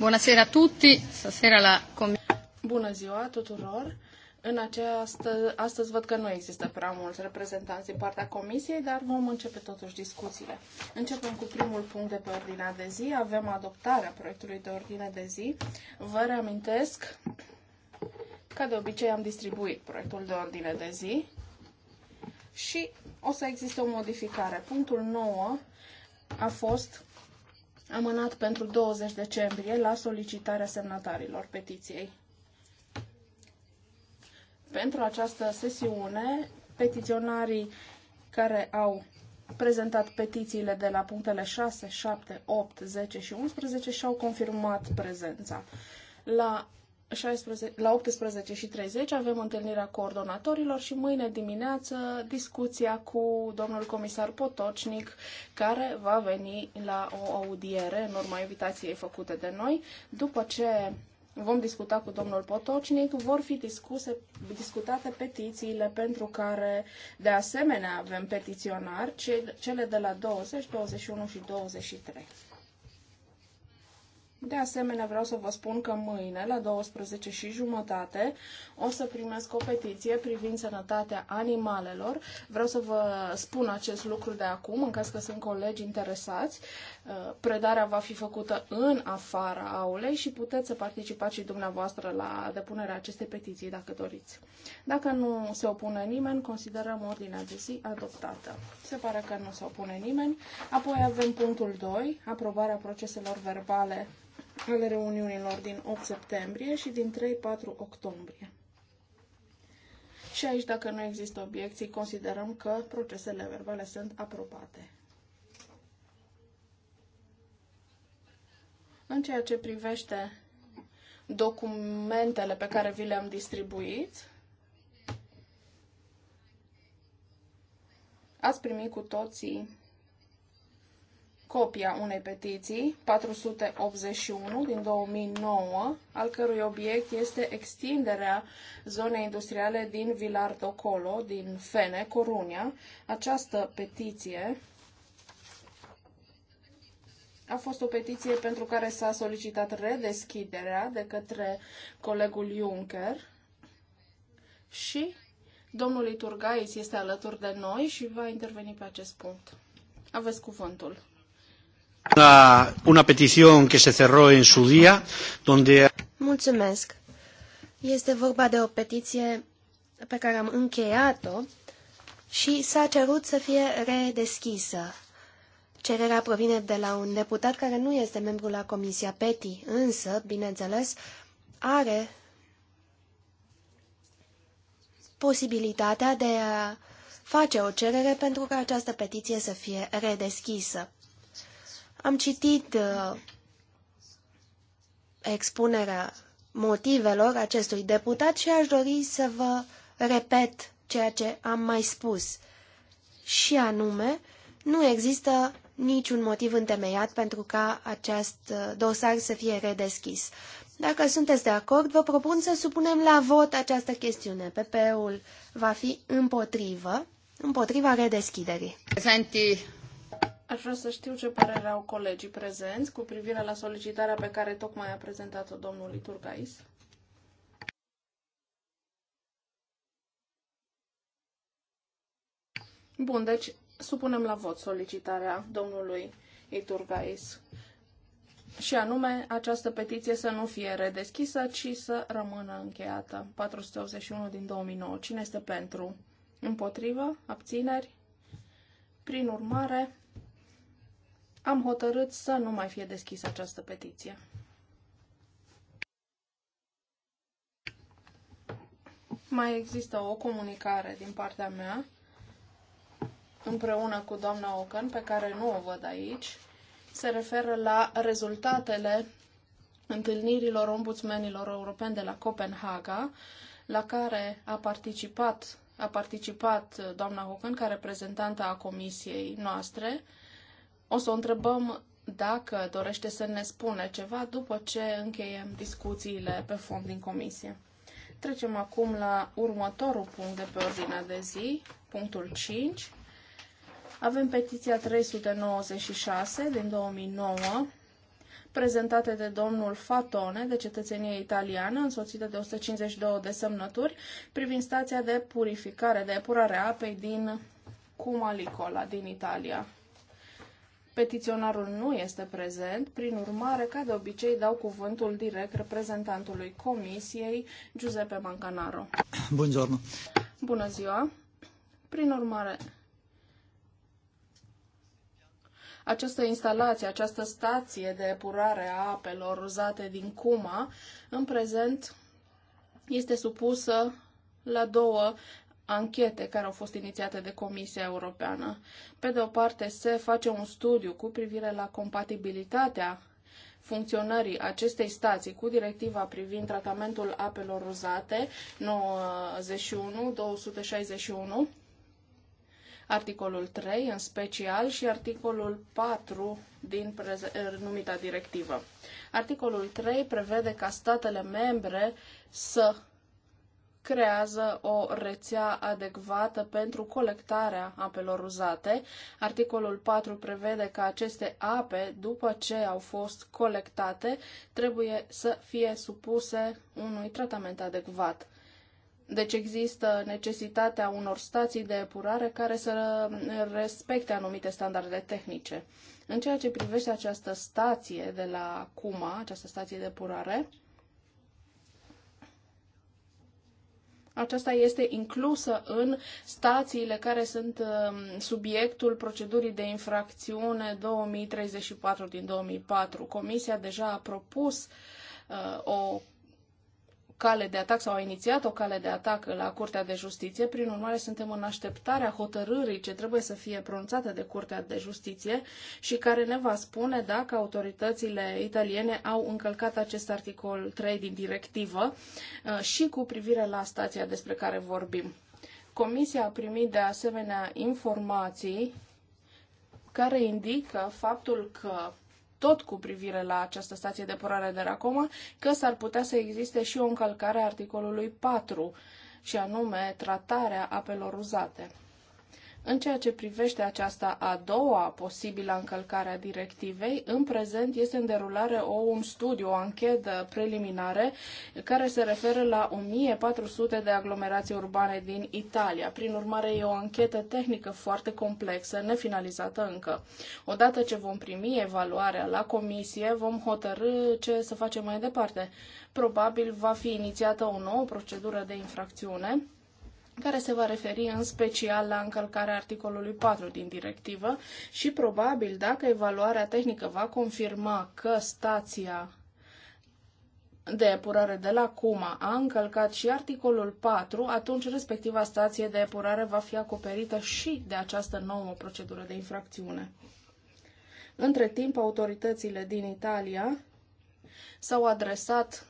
Buonasera a tutti. Stasera la Bună ziua tuturor. În această, astăzi văd că nu există prea mulți reprezentanți din partea comisiei, dar vom începe totuși discuțiile. Începem cu primul punct de pe ordinea de zi. Avem adoptarea proiectului de ordine de zi. Vă reamintesc, ca de obicei am distribuit proiectul de ordine de zi și o să existe o modificare. Punctul 9 a fost amânat pentru 20 decembrie la solicitarea semnatarilor petiției. Pentru această sesiune, petiționarii care au prezentat petițiile de la punctele 6, 7, 8, 10 și 11 și au confirmat prezența. La 16, la 18 și 30 avem întâlnirea coordonatorilor și mâine dimineață discuția cu domnul comisar Potocnic, care va veni la o audiere în urma invitației făcute de noi. După ce vom discuta cu domnul Potocnic, vor fi discuse, discutate petițiile pentru care de asemenea avem petiționari, cele de la 20, 21 și 23. De asemenea, vreau să vă spun că mâine, la 12 și jumătate, o să primesc o petiție privind sănătatea animalelor. Vreau să vă spun acest lucru de acum, în caz că sunt colegi interesați. Uh, predarea va fi făcută în afara aulei și puteți să participați și dumneavoastră la depunerea acestei petiții, dacă doriți. Dacă nu se opune nimeni, considerăm ordinea de zi adoptată. Se pare că nu se opune nimeni. Apoi avem punctul 2, aprobarea proceselor verbale ale reuniunilor din 8 septembrie și din 3-4 octombrie. Și aici, dacă nu există obiecții, considerăm că procesele verbale sunt aprobate. În ceea ce privește documentele pe care vi le-am distribuit, ați primit cu toții copia unei petiții 481 din 2009, al cărui obiect este extinderea zonei industriale din Vilar Docolo, din Fene, Corunia. Această petiție a fost o petiție pentru care s-a solicitat redeschiderea de către colegul Juncker și domnul Iturgais este alături de noi și va interveni pe acest punct. Aveți cuvântul. Una, una petición que se cerró en su día, donde... Mulțumesc. Este vorba de o petiție pe care am încheiat-o și s-a cerut să fie redeschisă. Cererea provine de la un deputat care nu este membru la Comisia PETI, însă, bineînțeles, are posibilitatea de a face o cerere pentru ca această petiție să fie redeschisă. Am citit uh, expunerea motivelor acestui deputat și aș dori să vă repet ceea ce am mai spus. Și anume, nu există niciun motiv întemeiat pentru ca acest uh, dosar să fie redeschis. Dacă sunteți de acord, vă propun să supunem la vot această chestiune. PP-ul va fi împotrivă, împotriva redeschiderii. Presenti Aș vrea să știu ce părere au colegii prezenți cu privire la solicitarea pe care tocmai a prezentat-o domnul Iturgais. Bun, deci supunem la vot solicitarea domnului Iturgais. Și anume, această petiție să nu fie redeschisă, ci să rămână încheiată. 481 din 2009. Cine este pentru? Împotrivă? Abțineri? Prin urmare, am hotărât să nu mai fie deschisă această petiție. Mai există o comunicare din partea mea împreună cu doamna Ocan, pe care nu o văd aici, se referă la rezultatele întâlnirilor ombudsmenilor europeni de la Copenhaga, la care a participat, a participat doamna Hocan ca reprezentantă a comisiei noastre o să o întrebăm dacă dorește să ne spune ceva după ce încheiem discuțiile pe fond din comisie. Trecem acum la următorul punct de pe ordinea de zi, punctul 5. Avem petiția 396 din 2009, prezentate de domnul Fatone, de cetățenie italiană, însoțită de 152 de semnături, privind stația de purificare, de epurare a apei din Cumalicola, din Italia. Petiționarul nu este prezent, prin urmare, ca de obicei, dau cuvântul direct reprezentantului Comisiei, Giuseppe Mancanaro. Buongiorno. Bună ziua! Prin urmare, această instalație, această stație de epurare a apelor uzate din Cuma, în prezent este supusă la două anchete care au fost inițiate de Comisia Europeană. Pe de o parte, se face un studiu cu privire la compatibilitatea funcționării acestei stații cu directiva privind tratamentul apelor uzate 91-261, articolul 3 în special și articolul 4 din er, numita directivă. Articolul 3 prevede ca statele membre să creează o rețea adecvată pentru colectarea apelor uzate. Articolul 4 prevede că aceste ape, după ce au fost colectate, trebuie să fie supuse unui tratament adecvat. Deci există necesitatea unor stații de epurare care să respecte anumite standarde tehnice. În ceea ce privește această stație de la Cuma, această stație de epurare, Aceasta este inclusă în stațiile care sunt um, subiectul procedurii de infracțiune 2034 din 2004. Comisia deja a propus uh, o cale de atac sau a inițiat o cale de atac la Curtea de Justiție. Prin urmare, suntem în așteptarea hotărârii ce trebuie să fie pronunțată de Curtea de Justiție și care ne va spune dacă autoritățile italiene au încălcat acest articol 3 din directivă uh, și cu privire la stația despre care vorbim. Comisia a primit de asemenea informații care indică faptul că tot cu privire la această stație de porare de Racoma, că s-ar putea să existe și o încălcare a articolului 4, și anume tratarea apelor uzate. În ceea ce privește aceasta a doua posibilă încălcare a directivei, în prezent este în derulare o, un studiu, o anchetă preliminare care se referă la 1400 de aglomerații urbane din Italia. Prin urmare, e o anchetă tehnică foarte complexă, nefinalizată încă. Odată ce vom primi evaluarea la comisie, vom hotărâ ce să facem mai departe. Probabil va fi inițiată o nouă procedură de infracțiune care se va referi în special la încălcarea articolului 4 din directivă și probabil dacă evaluarea tehnică va confirma că stația de epurare de la Cuma a încălcat și articolul 4, atunci respectiva stație de epurare va fi acoperită și de această nouă procedură de infracțiune. Între timp, autoritățile din Italia s-au adresat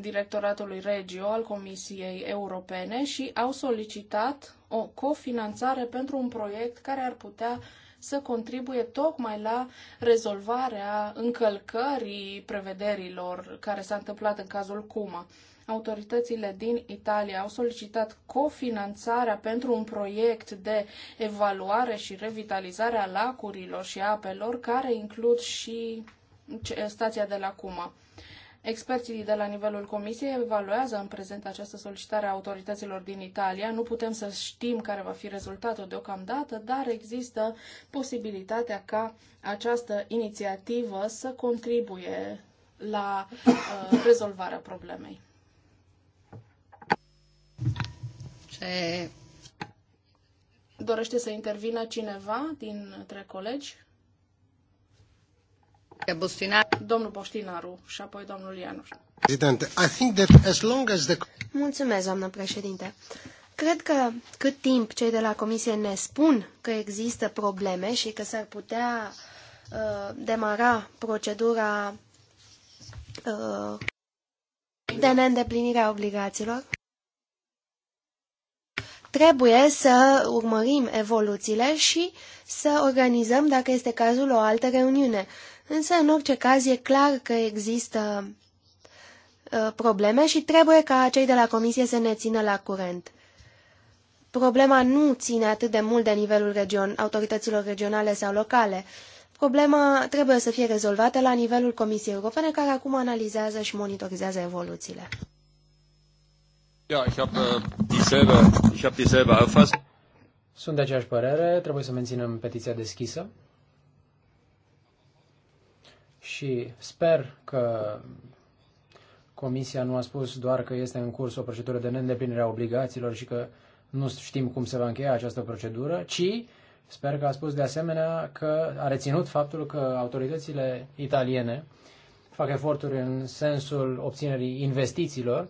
Directoratului Regio al Comisiei Europene și au solicitat o cofinanțare pentru un proiect care ar putea să contribuie tocmai la rezolvarea încălcării prevederilor care s-a întâmplat în cazul Cuma. Autoritățile din Italia au solicitat cofinanțarea pentru un proiect de evaluare și revitalizare a lacurilor și apelor, care includ și stația de la Cuma. Experții de la nivelul Comisiei evaluează în prezent această solicitare a autorităților din Italia. Nu putem să știm care va fi rezultatul deocamdată, dar există posibilitatea ca această inițiativă să contribuie la uh, rezolvarea problemei. Ce... Dorește să intervină cineva dintre colegi? Domnul Boștinaru și apoi domnul Ianuș. Mulțumesc, doamnă președinte. Cred că cât timp cei de la Comisie ne spun că există probleme și că s-ar putea uh, demara procedura uh, de neîndeplinire a obligațiilor, trebuie să urmărim evoluțiile și să organizăm, dacă este cazul, o altă reuniune. Însă, în orice caz, e clar că există uh, probleme și trebuie ca cei de la Comisie să ne țină la curent. Problema nu ține atât de mult de nivelul region, autorităților regionale sau locale. Problema trebuie să fie rezolvată la nivelul Comisiei Europene, care acum analizează și monitorizează evoluțiile. Äh, Sunt de aceeași părere, trebuie să menținem petiția deschisă și sper că Comisia nu a spus doar că este în curs o procedură de neîndeplinire a obligațiilor și că nu știm cum se va încheia această procedură, ci sper că a spus de asemenea că a reținut faptul că autoritățile italiene fac eforturi în sensul obținerii investițiilor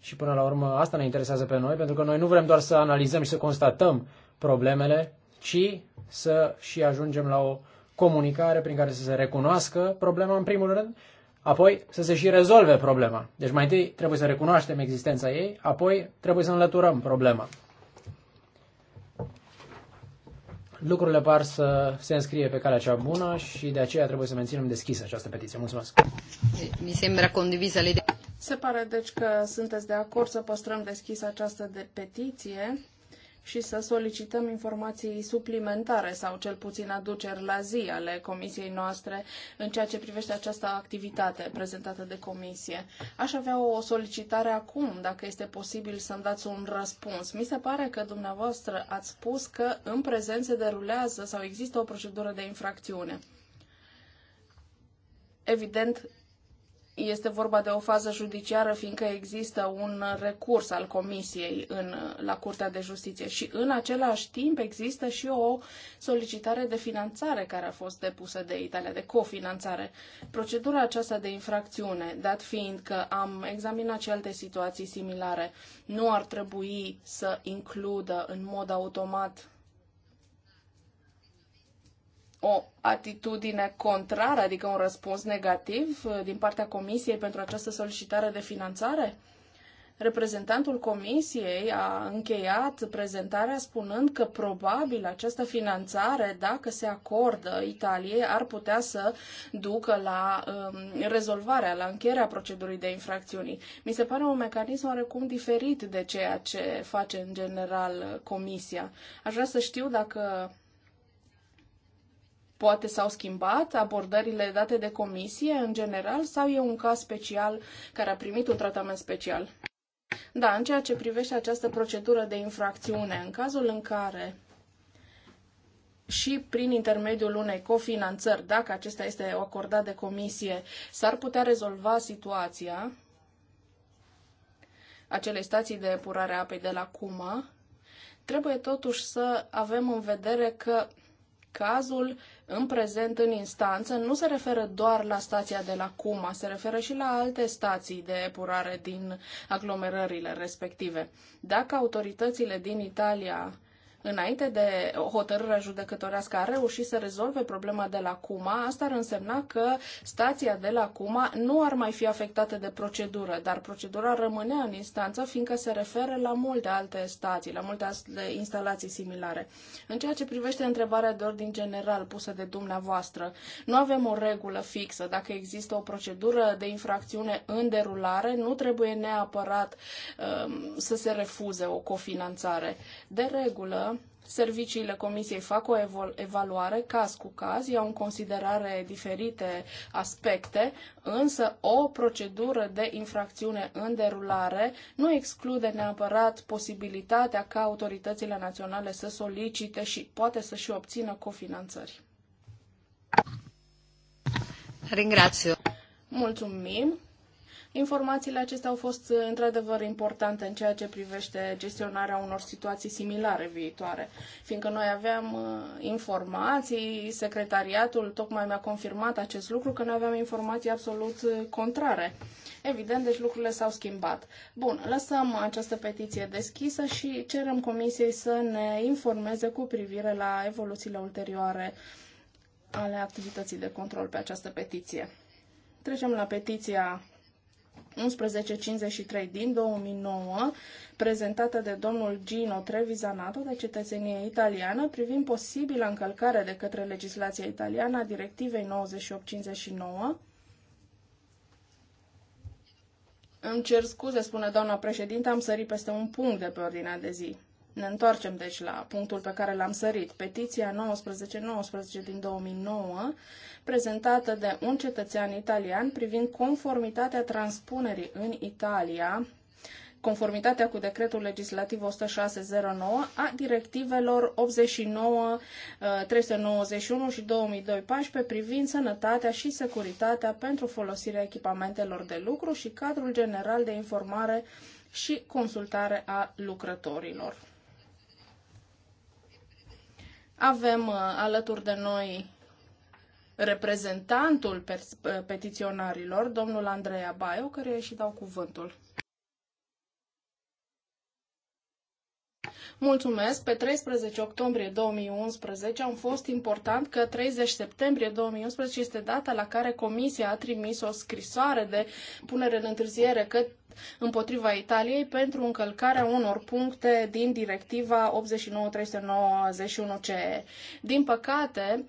și până la urmă asta ne interesează pe noi, pentru că noi nu vrem doar să analizăm și să constatăm problemele, ci să și ajungem la o comunicare prin care să se recunoască problema în primul rând, apoi să se și rezolve problema. Deci mai întâi trebuie să recunoaștem existența ei, apoi trebuie să înlăturăm problema. Lucrurile par să se înscrie pe calea cea bună și de aceea trebuie să menținem deschisă această petiție. Mulțumesc! Mi sembra condivisă l'idea. Se pare deci că sunteți de acord să păstrăm deschisă această de petiție și să solicităm informații suplimentare sau cel puțin aduceri la zi ale comisiei noastre în ceea ce privește această activitate prezentată de comisie. Aș avea o solicitare acum, dacă este posibil să-mi dați un răspuns. Mi se pare că dumneavoastră ați spus că în prezent se derulează sau există o procedură de infracțiune. Evident, este vorba de o fază judiciară, fiindcă există un recurs al Comisiei în, la Curtea de Justiție și în același timp există și o solicitare de finanțare care a fost depusă de Italia, de cofinanțare. Procedura aceasta de infracțiune, dat fiind că am examinat și alte situații similare, nu ar trebui să includă în mod automat o atitudine contrară, adică un răspuns negativ uh, din partea Comisiei pentru această solicitare de finanțare? Reprezentantul Comisiei a încheiat prezentarea spunând că probabil această finanțare, dacă se acordă Italiei, ar putea să ducă la um, rezolvarea, la încheierea procedurii de infracțiuni. Mi se pare un mecanism oarecum diferit de ceea ce face în general Comisia. Aș vrea să știu dacă Poate s-au schimbat abordările date de comisie în general sau e un caz special care a primit un tratament special? Da, în ceea ce privește această procedură de infracțiune, în cazul în care și prin intermediul unei cofinanțări, dacă acesta este acordat de comisie, s-ar putea rezolva situația acelei stații de epurare a apei de la Cuma, trebuie totuși să avem în vedere că Cazul în prezent în instanță nu se referă doar la stația de la Cuma, se referă și la alte stații de epurare din aglomerările respective. Dacă autoritățile din Italia înainte de hotărârea judecătorească a reușit să rezolve problema de la Cuma, asta ar însemna că stația de la Cuma nu ar mai fi afectată de procedură, dar procedura rămânea în instanță fiindcă se referă la multe alte stații, la multe alte instalații similare. În ceea ce privește întrebarea de ordin general pusă de dumneavoastră, nu avem o regulă fixă. Dacă există o procedură de infracțiune în derulare, nu trebuie neapărat um, să se refuze o cofinanțare. De regulă, Serviciile Comisiei fac o evaluare caz cu caz, iau în considerare diferite aspecte, însă o procedură de infracțiune în derulare nu exclude neapărat posibilitatea ca autoritățile naționale să solicite și poate să și obțină cofinanțări. Ringrazio. Mulțumim. Informațiile acestea au fost uh, într-adevăr importante în ceea ce privește gestionarea unor situații similare viitoare, fiindcă noi aveam uh, informații, secretariatul tocmai mi-a confirmat acest lucru că noi aveam informații absolut uh, contrare. Evident, deci lucrurile s-au schimbat. Bun, lăsăm această petiție deschisă și cerem comisiei să ne informeze cu privire la evoluțiile ulterioare ale activității de control pe această petiție. Trecem la petiția 1153 din 2009, prezentată de domnul Gino Trevisanato de cetățenie italiană, privind posibilă încălcare de către legislația italiană a directivei 9859. Îmi cer scuze, spune doamna președinte, am sărit peste un punct de pe ordinea de zi. Ne întoarcem deci la punctul pe care l-am sărit. Petiția 1919 din 2009, prezentată de un cetățean italian privind conformitatea transpunerii în Italia conformitatea cu decretul legislativ 10609 a directivelor 89, 391 și 2014 privind sănătatea și securitatea pentru folosirea echipamentelor de lucru și cadrul general de informare și consultare a lucrătorilor. Avem uh, alături de noi reprezentantul uh, petiționarilor, domnul Andreea Baiu, care și dau cuvântul. Mulțumesc! Pe 13 octombrie 2011 am fost important că 30 septembrie 2011 este data la care Comisia a trimis o scrisoare de punere în întârziere că împotriva Italiei pentru încălcarea unor puncte din directiva 89-391 CE. Din păcate,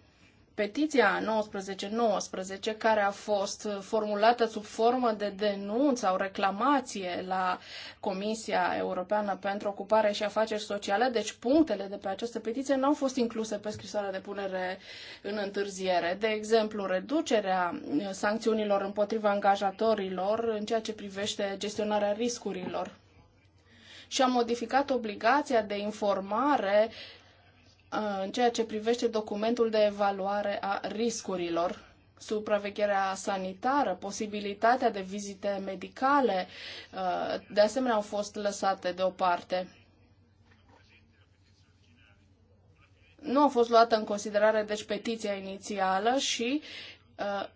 petiția 1919, care a fost formulată sub formă de denunță, sau reclamație la Comisia Europeană pentru Ocupare și Afaceri Sociale, deci punctele de pe această petiție nu au fost incluse pe scrisoarea de punere în întârziere. De exemplu, reducerea sancțiunilor împotriva angajatorilor în ceea ce privește gestionarea riscurilor și a modificat obligația de informare Uh, în ceea ce privește documentul de evaluare a riscurilor, supravegherea sanitară, posibilitatea de vizite medicale, uh, de asemenea au fost lăsate deoparte. Nu a fost luată în considerare, deci, petiția inițială și uh,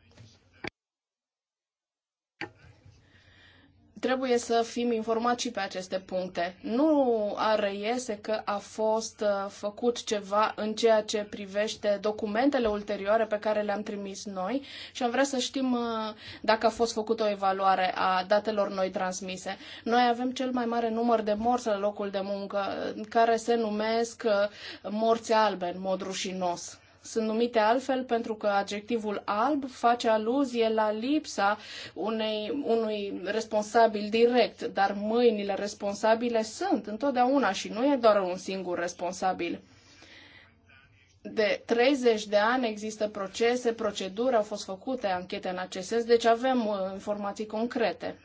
trebuie să fim informați și pe aceste puncte. Nu ar reiese că a fost uh, făcut ceva în ceea ce privește documentele ulterioare pe care le-am trimis noi și am vrea să știm uh, dacă a fost făcută o evaluare a datelor noi transmise. Noi avem cel mai mare număr de morți la locul de muncă uh, care se numesc morți albe în mod rușinos sunt numite altfel pentru că adjectivul alb face aluzie la lipsa unei, unui responsabil direct, dar mâinile responsabile sunt întotdeauna și nu e doar un singur responsabil de 30 de ani există procese, proceduri, au fost făcute anchete în acest sens, deci avem uh, informații concrete.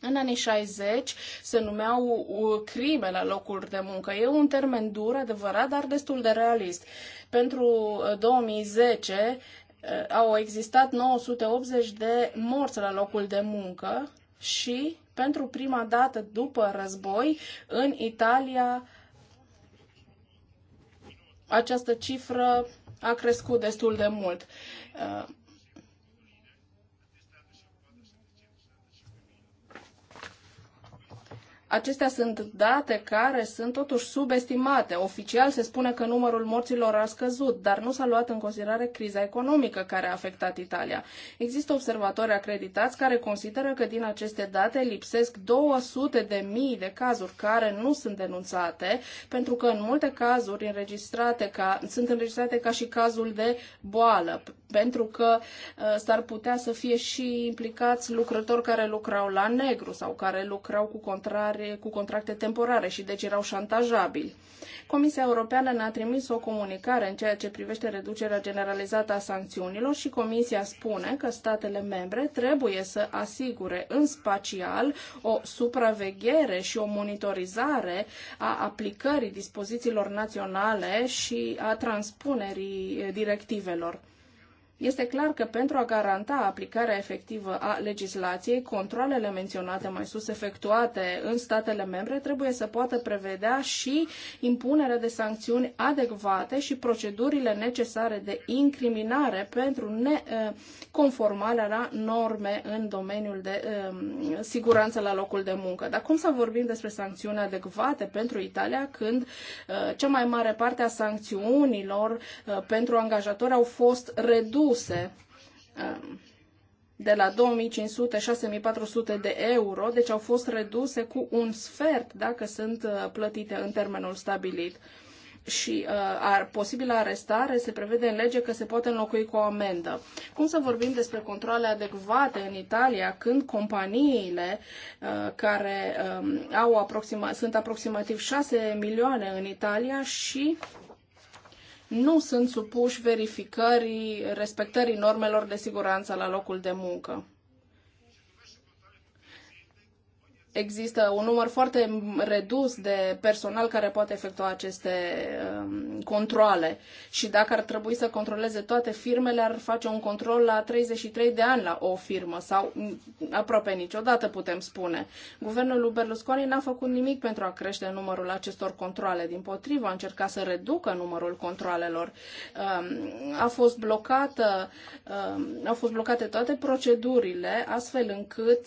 În anii 60 se numeau crime la locuri de muncă. E un termen dur, adevărat, dar destul de realist. Pentru 2010 uh, uh, au existat 980 de morți la locul de muncă și pentru prima dată după război în Italia această cifră a crescut destul de mult. Uh, Acestea sunt date care sunt totuși subestimate. Oficial se spune că numărul morților a scăzut, dar nu s-a luat în considerare criza economică care a afectat Italia. Există observatori acreditați care consideră că din aceste date lipsesc 200 de mii de cazuri care nu sunt denunțate, pentru că în multe cazuri înregistrate ca, sunt înregistrate ca și cazul de boală, pentru că uh, s-ar putea să fie și implicați lucrători care lucrau la negru sau care lucrau cu contrar care cu contracte temporare și deci erau șantajabili. Comisia Europeană ne-a trimis o comunicare în ceea ce privește reducerea generalizată a sancțiunilor și Comisia spune că statele membre trebuie să asigure în spațial o supraveghere și o monitorizare a aplicării dispozițiilor naționale și a transpunerii directivelor. Este clar că pentru a garanta aplicarea efectivă a legislației, controlele menționate mai sus efectuate în statele membre trebuie să poată prevedea și impunerea de sancțiuni adecvate și procedurile necesare de incriminare pentru neconformarea la norme în domeniul de um, siguranță la locul de muncă. Dar cum să vorbim despre sancțiuni adecvate pentru Italia când uh, cea mai mare parte a sancțiunilor uh, pentru angajatori au fost reduse reduse um, de la 2500-6400 de euro, deci au fost reduse cu un sfert dacă sunt uh, plătite în termenul stabilit. Și uh, ar, posibilă arestare se prevede în lege că se poate înlocui cu o amendă. Cum să vorbim despre controle adecvate în Italia când companiile uh, care um, au aproxima, sunt aproximativ 6 milioane în Italia și uh, nu sunt supuși verificării respectării normelor de siguranță la locul de muncă. există un număr foarte redus de personal care poate efectua aceste um, controle și dacă ar trebui să controleze toate firmele, ar face un control la 33 de ani la o firmă sau mm, aproape niciodată putem spune. Guvernul lui Berlusconi n-a făcut nimic pentru a crește numărul acestor controle. Din potrivă, a încercat să reducă numărul controlelor. Um, a fost blocată, um, au fost blocate toate procedurile astfel încât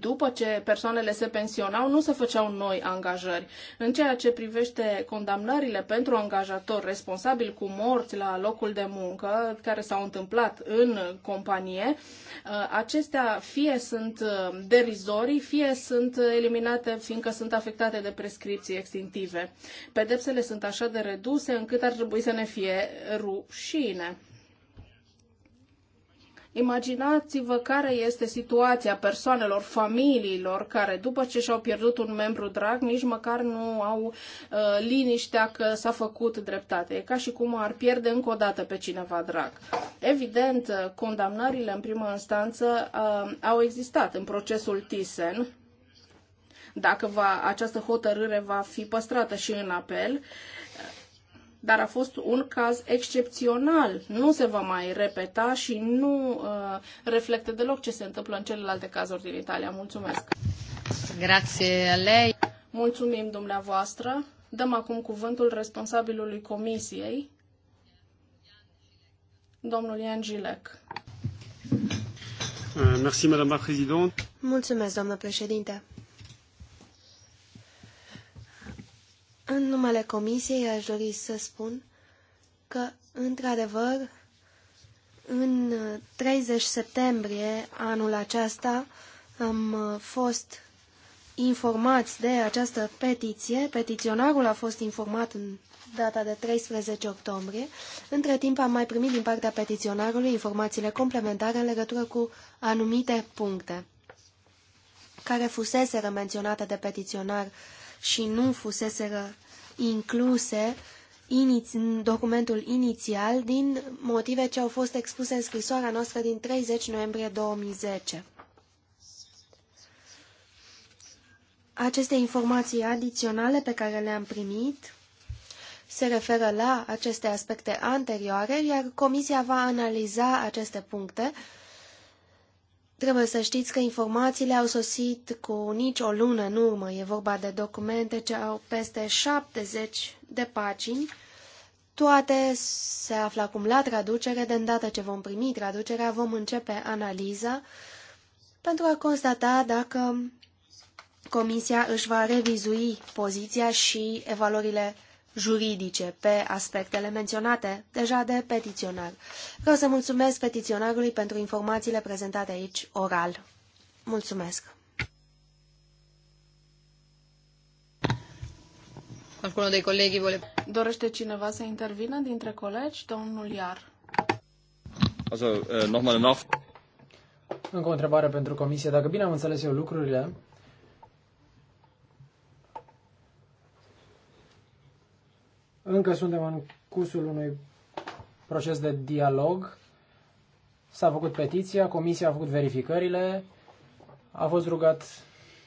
după ce persoanele se pensionau, nu se făceau noi angajări. În ceea ce privește condamnările pentru angajator responsabil cu morți la locul de muncă care s-au întâmplat în companie, uh, acestea fie sunt uh, derizorii, fie sunt eliminate fiindcă sunt afectate de prescripții extintive. Pedepsele sunt așa de reduse încât ar trebui să ne fie rușine. Imaginați-vă care este situația persoanelor, familiilor care după ce și-au pierdut un membru drag, nici măcar nu au uh, liniștea că s-a făcut dreptate. E ca și cum ar pierde încă o dată pe cineva drag. Evident, uh, condamnările în primă instanță uh, au existat în procesul Thyssen, dacă va, această hotărâre va fi păstrată și în apel. Uh, dar a fost un caz excepțional. Nu se va mai repeta și nu uh, reflectă deloc ce se întâmplă în celelalte cazuri din Italia. Mulțumesc! Grație lei! Mulțumim dumneavoastră! Dăm acum cuvântul responsabilului comisiei, domnul Ian Gilec. Uh, Mulțumesc, doamnă președinte. În numele Comisiei aș dori să spun că, într-adevăr, în 30 septembrie anul acesta am fost informați de această petiție. Petiționarul a fost informat în data de 13 octombrie. Între timp am mai primit din partea petiționarului informațiile complementare în legătură cu anumite puncte care fuseseră menționate de petiționar și nu fusese incluse iniți, în documentul inițial din motive ce au fost expuse în scrisoarea noastră din 30 noiembrie 2010. Aceste informații adiționale pe care le-am primit se referă la aceste aspecte anterioare, iar Comisia va analiza aceste puncte Trebuie să știți că informațiile au sosit cu nici o lună în urmă. E vorba de documente ce au peste 70 de pagini. Toate se află acum la traducere. De îndată ce vom primi traducerea, vom începe analiza pentru a constata dacă Comisia își va revizui poziția și evaluările juridice pe aspectele menționate deja de petiționar. Vreau să mulțumesc petiționarului pentru informațiile prezentate aici oral. Mulțumesc! Qualcuno dei colleghi vuole... Dorește cineva să intervină dintre colegi? Domnul Iar. Also, äh, nochmal Încă o întrebare pentru comisie. Dacă bine am înțeles eu lucrurile, Încă suntem în cursul unui proces de dialog. S-a făcut petiția, comisia a făcut verificările, a fost rugat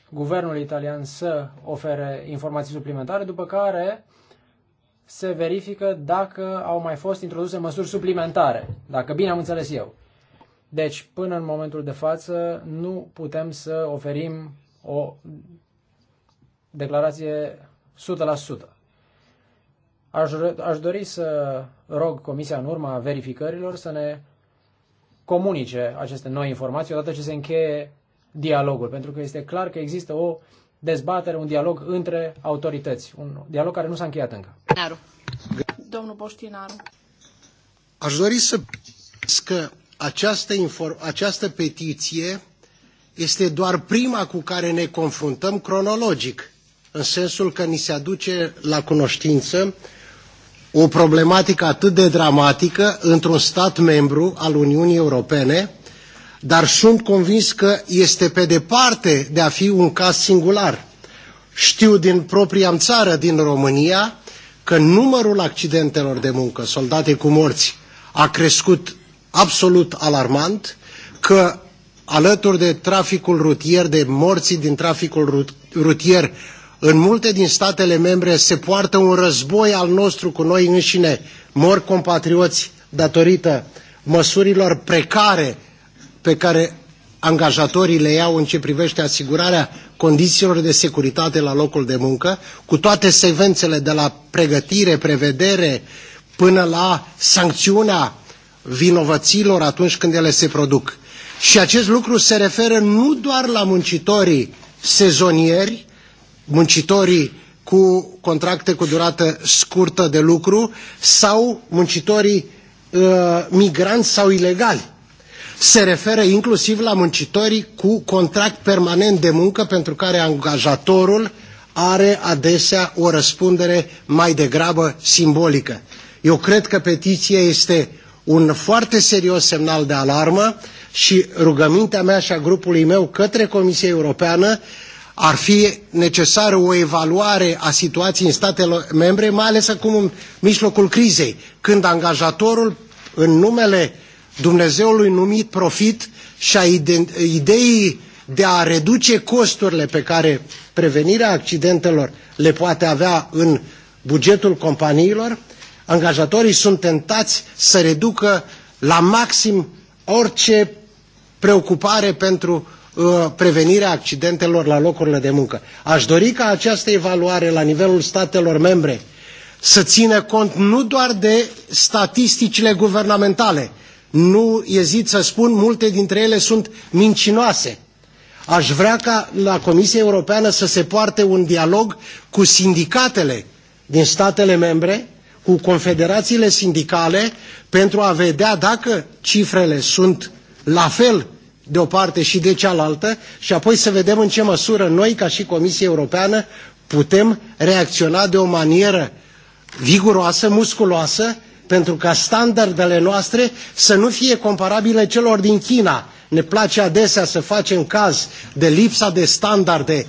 guvernul italian să ofere informații suplimentare, după care se verifică dacă au mai fost introduse măsuri suplimentare, dacă bine am înțeles eu. Deci, până în momentul de față, nu putem să oferim o declarație 100%. Aș, aș dori să rog Comisia în urma verificărilor să ne comunice aceste noi informații odată ce se încheie dialogul, pentru că este clar că există o dezbatere, un dialog între autorități, un dialog care nu s-a încheiat încă. Naru. Domnul Boștinaru. Aș dori să că această, această petiție este doar prima cu care ne confruntăm cronologic, în sensul că ni se aduce la cunoștință o problematică atât de dramatică într-un stat membru al Uniunii Europene, dar sunt convins că este pe departe de a fi un caz singular. Știu din propria țară, din România, că numărul accidentelor de muncă, soldate cu morți, a crescut absolut alarmant, că alături de traficul rutier, de morții din traficul rutier, în multe din statele membre se poartă un război al nostru cu noi înșine. Mor compatrioți datorită măsurilor precare pe care angajatorii le iau în ce privește asigurarea condițiilor de securitate la locul de muncă, cu toate secvențele de la pregătire, prevedere, până la sancțiunea vinovăților atunci când ele se produc. Și acest lucru se referă nu doar la muncitorii sezonieri, muncitorii cu contracte cu durată scurtă de lucru sau muncitorii uh, migranți sau ilegali. Se referă inclusiv la muncitorii cu contract permanent de muncă pentru care angajatorul are adesea o răspundere mai degrabă simbolică. Eu cred că petiția este un foarte serios semnal de alarmă și rugămintea mea și a grupului meu către Comisia Europeană ar fi necesară o evaluare a situației în statele membre, mai ales acum în mijlocul crizei, când angajatorul, în numele Dumnezeului numit profit și a ide ideii de a reduce costurile pe care prevenirea accidentelor le poate avea în bugetul companiilor, angajatorii sunt tentați să reducă la maxim orice preocupare pentru Uh, prevenirea accidentelor la locurile de muncă. Aș dori ca această evaluare la nivelul statelor membre să țină cont nu doar de statisticile guvernamentale, nu ezit să spun, multe dintre ele sunt mincinoase. Aș vrea ca la Comisia Europeană să se poarte un dialog cu sindicatele din statele membre, cu confederațiile sindicale, pentru a vedea dacă cifrele sunt la fel de o parte și de cealaltă și apoi să vedem în ce măsură noi, ca și Comisia Europeană, putem reacționa de o manieră viguroasă, musculoasă, pentru ca standardele noastre să nu fie comparabile celor din China. Ne place adesea să facem caz de lipsa de standarde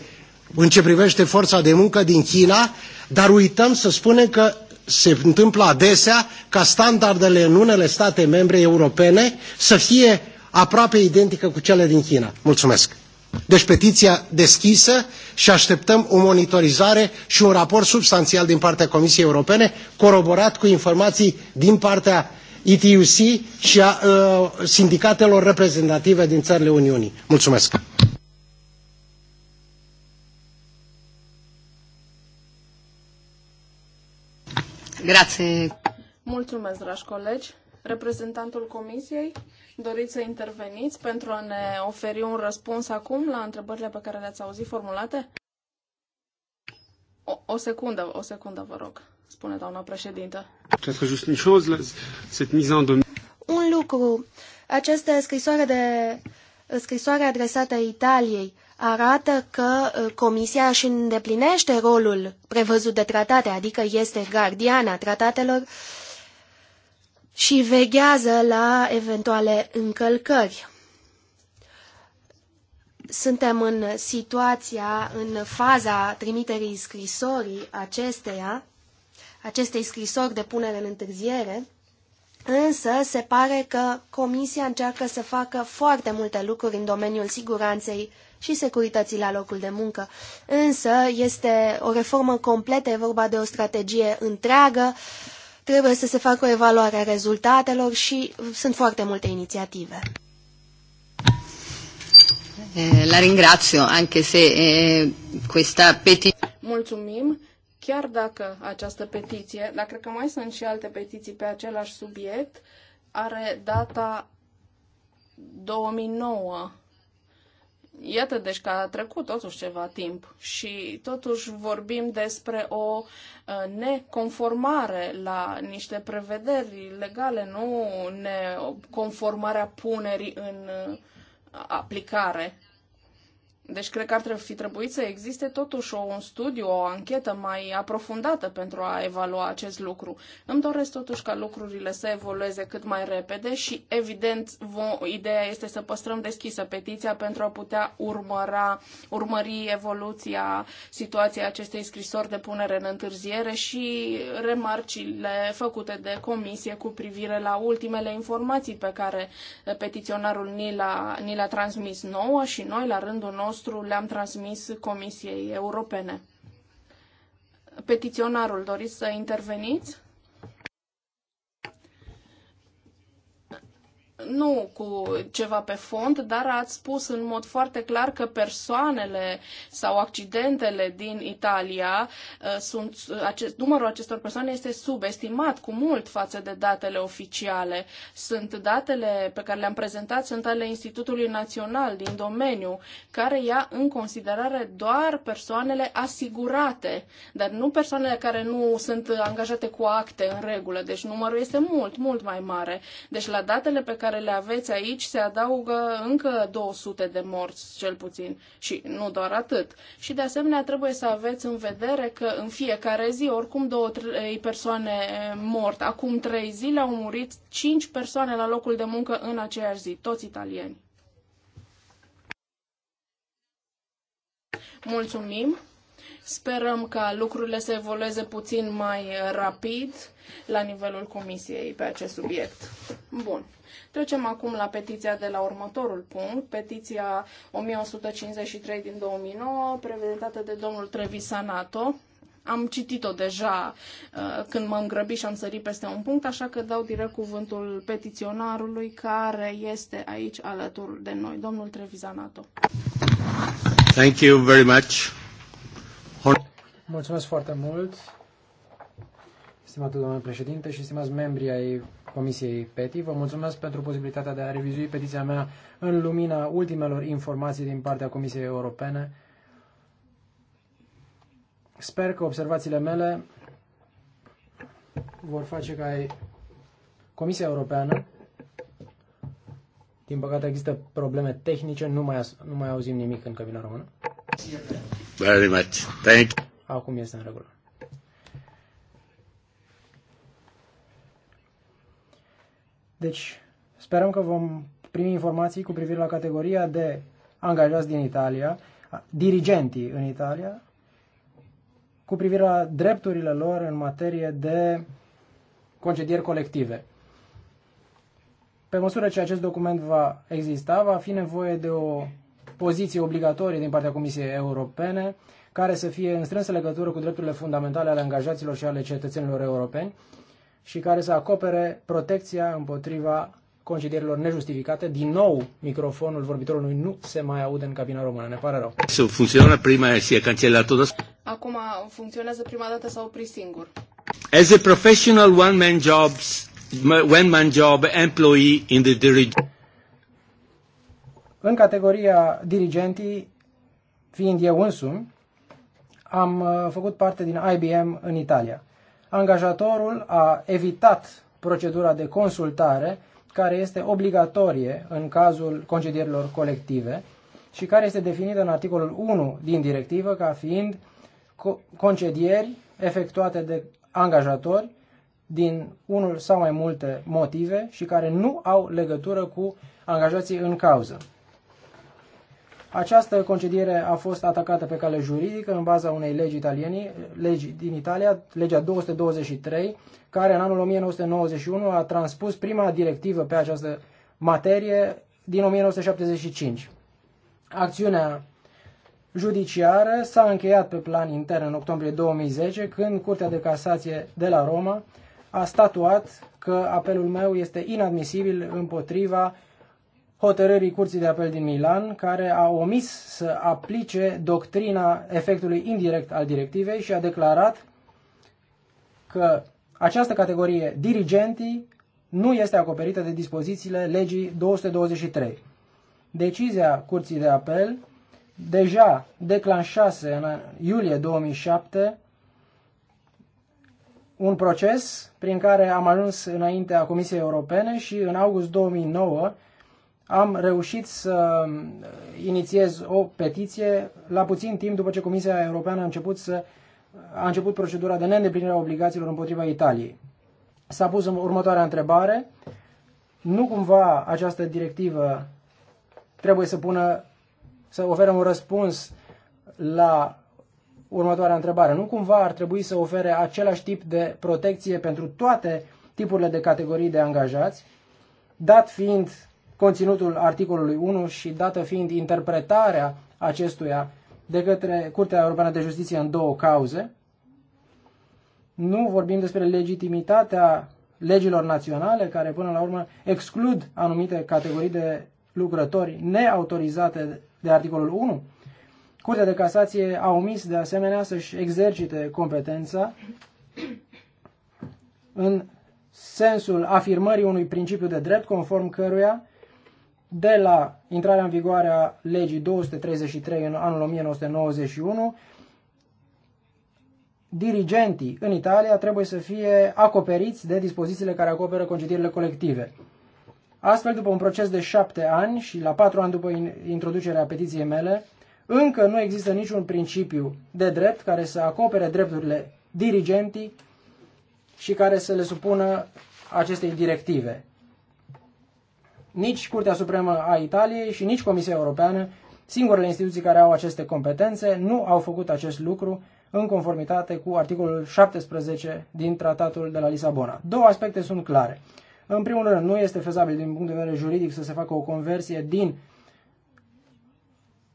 în ce privește forța de muncă din China, dar uităm să spunem că se întâmplă adesea ca standardele în unele state membre europene să fie aproape identică cu cele din China. Mulțumesc! Deci petiția deschisă și așteptăm o monitorizare și un raport substanțial din partea Comisiei Europene, coroborat cu informații din partea ETUC și a uh, sindicatelor reprezentative din țările Uniunii. Mulțumesc! Grație. Mulțumesc, dragi colegi. Reprezentantul Comisiei Doriți să interveniți pentru a ne oferi un răspuns acum la întrebările pe care le-ați auzit formulate? O, o secundă, o secundă, vă rog, spune doamna președintă. Un lucru. Această scrisoare, de, scrisoare adresată Italiei arată că uh, Comisia își îndeplinește rolul prevăzut de tratate, adică este gardiana tratatelor uh, și veghează la eventuale încălcări. Suntem în situația, în faza trimiterii scrisorii acesteia, acestei scrisori de punere în întârziere, însă se pare că Comisia încearcă să facă foarte multe lucruri în domeniul siguranței și securității la locul de muncă. Însă este o reformă completă, e vorba de o strategie întreagă, uh, Trebuie să se facă o evaluare a rezultatelor și sunt foarte multe inițiative. Eh, la ringrazio, anche se eh, questa petizione... Mulțumim, chiar dacă această petiție, dar cred că mai sunt și alte petiții pe același subiect, are data 2009 Iată, deci că a trecut totuși ceva timp și totuși vorbim despre o uh, neconformare la niște prevederi legale, nu neconformarea punerii în uh, aplicare deci cred că ar fi trebuit să existe totuși un studiu, o anchetă mai aprofundată pentru a evalua acest lucru. Îmi doresc totuși ca lucrurile să evolueze cât mai repede și evident ideea este să păstrăm deschisă petiția pentru a putea urmăra, urmări evoluția situației acestei scrisori de punere în întârziere și remarcile făcute de comisie cu privire la ultimele informații pe care petiționarul ni le-a transmis nouă și noi la rândul nostru nostru le-am transmis Comisiei Europene. Petiționarul, doriți să interveniți? nu cu ceva pe fond, dar ați spus în mod foarte clar că persoanele sau accidentele din Italia uh, sunt, uh, acest, numărul acestor persoane este subestimat cu mult față de datele oficiale. Sunt datele pe care le-am prezentat, sunt ale Institutului Național din domeniu, care ia în considerare doar persoanele asigurate, dar nu persoanele care nu sunt angajate cu acte în regulă. Deci numărul este mult, mult mai mare. Deci la datele pe care care le aveți aici se adaugă încă 200 de morți, cel puțin, și nu doar atât. Și de asemenea trebuie să aveți în vedere că în fiecare zi, oricum două, trei persoane mort. Acum trei zile au murit cinci persoane la locul de muncă în aceeași zi, toți italieni. Mulțumim! Sperăm ca lucrurile să evolueze puțin mai rapid la nivelul comisiei pe acest subiect. Bun. Trecem acum la petiția de la următorul punct, petiția 1153 din 2009, prezentată de domnul Trevisanato. Am citit-o deja uh, când m-am grăbit și am sărit peste un punct, așa că dau direct cuvântul petiționarului care este aici alături de noi, domnul Trevisanato. Thank you very much. Mulțumesc foarte mult, stimatul domnul președinte și stimați membri ai Comisiei PETI. Vă mulțumesc pentru posibilitatea de a revizui petiția mea în lumina ultimelor informații din partea Comisiei Europene. Sper că observațiile mele vor face ca Comisia Europeană din păcate există probleme tehnice, nu mai, nu mai auzim nimic în cabina română very much. Thank Acum este în regulă. Deci, sperăm că vom primi informații cu privire la categoria de angajați din Italia, dirigentii în Italia, cu privire la drepturile lor în materie de concedieri colective. Pe măsură ce acest document va exista, va fi nevoie de o poziții obligatorii din partea Comisiei Europene, care să fie în strânsă legătură cu drepturile fundamentale ale angajaților și ale cetățenilor europeni și care să acopere protecția împotriva concedierilor nejustificate. Din nou, microfonul vorbitorului nu se mai aude în cabina română. Ne pare rău. Să funcționează prima și e cancelat tot. Acum funcționează prima dată sau opri singur. As a professional one-man jobs, one-man job employee in the dirigible în categoria dirigentii, fiind eu însumi, am uh, făcut parte din IBM în Italia. Angajatorul a evitat procedura de consultare care este obligatorie în cazul concedierilor colective și care este definită în articolul 1 din directivă ca fiind concedieri efectuate de angajatori din unul sau mai multe motive și care nu au legătură cu angajații în cauză. Această concediere a fost atacată pe cale juridică în baza unei legi, italiene, legi din Italia, legea 223, care în anul 1991 a transpus prima directivă pe această materie din 1975. Acțiunea judiciară s-a încheiat pe plan intern în octombrie 2010, când Curtea de Casație de la Roma a statuat că apelul meu este inadmisibil împotriva hotărârii Curții de Apel din Milan, care a omis să aplice doctrina efectului indirect al directivei și a declarat că această categorie, dirigentii, nu este acoperită de dispozițiile legii 223. Decizia Curții de Apel deja declanșase în iulie 2007 un proces prin care am ajuns înaintea Comisiei Europene și în august 2009 am reușit să uh, inițiez o petiție la puțin timp după ce Comisia Europeană a început, să, a început procedura de neîndeplinire a obligațiilor împotriva Italiei. S-a pus următoarea întrebare. Nu cumva această directivă trebuie să pună, să oferă un răspuns la următoarea întrebare. Nu cumva ar trebui să ofere același tip de protecție pentru toate tipurile de categorii de angajați, dat fiind conținutul articolului 1 și dată fiind interpretarea acestuia de către Curtea Europeană de Justiție în două cauze. Nu vorbim despre legitimitatea legilor naționale care până la urmă exclud anumite categorii de lucrători neautorizate de articolul 1. Curtea de casație a omis de asemenea să-și exercite competența în sensul afirmării unui principiu de drept conform căruia de la intrarea în vigoare a legii 233 în anul 1991, dirigentii în Italia trebuie să fie acoperiți de dispozițiile care acoperă concedierile colective. Astfel, după un proces de șapte ani și la patru ani după introducerea petiției mele, încă nu există niciun principiu de drept care să acopere drepturile dirigentii și care să le supună acestei directive nici Curtea Supremă a Italiei și nici Comisia Europeană, singurele instituții care au aceste competențe, nu au făcut acest lucru în conformitate cu articolul 17 din Tratatul de la Lisabona. Două aspecte sunt clare. În primul rând, nu este fezabil din punct de vedere juridic să se facă o conversie din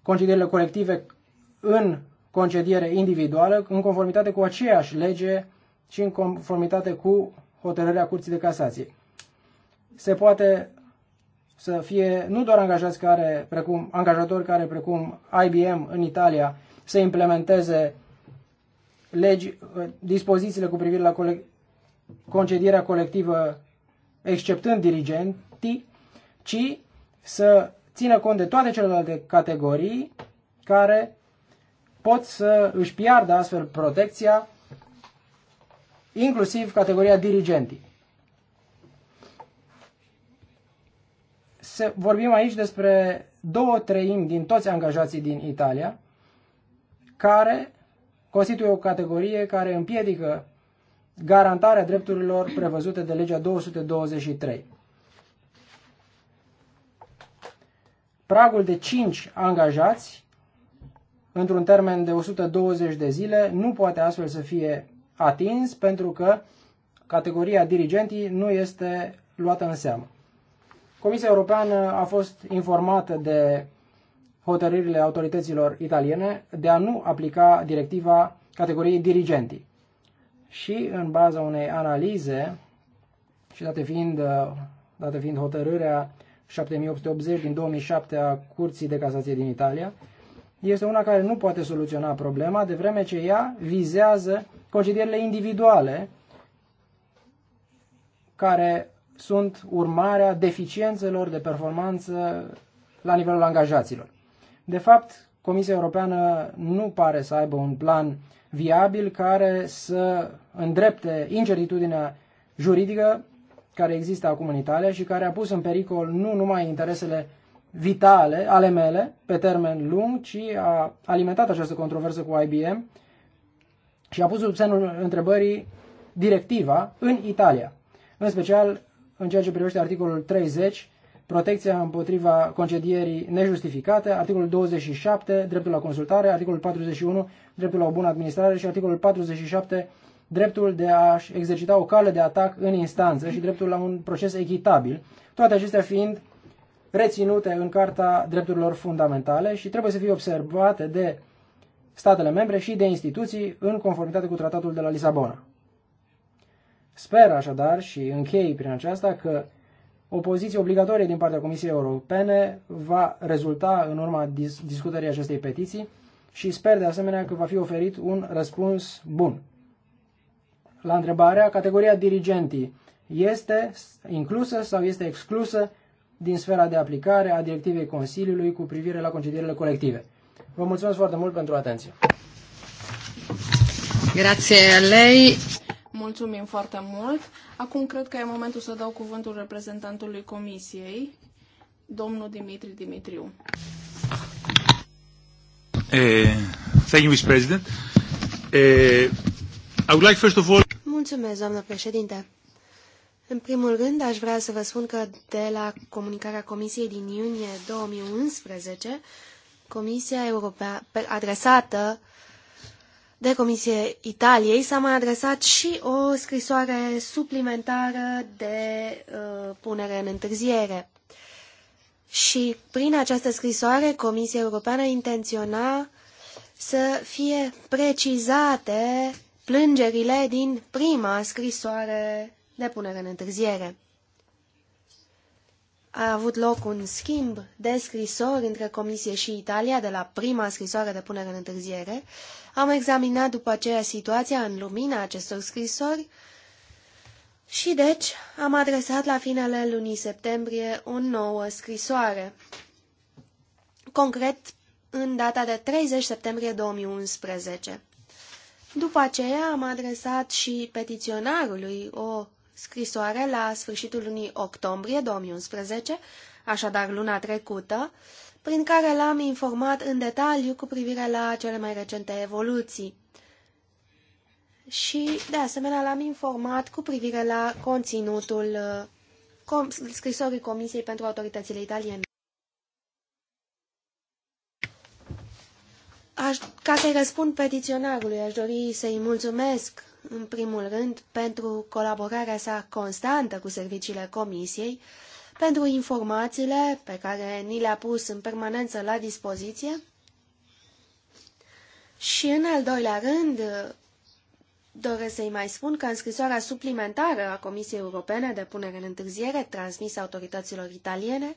concedierile colective în concediere individuală, în conformitate cu aceeași lege și în conformitate cu hotărârea Curții de Casație. Se poate să fie nu doar angajați care, precum, angajatori care, precum IBM în Italia, să implementeze legi, uh, dispozițiile cu privire la cole- concedierea colectivă, exceptând dirigentii, ci să țină cont de toate celelalte categorii care pot să își piardă astfel protecția, inclusiv categoria dirigentii. se, vorbim aici despre două treimi din toți angajații din Italia, care constituie o categorie care împiedică garantarea drepturilor prevăzute de legea 223. Pragul de 5 angajați într-un termen de 120 de zile nu poate astfel să fie atins pentru că categoria dirigentii nu este luată în seamă. Comisia Europeană a fost informată de hotărârile autorităților italiene de a nu aplica directiva categoriei dirigentii. Și în baza unei analize și date fiind, date fiind hotărârea 7880 din 2007 a Curții de Casație din Italia, este una care nu poate soluționa problema, de vreme ce ea vizează concedierile individuale care sunt urmarea deficiențelor de performanță la nivelul angajaților. De fapt, Comisia Europeană nu pare să aibă un plan viabil care să îndrepte incertitudinea juridică care există acum în Italia și care a pus în pericol nu numai interesele vitale ale mele pe termen lung, ci a alimentat această controversă cu IBM și a pus sub semnul întrebării directiva în Italia, în special în ceea ce privește articolul 30, protecția împotriva concedierii nejustificate, articolul 27, dreptul la consultare, articolul 41, dreptul la o bună administrare și articolul 47, dreptul de a exercita o cale de atac în instanță și dreptul la un proces echitabil, toate acestea fiind reținute în Carta Drepturilor Fundamentale și trebuie să fie observate de statele membre și de instituții în conformitate cu tratatul de la Lisabona. Sper așadar și închei prin aceasta că o poziție obligatorie din partea Comisiei Europene va rezulta în urma dis- discutării acestei petiții și sper de asemenea că va fi oferit un răspuns bun. La întrebarea, categoria dirigentii este inclusă sau este exclusă din sfera de aplicare a directivei Consiliului cu privire la concedierile colective. Vă mulțumesc foarte mult pentru atenție. Grazie a lei. Mulțumim foarte mult. Acum cred că e momentul să dau cuvântul reprezentantului Comisiei, domnul Dimitri Dimitriu. Eh, thank you, Mr. President. Eh, I would like first of all... Mulțumesc, doamnă președinte. În primul rând, aș vrea să vă spun că de la comunicarea Comisiei din iunie 2011, Comisia europeană adresată uh, de Comisie Italiei s-a mai adresat și o scrisoare suplimentară de uh, punere în întârziere. Și prin această scrisoare, Comisia Europeană intenționa să fie precizate plângerile din prima scrisoare de punere în întârziere a avut loc un schimb de scrisori între Comisie și Italia de la prima scrisoare de punere în întârziere. Am examinat după aceea situația în lumina acestor scrisori și deci am adresat la finele lunii septembrie o nouă scrisoare. Concret, în data de 30 septembrie 2011. După aceea am adresat și petiționarului o scrisoare la sfârșitul lunii octombrie 2011, așadar luna trecută, prin care l-am informat în detaliu cu privire la cele mai recente evoluții. Și, de asemenea, l-am informat cu privire la conținutul uh, scrisorii Comisiei pentru Autoritățile Italiene. Aș, ca să-i răspund petiționarului, aș dori să-i mulțumesc, în primul rând, pentru colaborarea sa constantă cu serviciile comisiei, pentru informațiile pe care ni le-a pus în permanență la dispoziție și, în al doilea rând, doresc să-i mai spun că în scrisoarea suplimentară a Comisiei Europene de punere în întârziere transmisă autorităților italiene,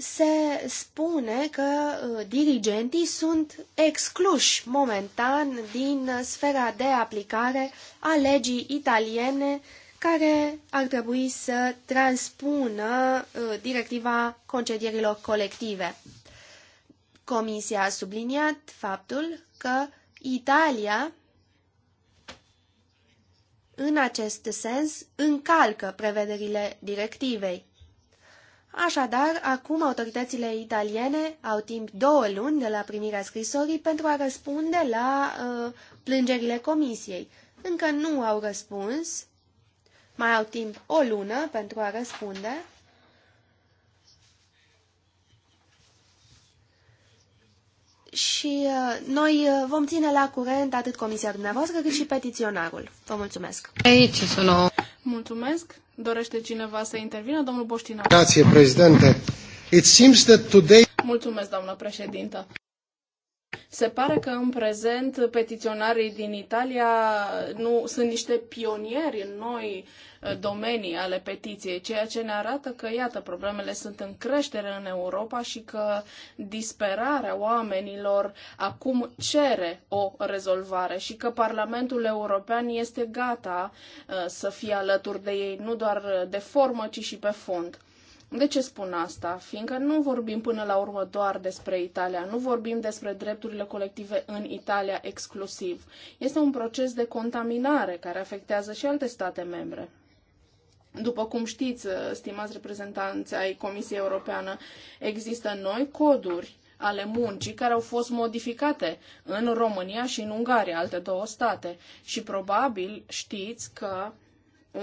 se spune că uh, dirigentii sunt excluși momentan din sfera de aplicare a legii italiene care ar trebui să transpună uh, directiva concedierilor colective. Comisia a subliniat faptul că Italia în acest sens încalcă prevederile directivei. Așadar, acum autoritățile italiene au timp două luni de la primirea scrisorii pentru a răspunde la uh, plângerile comisiei. Încă nu au răspuns, mai au timp o lună pentru a răspunde. Și uh, noi uh, vom ține la curent atât comisia dumneavoastră cât și petiționarul. Vă mulțumesc! Aici sunt. Mulțumesc! Dorește cineva să intervină? Domnul Boștinaru. Grație, președinte. It seems that today... Mulțumesc, doamnă președintă. Se pare că în prezent petiționarii din Italia nu sunt niște pionieri în noi uh, domenii ale petiției, ceea ce ne arată că, iată, problemele sunt în creștere în Europa și că disperarea oamenilor acum cere o rezolvare și că Parlamentul European este gata uh, să fie alături de ei, nu doar de formă, ci și pe fond. De ce spun asta? Fiindcă nu vorbim până la urmă doar despre Italia, nu vorbim despre drepturile colective în Italia exclusiv. Este un proces de contaminare care afectează și alte state membre. După cum știți, stimați reprezentanți ai Comisiei Europeană, există noi coduri ale muncii care au fost modificate în România și în Ungaria, alte două state. Și probabil știți că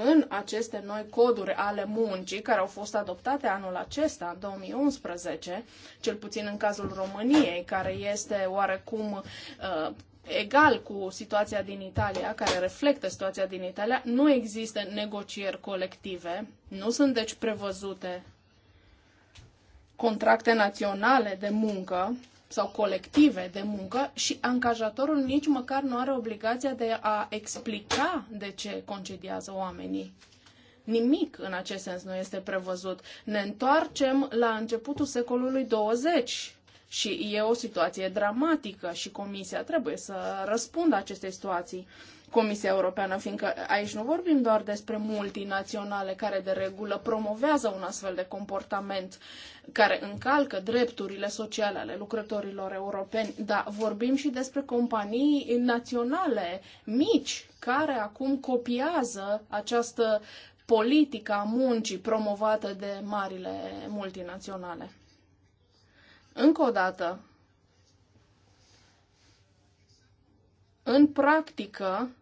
în aceste noi coduri ale muncii care au fost adoptate anul acesta, 2011, cel puțin în cazul României, care este oarecum uh, egal cu situația din Italia, care reflectă situația din Italia, nu există negocieri colective, nu sunt deci prevăzute contracte naționale de muncă sau colective de muncă și angajatorul nici măcar nu are obligația de a explica de ce concediază oamenii. Nimic în acest sens nu este prevăzut. Ne întoarcem la începutul secolului 20 și e o situație dramatică și comisia trebuie să răspundă acestei situații. Comisia Europeană, fiindcă aici nu vorbim doar despre multinaționale care de regulă promovează un astfel de comportament care încalcă drepturile sociale ale lucrătorilor europeni, dar vorbim și despre companii naționale mici care acum copiază această politică a muncii promovată de marile multinaționale. Încă o dată, în practică,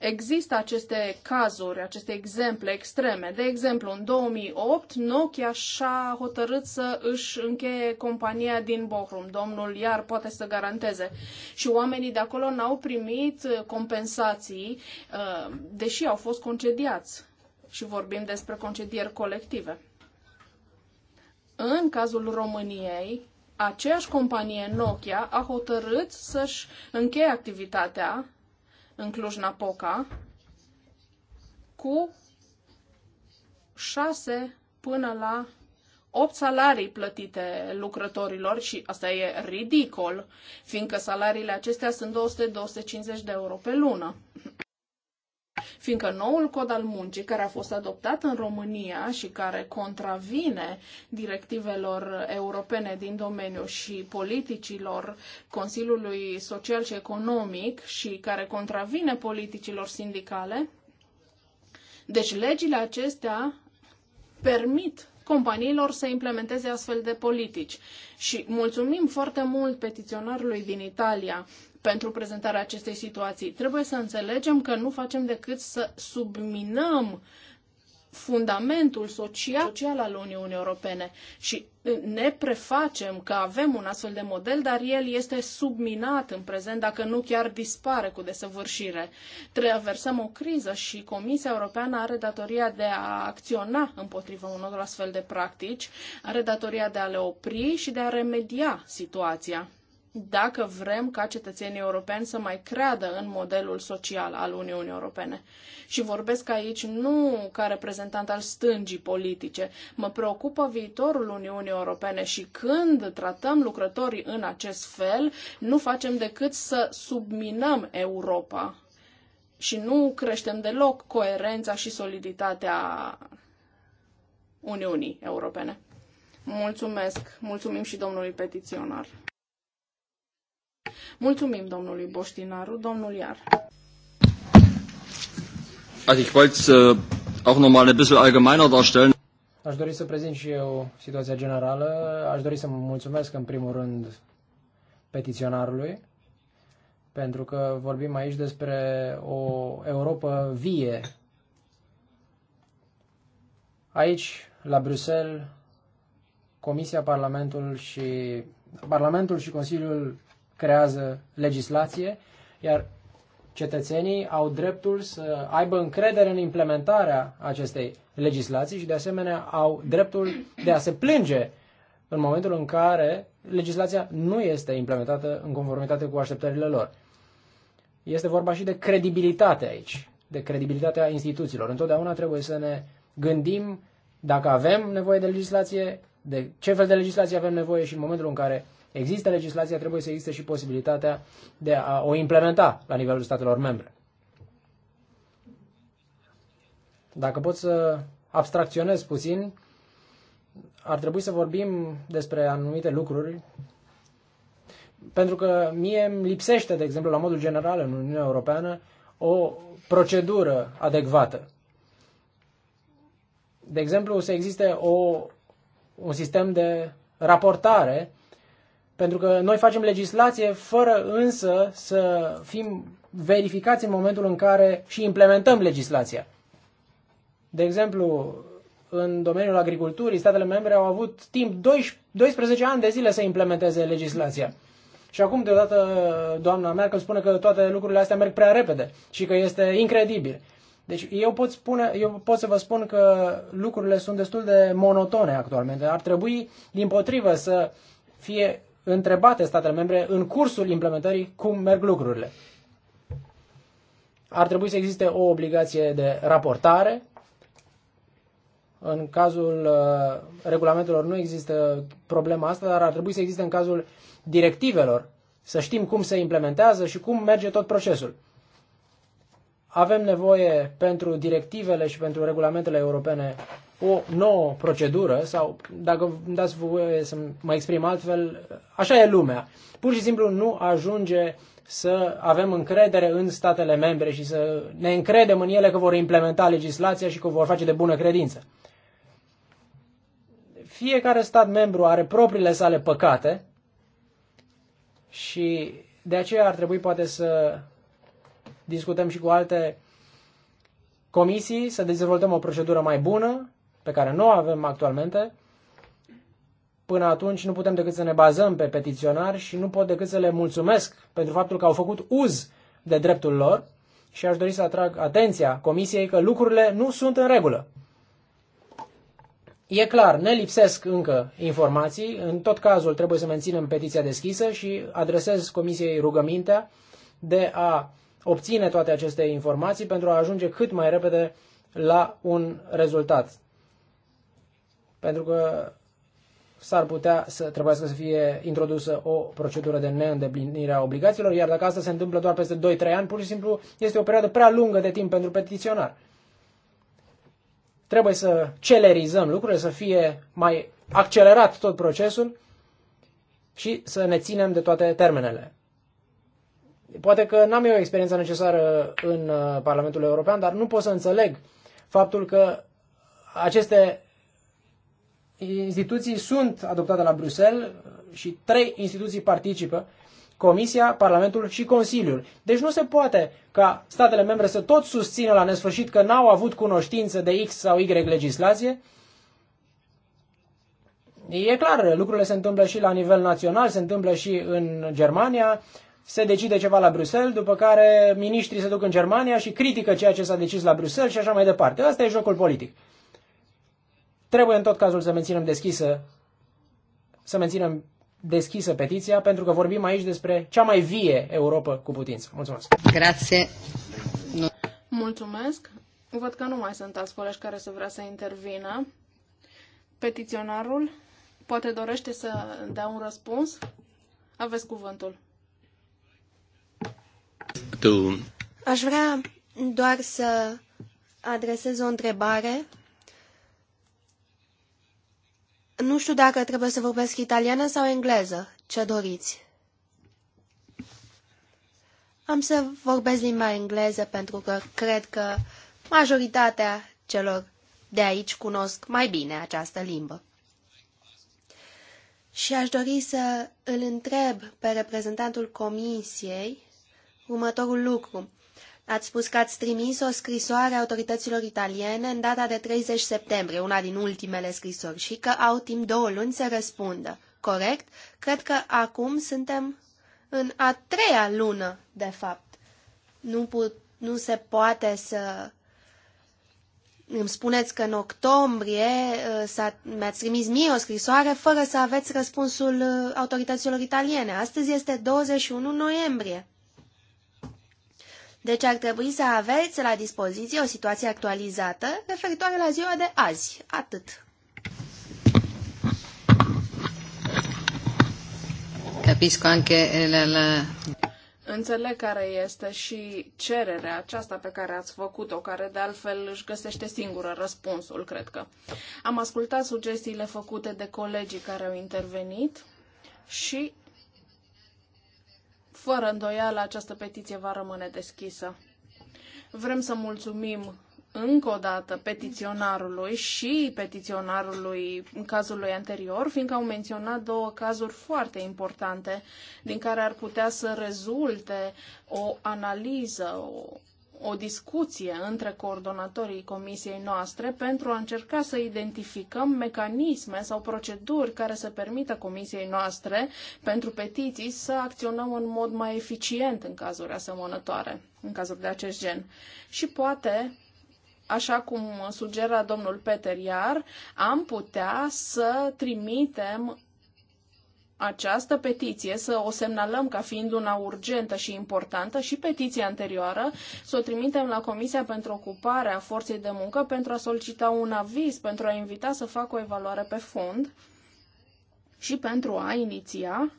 Există aceste cazuri, aceste exemple extreme. De exemplu, în 2008, Nokia și-a hotărât să își încheie compania din Bochum. Domnul Iar poate să garanteze. Și oamenii de acolo n-au primit compensații, uh, deși au fost concediați. Și vorbim despre concedieri colective. În cazul României, aceeași companie Nokia a hotărât să-și încheie activitatea în Cluj-Napoca cu 6 până la 8 salarii plătite lucrătorilor și asta e ridicol, fiindcă salariile acestea sunt 200-250 de euro pe lună fiindcă noul cod al muncii care a fost adoptat în România și care contravine directivelor europene din domeniu și politicilor Consiliului Social și Economic și care contravine politicilor sindicale, deci legile acestea permit companiilor să implementeze astfel de politici. Și mulțumim foarte mult petiționarului din Italia pentru prezentarea acestei situații. Trebuie să înțelegem că nu facem decât să subminăm uh, fundamentul social, social al Uniunii Europene și uh, ne prefacem că avem un astfel de model, dar el este subminat în prezent, dacă nu chiar dispare cu desăvârșire. Traversăm o criză și Comisia Europeană are datoria de a acționa împotriva unor astfel de practici, are datoria de a le opri și de a remedia situația dacă vrem ca cetățenii europeni să mai creadă în modelul social al Uniunii Europene. Și vorbesc aici nu ca reprezentant al stângii politice. Mă preocupă viitorul Uniunii Europene și când tratăm lucrătorii în acest fel, nu facem decât să subminăm Europa și nu creștem deloc coerența și soliditatea Uniunii Europene. Mulțumesc, mulțumim și domnului petiționar. Mulțumim domnului Boștinaru, domnul Iar. Äh, Aș dori să prezint și eu situația generală. Aș dori să mulțumesc în primul rând petiționarului, pentru că vorbim aici despre o Europa vie. Aici, la Bruxelles, Comisia, Parlamentul și Parlamentul și Consiliul creează legislație, iar cetățenii au dreptul să aibă încredere în implementarea acestei legislații și de asemenea au dreptul de a se plânge în momentul în care legislația nu este implementată în conformitate cu așteptările lor. Este vorba și de credibilitate aici, de credibilitatea instituțiilor. Întotdeauna trebuie să ne gândim dacă avem nevoie de legislație, de ce fel de legislație avem nevoie și în momentul în care Există legislația, trebuie să existe și posibilitatea de a o implementa la nivelul statelor membre. Dacă pot să abstracționez puțin, ar trebui să vorbim despre anumite lucruri, pentru că mie îmi lipsește, de exemplu, la modul general în Uniunea Europeană, o procedură adecvată. De exemplu, să existe o, un sistem de raportare pentru că noi facem legislație fără însă să fim verificați în momentul în care și implementăm legislația. De exemplu, în domeniul agriculturii, statele membre au avut timp 12 ani de zile să implementeze legislația. Și acum, deodată, doamna Merkel spune că toate lucrurile astea merg prea repede și că este incredibil. Deci eu pot, spune, eu pot să vă spun că lucrurile sunt destul de monotone actualmente. Ar trebui, din potrivă, să fie întrebate statele membre în cursul implementării cum merg lucrurile. Ar trebui să existe o obligație de raportare. În cazul uh, regulamentelor nu există problema asta, dar ar trebui să existe în cazul directivelor, să știm cum se implementează și cum merge tot procesul. Avem nevoie pentru directivele și pentru regulamentele europene o nouă procedură sau, dacă îmi dați voie să mă exprim altfel, așa e lumea. Pur și simplu nu ajunge să avem încredere în statele membre și să ne încredem în ele că vor implementa legislația și că vor face de bună credință. Fiecare stat membru are propriile sale păcate și de aceea ar trebui poate să discutăm și cu alte comisii, să dezvoltăm o procedură mai bună pe care nu o avem actualmente, până atunci nu putem decât să ne bazăm pe petiționari și nu pot decât să le mulțumesc pentru faptul că au făcut uz de dreptul lor și aș dori să atrag atenția Comisiei că lucrurile nu sunt în regulă. E clar, ne lipsesc încă informații, în tot cazul trebuie să menținem petiția deschisă și adresez Comisiei rugămintea de a obține toate aceste informații pentru a ajunge cât mai repede la un rezultat pentru că s-ar putea să trebuiască să fie introdusă o procedură de neîndeplinire a obligațiilor, iar dacă asta se întâmplă doar peste 2-3 ani, pur și simplu este o perioadă prea lungă de timp pentru petiționar. Trebuie să celerizăm lucrurile, să fie mai accelerat tot procesul și să ne ținem de toate termenele. Poate că n-am eu experiența necesară în uh, Parlamentul European, dar nu pot să înțeleg faptul că aceste instituții sunt adoptate la Bruxelles și trei instituții participă, Comisia, Parlamentul și Consiliul. Deci nu se poate ca statele membre să tot susțină la nesfârșit că n-au avut cunoștință de X sau Y legislație. E clar, lucrurile se întâmplă și la nivel național, se întâmplă și în Germania, se decide ceva la Bruxelles, după care miniștrii se duc în Germania și critică ceea ce s-a decis la Bruxelles și așa mai departe. Asta e jocul politic. Trebuie în tot cazul să menținem deschisă să menținem deschisă petiția, pentru că vorbim aici despre cea mai vie Europa cu putință. Mulțumesc! Grație! Mulțumesc! Văd că nu mai sunt alți colegi care să vrea să intervină. Petiționarul poate dorește să dea un răspuns? Aveți cuvântul. Tu. Aș vrea doar să adresez o întrebare nu știu dacă trebuie să vorbesc italiană sau engleză. Ce doriți? Am să vorbesc limba engleză pentru că cred că majoritatea celor de aici cunosc mai bine această limbă. Și aș dori să îl întreb pe reprezentantul comisiei următorul lucru. Ați spus că ați trimis o scrisoare autorităților italiene în data de 30 septembrie, una din ultimele scrisori, și că au timp două luni să răspundă. Corect? Cred că acum suntem în a treia lună, de fapt. Nu, put, nu se poate să... Îmi spuneți că în octombrie uh, mi-ați trimis mie o scrisoare fără să aveți răspunsul uh, autorităților italiene. Astăzi este 21 noiembrie. Deci ar trebui să aveți la dispoziție o situație actualizată referitoare la ziua de azi. Atât. Capisco anche la, la... Înțeleg care este și cererea aceasta pe care ați făcut-o, care de altfel își găsește singură răspunsul, cred că. Am ascultat sugestiile făcute de colegii care au intervenit și fără îndoială, această petiție va rămâne deschisă. Vrem să mulțumim încă o dată petiționarului și petiționarului în cazul lui anterior, fiindcă au menționat două cazuri foarte importante din care ar putea să rezulte o analiză, o o discuție între coordonatorii comisiei noastre pentru a încerca să identificăm mecanisme sau proceduri care să permită comisiei noastre pentru petiții să acționăm în mod mai eficient în cazuri asemănătoare, în cazuri de acest gen. Și poate așa cum sugera domnul Peter Iar, am putea să trimitem această petiție, să o semnalăm ca fiind una urgentă și importantă și petiția anterioară, să o trimitem la Comisia pentru Ocuparea Forței de Muncă pentru a solicita un aviz, pentru a invita să facă o evaluare pe fond și pentru a iniția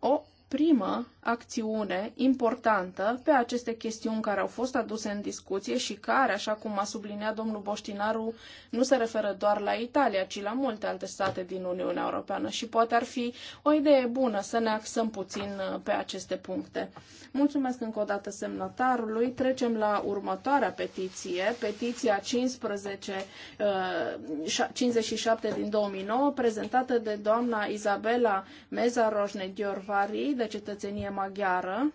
o primă acțiune importantă pe aceste chestiuni care au fost aduse în discuție și care, așa cum a subliniat domnul Boștinaru, nu se referă doar la Italia, ci la multe alte state din Uniunea Europeană și poate ar fi o idee bună să ne axăm puțin uh, pe aceste puncte. Mulțumesc încă o dată semnatarului. Trecem la următoarea petiție, petiția 15, 57 uh, din 2009, prezentată de doamna Izabela Meza Roșne Diorvari de cetățenie maghiară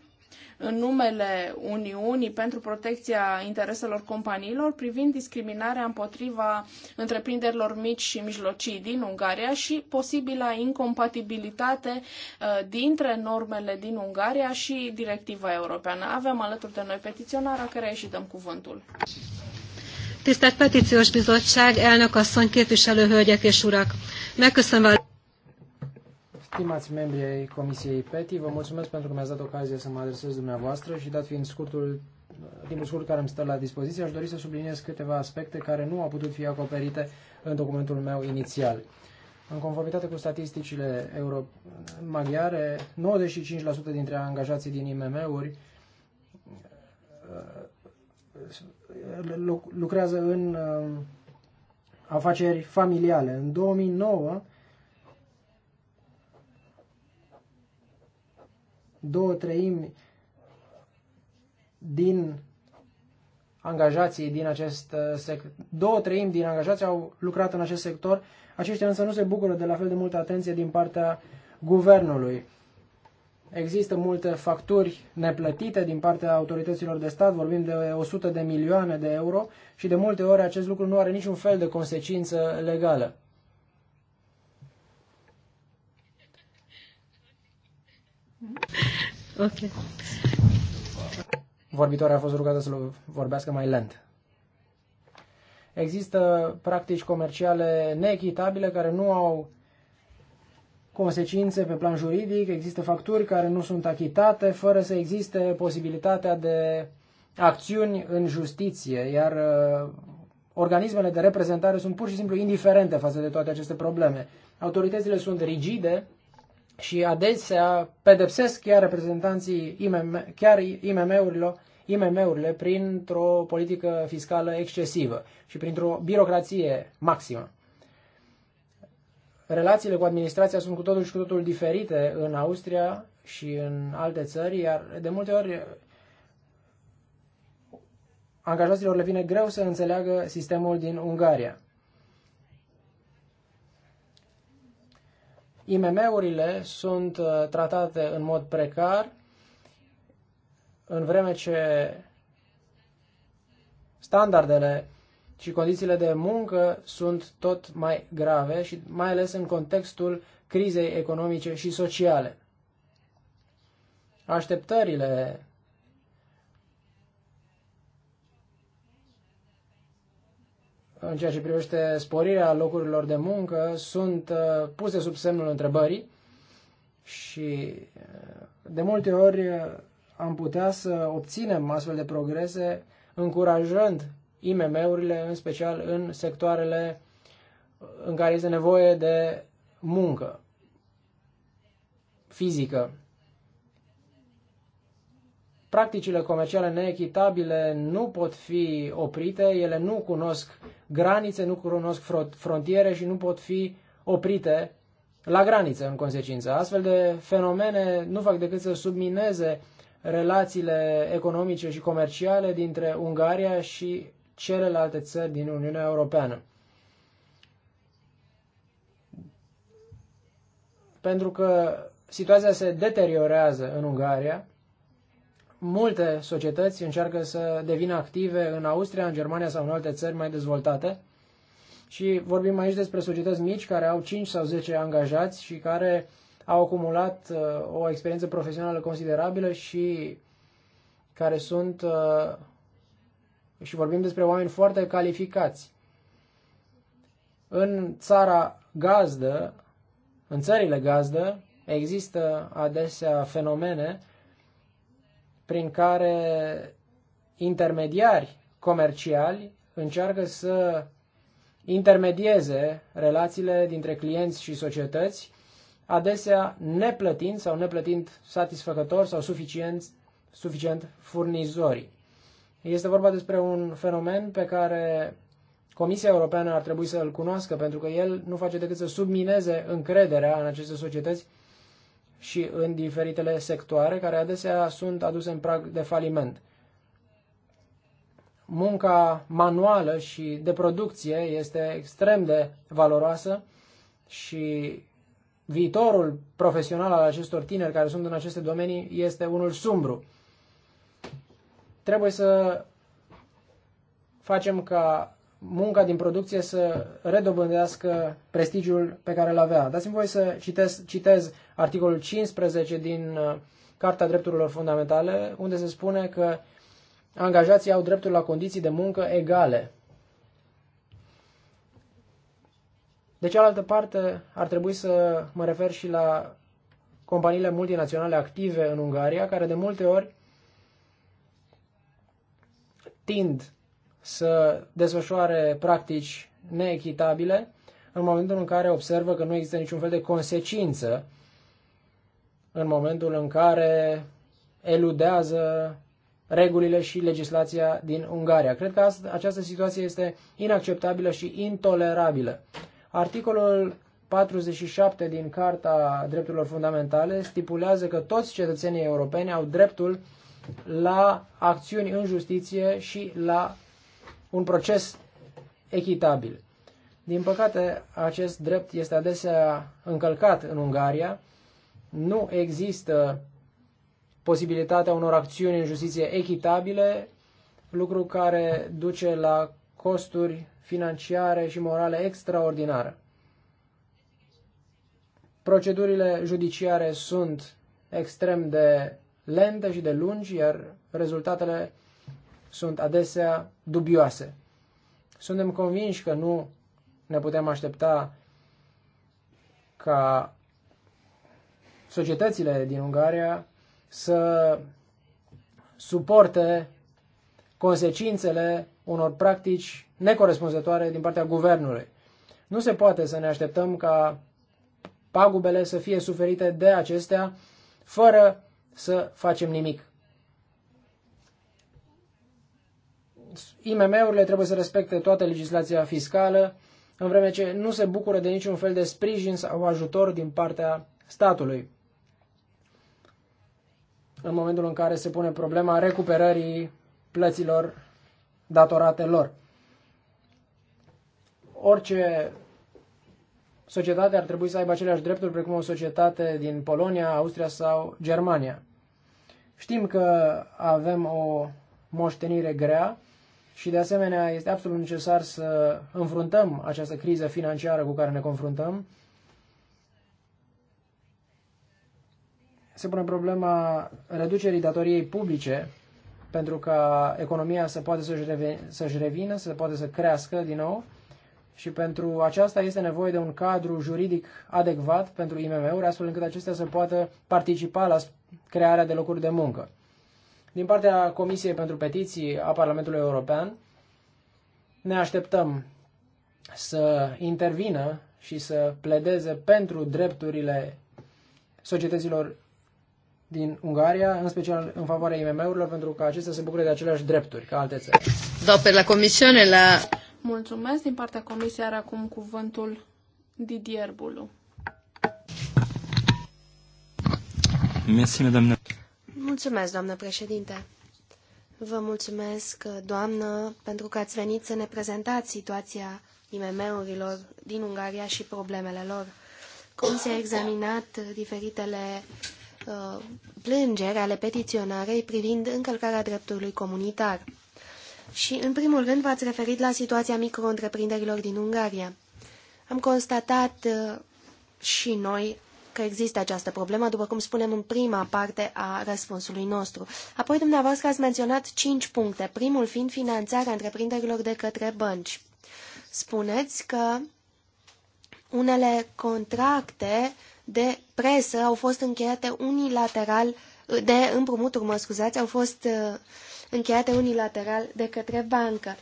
în numele Uniunii pentru protecția intereselor companiilor privind discriminarea împotriva întreprinderilor mici și mijlocii din Ungaria și posibila incompatibilitate uh, dintre normele din Ungaria și directiva europeană. Avem alături de noi petiționara care și dăm cuvântul. Tisztelt Petíciós Bizottság, elnök asszony, képviselő hölgyek és urak! Megköszönöm Stimați membri ai Comisiei PETI, vă mulțumesc pentru că mi-ați dat ocazia să mă adresez dumneavoastră și dat fiind scurtul, timpul scurt care îmi stă la dispoziție, aș dori să subliniez câteva aspecte care nu au putut fi acoperite în documentul meu inițial. În conformitate cu statisticile euro maghiare, 95% dintre angajații din IMM-uri uh, lucrează în uh, afaceri familiale. În 2009, două treimi din angajații din acest uh, sector, două treimi din angajații au lucrat în acest sector, aceștia însă nu se bucură de la fel de multă atenție din partea guvernului. Există multe facturi neplătite din partea autorităților de stat, vorbim de 100 de milioane de euro și de multe ori acest lucru nu are niciun fel de consecință legală. Okay. Vorbitoarea a fost rugată să vorbească mai lent. Există practici comerciale neechitabile care nu au consecințe pe plan juridic, există facturi care nu sunt achitate fără să existe posibilitatea de acțiuni în justiție, iar uh, organismele de reprezentare sunt pur și simplu indiferente față de toate aceste probleme. Autoritățile sunt rigide și adesea pedepsesc chiar reprezentanții IMM, chiar IMM-urilor, IMM-urile printr-o politică fiscală excesivă și printr-o birocrație maximă. Relațiile cu administrația sunt cu totul și cu totul diferite în Austria și în alte țări, iar de multe ori angajaților le vine greu să înțeleagă sistemul din Ungaria. IMM-urile sunt uh, tratate în mod precar, în vreme ce standardele și condițiile de muncă sunt tot mai grave și mai ales în contextul crizei economice și sociale. Așteptările în ceea ce privește sporirea locurilor de muncă sunt uh, puse sub semnul întrebării și uh, de multe ori uh, am putea să obținem astfel de progrese încurajând IMM-urile, în special în sectoarele în care este nevoie de muncă fizică. Practicile comerciale neechitabile nu pot fi oprite, ele nu cunosc granițe, nu cunosc frontiere și nu pot fi oprite la graniță, în consecință. Astfel de fenomene nu fac decât să submineze relațiile economice și comerciale dintre Ungaria și celelalte țări din Uniunea Europeană. Pentru că situația se deteriorează în Ungaria multe societăți încearcă să devină active în Austria, în Germania sau în alte țări mai dezvoltate. Și vorbim aici despre societăți mici care au 5 sau 10 angajați și care au acumulat uh, o experiență profesională considerabilă și care sunt uh, și vorbim despre oameni foarte calificați. În țara gazdă, în țările gazdă, există adesea fenomene prin care intermediari comerciali încearcă să intermedieze relațiile dintre clienți și societăți, adesea neplătind sau neplătind satisfăcător sau suficient, suficient furnizorii. Este vorba despre un fenomen pe care Comisia Europeană ar trebui să îl cunoască, pentru că el nu face decât să submineze încrederea în aceste societăți și în diferitele sectoare care adesea sunt aduse în prag de faliment. Munca manuală și de producție este extrem de valoroasă și viitorul profesional al acestor tineri care sunt în aceste domenii este unul sumbru. Trebuie să facem ca munca din producție să redobândească prestigiul pe care îl avea. Dați-mi voie să citez, citez articolul 15 din uh, Carta Drepturilor Fundamentale, unde se spune că angajații au dreptul la condiții de muncă egale. De cealaltă parte, ar trebui să mă refer și la companiile multinaționale active în Ungaria, care de multe ori tind să desfășoare practici neechitabile în momentul în care observă că nu există niciun fel de consecință, în momentul în care eludează regulile și legislația din Ungaria. Cred că asta, această situație este inacceptabilă și intolerabilă. Articolul 47 din Carta Drepturilor Fundamentale stipulează că toți cetățenii europeni au dreptul la acțiuni în justiție și la un proces echitabil. Din păcate, acest drept este adesea încălcat în Ungaria. Nu există posibilitatea unor acțiuni în justiție echitabile, lucru care duce la costuri financiare și morale extraordinare. Procedurile judiciare sunt extrem de lente și de lungi, iar rezultatele sunt adesea dubioase. Suntem convinși că nu ne putem aștepta ca societățile din Ungaria să suporte consecințele unor practici necorespunzătoare din partea guvernului. Nu se poate să ne așteptăm ca pagubele să fie suferite de acestea fără să facem nimic. IMM-urile trebuie să respecte toată legislația fiscală, în vreme ce nu se bucură de niciun fel de sprijin sau ajutor din partea statului. În momentul în care se pune problema recuperării plăților datorate lor. Orice societate ar trebui să aibă aceleași drepturi precum o societate din Polonia, Austria sau Germania. Știm că avem o moștenire grea și de asemenea este absolut necesar să înfruntăm această criză financiară cu care ne confruntăm. Se pune problema reducerii datoriei publice pentru ca economia să poată să-și revină, să-și revină, să poată să crească din nou. Și pentru aceasta este nevoie de un cadru juridic adecvat pentru IMM-uri, astfel încât acestea să poată participa la crearea de locuri de muncă. Din partea Comisiei pentru Petiții a Parlamentului European, ne așteptăm să intervină și să pledeze pentru drepturile societăților din Ungaria, în special în favoarea IMM-urilor, pentru că acestea se bucură de aceleași drepturi ca alte țări. pe la Comisiune la... Mulțumesc. Din partea Comisiei are acum cuvântul Didier Bulu. Mersi, doamne. Mulțumesc, doamnă președinte. Vă mulțumesc, doamnă, pentru că ați venit să ne prezentați situația IMM-urilor din Ungaria și problemele lor. Cum s-a examinat diferitele uh, plângeri ale petiționarei privind încălcarea dreptului comunitar. Și, în primul rând, v-ați referit la situația micro din Ungaria. Am constatat uh, și noi că există această problemă, după cum spunem în prima parte a răspunsului nostru. Apoi, dumneavoastră ați menționat cinci puncte, primul fiind finanțarea întreprinderilor de către bănci. Spuneți că unele contracte de presă au fost încheiate unilateral, de împrumuturi, mă scuzați, au fost uh, încheiate unilateral de către bancă.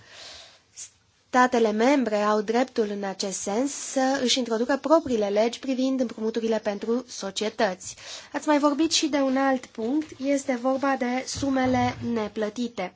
Statele membre au dreptul în acest sens să își introducă propriile legi privind împrumuturile pentru societăți. Ați mai vorbit și de un alt punct, este vorba de sumele neplătite.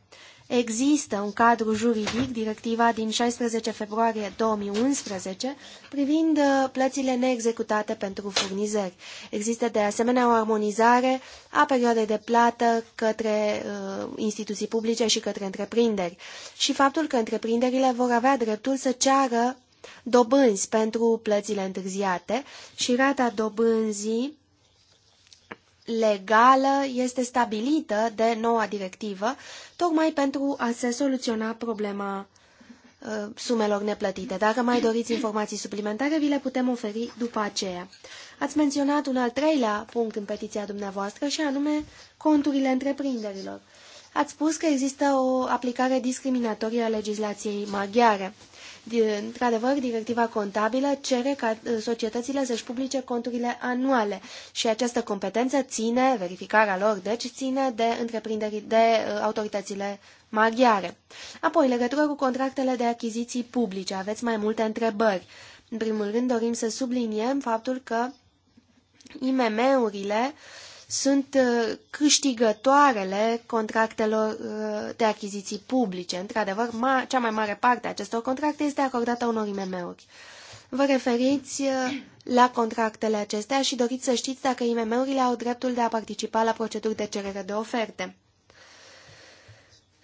Există un cadru juridic, directiva din 16 februarie 2011, privind uh, plățile neexecutate pentru furnizări. Există de asemenea o armonizare a perioadei de plată către uh, instituții publice și către întreprinderi și faptul că întreprinderile vor avea dreptul să ceară dobânzi pentru plățile întârziate și rata dobânzii legală este stabilită de noua directivă, tocmai pentru a se soluționa problema uh, sumelor neplătite. Dacă mai doriți informații suplimentare, vi le putem oferi după aceea. Ați menționat un al treilea punct în petiția dumneavoastră și anume conturile întreprinderilor. Ați spus că există o aplicare discriminatorie a legislației maghiare. Într-adevăr, directiva contabilă cere ca ă, societățile să-și publice conturile anuale și această competență ține, verificarea lor, deci ține de întreprinderi de ă, autoritățile maghiare. Apoi, legătură cu contractele de achiziții publice, aveți mai multe întrebări. În primul rând, dorim să subliniem faptul că IMM-urile uh, sunt uh, câștigătoarele contractelor uh, de achiziții publice. Într-adevăr, ma cea mai mare parte a acestor contracte este acordată unor IMM-uri. Vă referiți uh, la contractele acestea și doriți să știți dacă IMM-urile au dreptul de a participa la proceduri de cerere de oferte.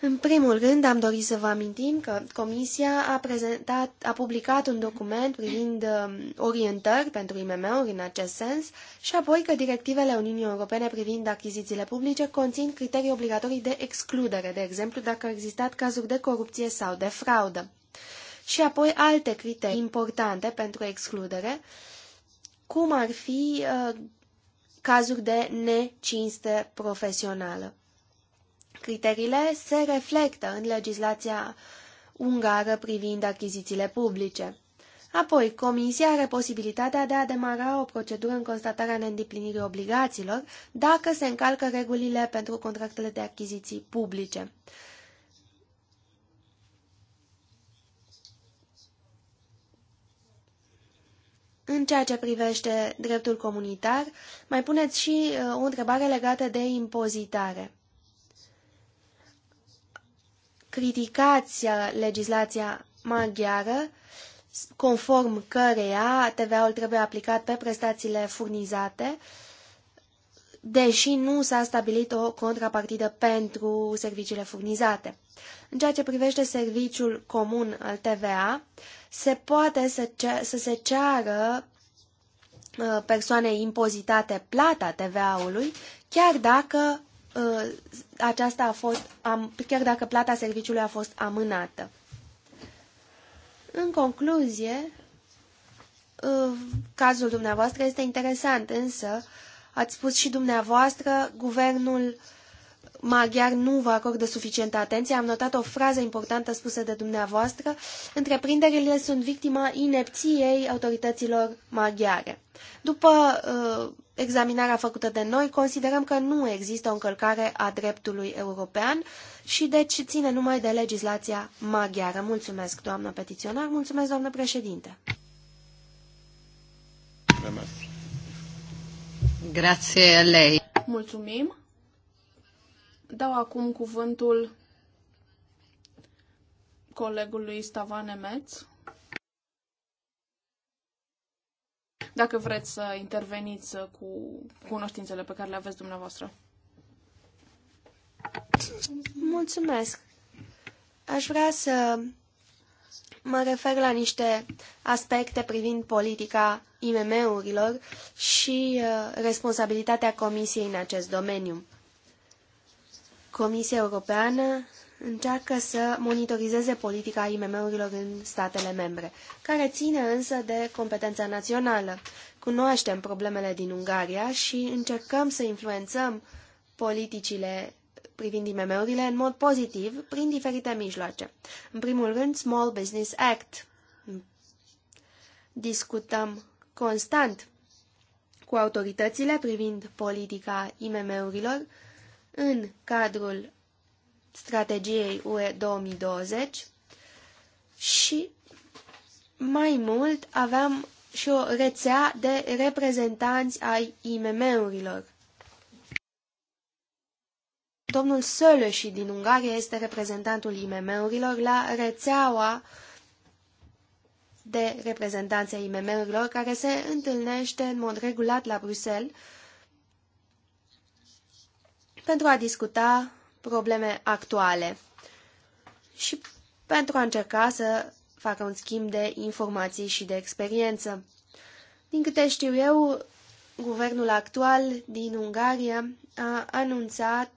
În primul rând, am dorit să vă amintim că Comisia a, prezentat, a publicat un document privind um, orientări pentru IMM-uri în acest sens și apoi că directivele Uniunii Europene privind achizițiile publice conțin criterii obligatorii de excludere, de exemplu dacă au existat cazuri de corupție sau de fraudă. Și apoi alte criterii importante pentru excludere, cum ar fi uh, cazuri de necinste profesională. Criteriile se reflectă în legislația ungară privind achizițiile publice. Apoi, Comisia are posibilitatea de a demara o procedură în constatarea neîndeplinirii obligațiilor dacă se încalcă regulile pentru contractele de achiziții publice. În ceea ce privește dreptul comunitar, mai puneți și uh, o întrebare legată de impozitare criticați uh, legislația maghiară, conform căreia TVA-ul trebuie aplicat pe prestațiile furnizate, deși nu s-a stabilit o contrapartidă pentru serviciile furnizate. În ceea ce privește serviciul comun al TVA, se poate să, să se ceară uh, persoanei impozitate plata TVA-ului, chiar dacă Uh, aceasta a fost, am, chiar dacă plata serviciului a fost amânată. În concluzie, uh, cazul dumneavoastră este interesant, însă ați spus și dumneavoastră, guvernul maghiar nu vă acordă suficientă atenție. Am notat o frază importantă spusă de dumneavoastră. Întreprinderile sunt victima inepției autorităților maghiare. După uh, examinarea făcută de noi, considerăm că nu există o încălcare a dreptului european și deci ține numai de legislația maghiară. Mulțumesc, doamnă petiționar, mulțumesc, doamnă președinte. Grazie lei. Mulțumim. Dau acum cuvântul colegului Stavane Metz dacă vreți să interveniți uh, cu cunoștințele pe care le aveți dumneavoastră. Mulțumesc. Aș vrea să mă refer la niște aspecte privind politica IMM-urilor și uh, responsabilitatea Comisiei în acest domeniu. Comisia Europeană încearcă să monitorizeze politica IMM-urilor în statele membre, care ține însă de competența națională. Cunoaștem problemele din Ungaria și încercăm să influențăm politicile privind IMM-urile în mod pozitiv prin diferite mijloace. În primul rând, Small Business Act. Discutăm constant cu autoritățile privind politica IMM-urilor în cadrul strategiei UE 2020 și mai mult aveam și o rețea de reprezentanți ai IMM-urilor. Domnul Sălăși din Ungaria este reprezentantul IMM-urilor la rețeaua de reprezentanți ai IMM-urilor care se întâlnește în mod regulat la Bruxelles pentru a discuta probleme actuale și pentru a încerca să facă un schimb de informații și de experiență. Din câte știu eu, guvernul actual din Ungaria a anunțat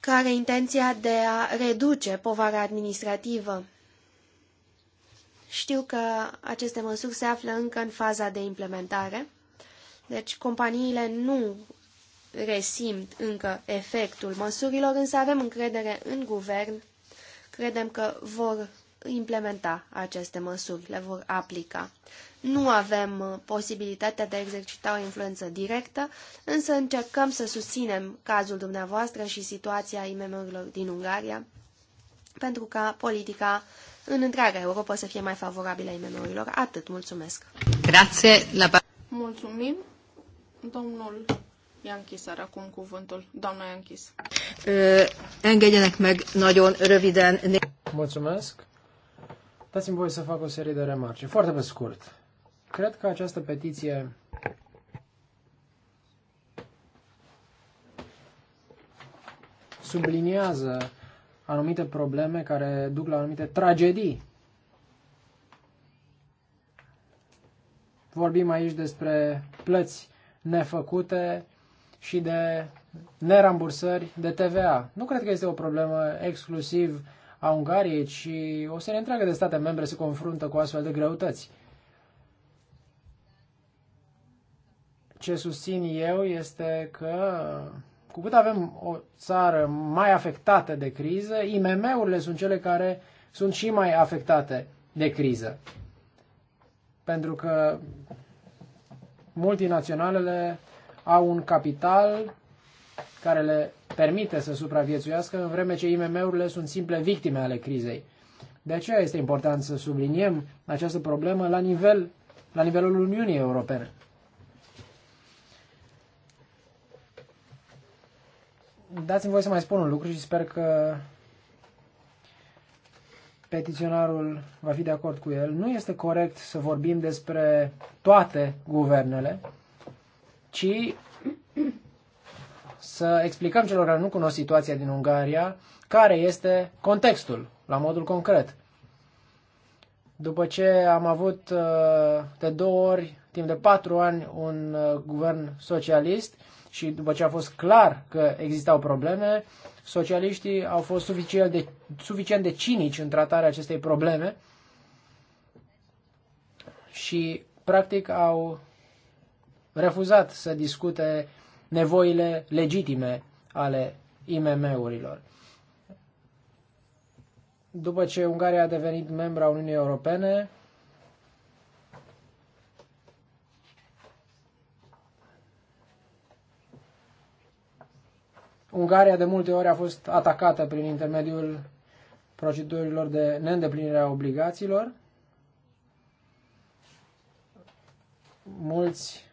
că are intenția de a reduce povara administrativă. Știu că aceste măsuri se află încă în faza de implementare, deci companiile nu resimt încă efectul măsurilor, însă avem încredere în guvern, credem că vor implementa aceste măsuri, le vor aplica. Nu avem uh, posibilitatea de a exercita o influență directă, însă încercăm să susținem cazul dumneavoastră și situația IMM-urilor din Ungaria, pentru ca politica în întreaga Europa să fie mai favorabilă IMM-urilor. Atât, mulțumesc! Grație! La... Mulțumim, domnul I-a închis acum cuvântul. Doamna i-a închis. Engedjenek meg nagyon röviden. Mulțumesc. Dați-mi voie să fac o serie de remarci. Foarte pe scurt. Cred că această petiție subliniază anumite probleme care duc la anumite tragedii. Vorbim aici despre plăți nefăcute, și de nerambursări de TVA. Nu cred că este o problemă exclusiv a Ungariei, ci o serie întreagă de state membre se confruntă cu astfel de greutăți. Ce susțin eu este că cu cât avem o țară mai afectată de criză, IMM-urile sunt cele care sunt și mai afectate de criză. Pentru că multinaționalele au un capital care le permite să supraviețuiască, în vreme ce IMM-urile sunt simple victime ale crizei. De aceea este important să subliniem această problemă la, nivel, la nivelul Uniunii Europene. Dați-mi voi să mai spun un lucru și sper că petiționarul va fi de acord cu el. Nu este corect să vorbim despre toate guvernele, ci să explicăm celor care nu cunosc situația din Ungaria care este contextul, la modul concret. După ce am avut uh, de două ori, timp de patru ani, un uh, guvern socialist și după ce a fost clar că existau probleme, socialiștii au fost suficient de, suficient de cinici în tratarea acestei probleme și, practic, au refuzat să discute nevoile legitime ale IMM-urilor. După ce Ungaria a devenit membra Uniunii Europene, Ungaria de multe ori a fost atacată prin intermediul procedurilor de neîndeplinire a obligațiilor. Mulți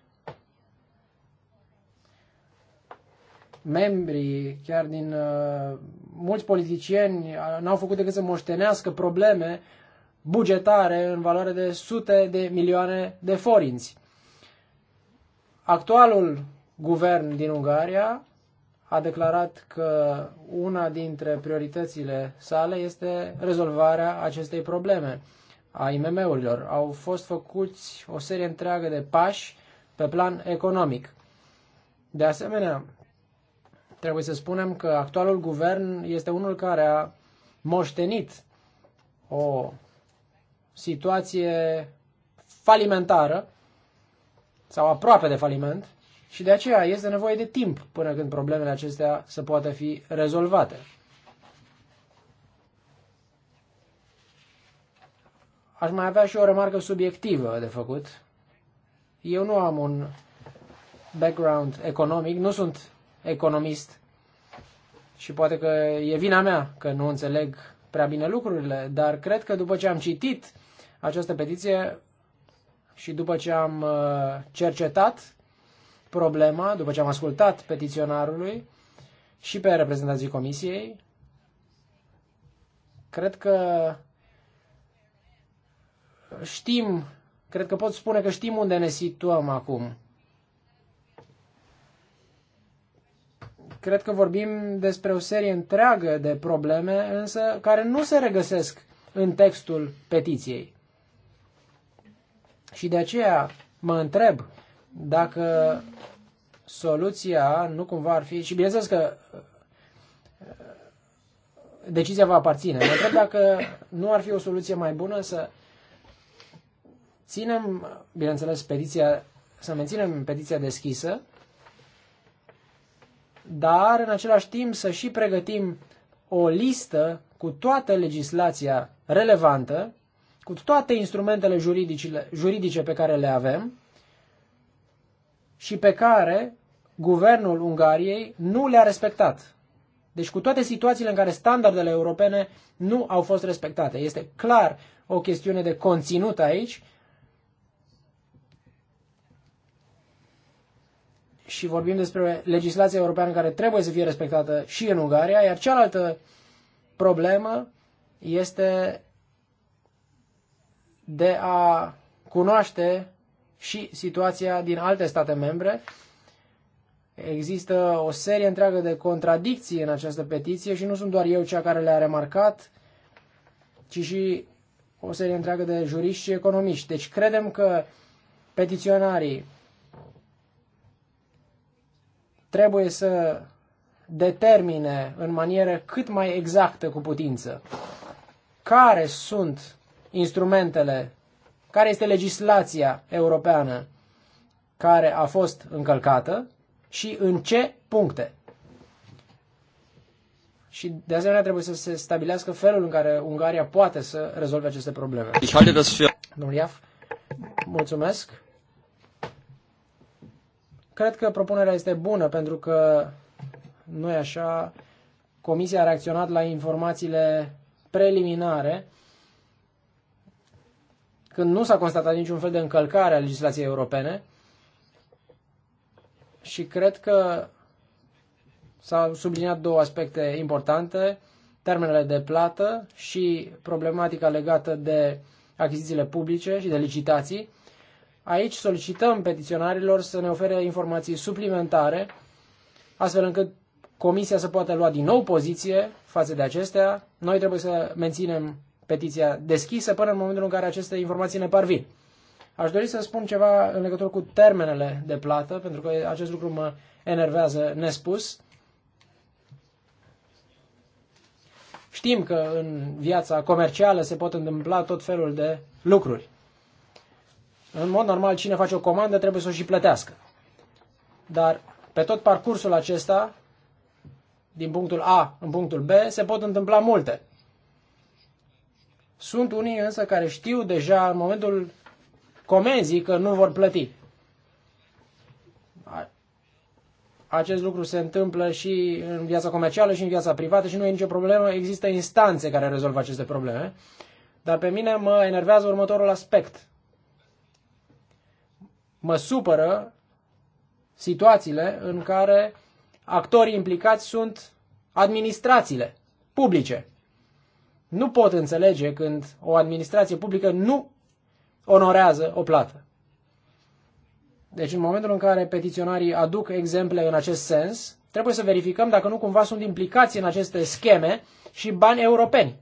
membri, chiar din uh, mulți politicieni, uh, n-au făcut decât să moștenească probleme bugetare în valoare de sute de milioane de forinți. Actualul guvern din Ungaria a declarat că una dintre prioritățile sale este rezolvarea acestei probleme a IMM-urilor. Au fost făcuți o serie întreagă de pași pe plan economic. De asemenea, Trebuie să spunem că actualul guvern este unul care a moștenit o situație falimentară sau aproape de faliment și de aceea este nevoie de timp până când problemele acestea să poată fi rezolvate. Aș mai avea și o remarcă subiectivă de făcut. Eu nu am un background economic, nu sunt economist și poate că e vina mea că nu înțeleg prea bine lucrurile, dar cred că după ce am citit această petiție și după ce am uh, cercetat problema, după ce am ascultat petiționarului și pe reprezentanții comisiei, cred că știm, cred că pot spune că știm unde ne situăm acum. Cred că vorbim despre o serie întreagă de probleme, însă care nu se regăsesc în textul petiției. Și de aceea mă întreb dacă soluția nu cumva ar fi, și bineînțeles că uh, decizia va aparține, mă întreb dacă nu ar fi o soluție mai bună să ținem, bineînțeles, petiția, să menținem petiția deschisă, dar în același timp să și pregătim o listă cu toată legislația relevantă, cu toate instrumentele juridice pe care le avem și pe care guvernul Ungariei nu le-a respectat. Deci cu toate situațiile în care standardele europene nu au fost respectate. Este clar o chestiune de conținut aici și vorbim despre legislația europeană care trebuie să fie respectată și în Ungaria, iar cealaltă problemă este de a cunoaște și situația din alte state membre. Există o serie întreagă de contradicții în această petiție și nu sunt doar eu cea care le-a remarcat, ci și o serie întreagă de juriști și economiști. Deci credem că petiționarii trebuie să determine în manieră cât mai exactă cu putință care sunt instrumentele, care este legislația europeană care a fost încălcată și în ce puncte. Și de asemenea trebuie să se stabilească felul în care Ungaria poate să rezolve aceste probleme. Domnul Iaf, mulțumesc. Cred că propunerea este bună pentru că noi așa. Comisia a reacționat la informațiile preliminare când nu s-a constatat niciun fel de încălcare a legislației europene și cred că s-au subliniat două aspecte importante, termenele de plată și problematica legată de achizițiile publice și de licitații. Aici solicităm petiționarilor să ne ofere informații suplimentare, astfel încât comisia să poată lua din nou poziție față de acestea. Noi trebuie să menținem petiția deschisă până în momentul în care aceste informații ne parvin. Aș dori să spun ceva în legătură cu termenele de plată, pentru că acest lucru mă enervează nespus. Știm că în viața comercială se pot întâmpla tot felul de lucruri. În mod normal, cine face o comandă trebuie să o și plătească. Dar pe tot parcursul acesta, din punctul A în punctul B, se pot întâmpla multe. Sunt unii însă care știu deja în momentul comenzii că nu vor plăti. Acest lucru se întâmplă și în viața comercială și în viața privată și nu e nicio problemă. Există instanțe care rezolvă aceste probleme. Dar pe mine mă enervează următorul aspect. Mă supără situațiile în care actorii implicați sunt administrațiile publice. Nu pot înțelege când o administrație publică nu onorează o plată. Deci în momentul în care petiționarii aduc exemple în acest sens, trebuie să verificăm dacă nu cumva sunt implicați în aceste scheme și bani europeni.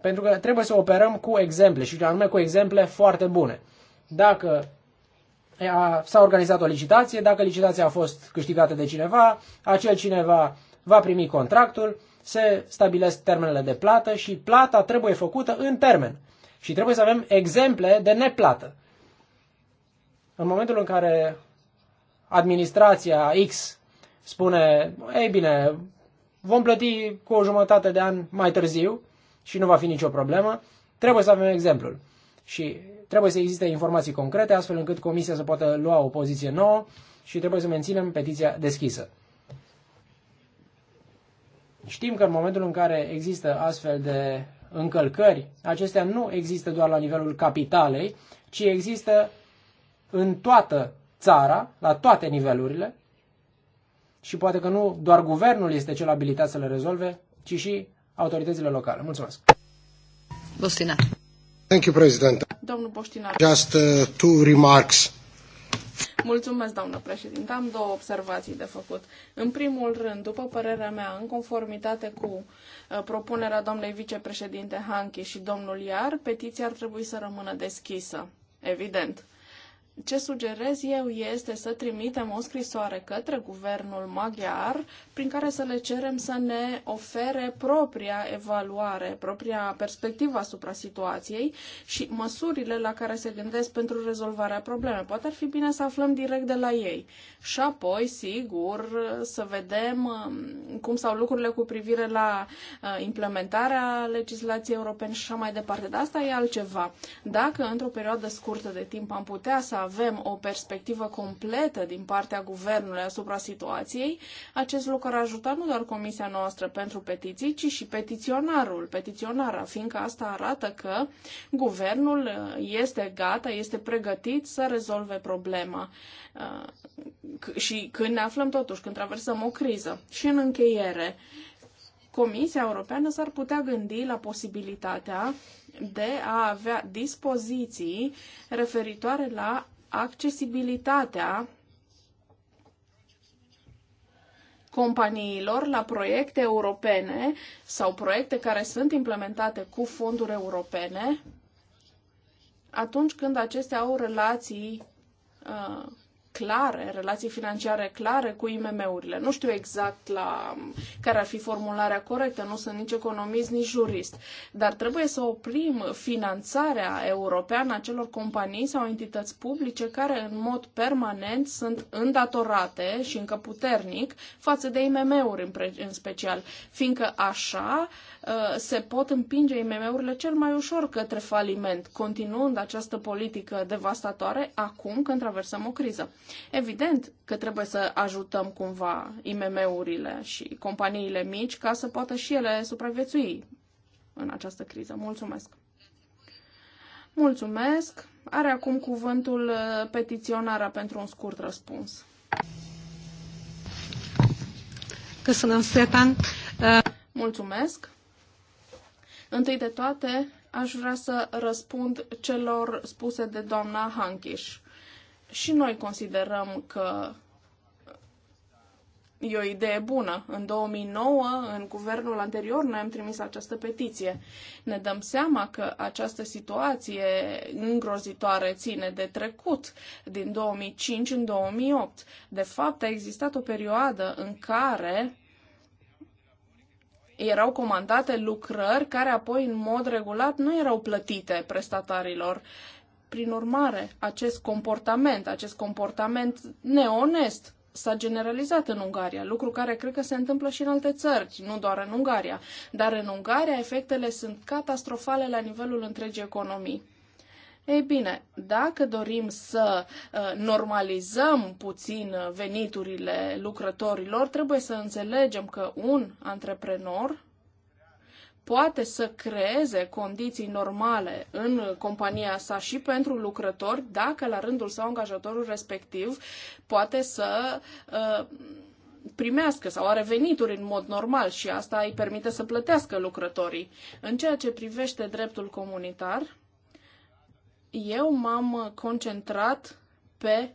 Pentru că trebuie să operăm cu exemple și anume cu exemple foarte bune dacă s-a organizat o licitație, dacă licitația a fost câștigată de cineva, acel cineva va primi contractul, se stabilesc termenele de plată și plata trebuie făcută în termen. Și trebuie să avem exemple de neplată. În momentul în care administrația X spune, ei bine, vom plăti cu o jumătate de an mai târziu și nu va fi nicio problemă, trebuie să avem exemplul și trebuie să existe informații concrete astfel încât comisia să poată lua o poziție nouă și trebuie să menținem petiția deschisă. Știm că în momentul în care există astfel de încălcări, acestea nu există doar la nivelul capitalei, ci există în toată țara, la toate nivelurile, și poate că nu doar guvernul este cel abilitat să le rezolve, ci și autoritățile locale. Mulțumesc! Bustinat. Thank you, President. Domnul Poștinar. Just uh, two remarks. Mulțumesc, doamnă președinte. Am două observații de făcut. În primul rând, după părerea mea, în conformitate cu uh, propunerea doamnei vicepreședinte Hanchi și domnul Iar, petiția ar trebui să rămână deschisă. Evident ce sugerez eu este să trimitem o scrisoare către guvernul maghiar prin care să le cerem să ne ofere propria evaluare, propria perspectivă asupra situației și măsurile la care se gândesc pentru rezolvarea problemei. Poate ar fi bine să aflăm direct de la ei. Și apoi, sigur, să vedem um, cum stau lucrurile cu privire la uh, implementarea legislației europene și așa mai departe. Dar asta e altceva. Dacă într-o perioadă scurtă de timp am putea să avem o perspectivă completă din partea guvernului asupra situației, acest lucru ar ajuta nu doar Comisia noastră pentru petiții, ci și petiționarul, petiționara, fiindcă asta arată că guvernul uh, este gata, este pregătit să rezolve problema. Uh, și când ne aflăm totuși, când traversăm o criză. Și în încheiere, Comisia Europeană s-ar putea gândi la posibilitatea de a avea dispoziții referitoare la accesibilitatea companiilor la proiecte europene sau proiecte care sunt implementate cu fonduri europene atunci când acestea au relații uh, clare, relații financiare clare cu IMM-urile. Nu știu exact la care ar fi formularea corectă, nu sunt nici economist, nici jurist, dar trebuie să oprim finanțarea europeană a celor companii sau entități publice care în mod permanent sunt îndatorate și încă puternic față de IMM-uri în special, fiindcă așa uh, se pot împinge IMM-urile cel mai ușor către faliment, continuând această politică devastatoare acum când traversăm o criză. Evident că trebuie să ajutăm cumva IMM-urile și companiile mici ca să poată și ele supraviețui în această criză. Mulțumesc! Mulțumesc! Are acum cuvântul uh, petiționarea pentru un scurt răspuns. Uh, Mulțumesc! Întâi de toate, aș vrea să răspund celor spuse de doamna Hankish și noi considerăm că e o idee bună. În 2009, în guvernul anterior, noi am trimis această petiție. Ne dăm seama că această situație îngrozitoare ține de trecut, din 2005 în 2008. De fapt, a existat o perioadă în care erau comandate lucrări care apoi în mod regulat nu erau plătite prestatarilor. Uh, prin urmare, acest comportament, acest comportament neonest s-a generalizat în Ungaria, lucru care cred că se întâmplă și în alte țări, nu doar în Ungaria. Dar în Ungaria efectele sunt catastrofale la nivelul întregii economii. Ei bine, dacă dorim să uh, normalizăm puțin uh, veniturile lucrătorilor, trebuie să înțelegem că un antreprenor poate să creeze condiții normale în compania sa și pentru lucrători, dacă la rândul său angajatorul respectiv poate să uh, primească sau are venituri în mod normal și asta îi permite să plătească lucrătorii. În ceea ce privește dreptul comunitar, eu m-am concentrat pe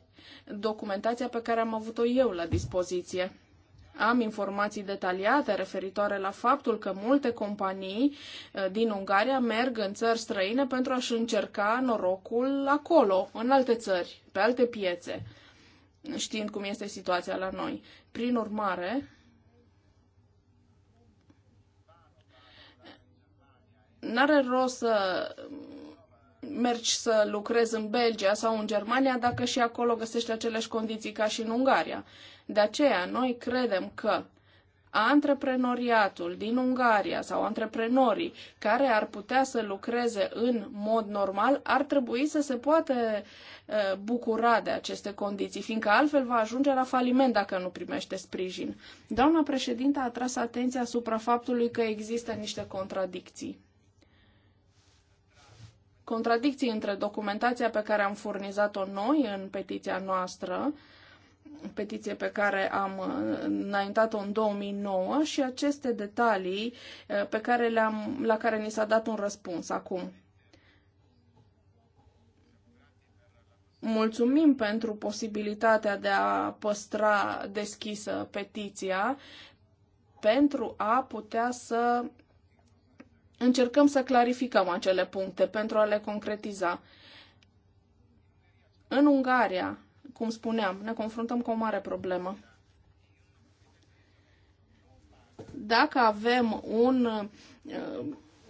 documentația pe care am avut-o eu la dispoziție. Am informații detaliate referitoare la faptul că multe companii eh, din Ungaria merg în țări străine pentru a-și încerca norocul acolo, în alte țări, pe alte piețe, știind cum este situația la noi. Prin urmare, n-are rost să mergi să lucrezi în Belgia sau în Germania dacă și acolo găsești aceleași condiții ca și în Ungaria. De aceea, noi credem că antreprenoriatul din Ungaria sau antreprenorii care ar putea să lucreze în mod normal ar trebui să se poată bucura de aceste condiții, fiindcă altfel va ajunge la faliment dacă nu primește sprijin. Doamna președintă a tras atenția asupra faptului că există niște contradicții. Contradicții între documentația pe care am furnizat-o noi în petiția noastră, petiție pe care am uh, înaintat-o în 2009 și aceste detalii uh, pe care le-am, la care ni s-a dat un răspuns acum. Mulțumim pentru posibilitatea de a păstra deschisă petiția pentru a putea să încercăm să clarificăm acele puncte, pentru a le concretiza. În Ungaria, cum spuneam, ne confruntăm cu o mare problemă. Dacă avem un uh,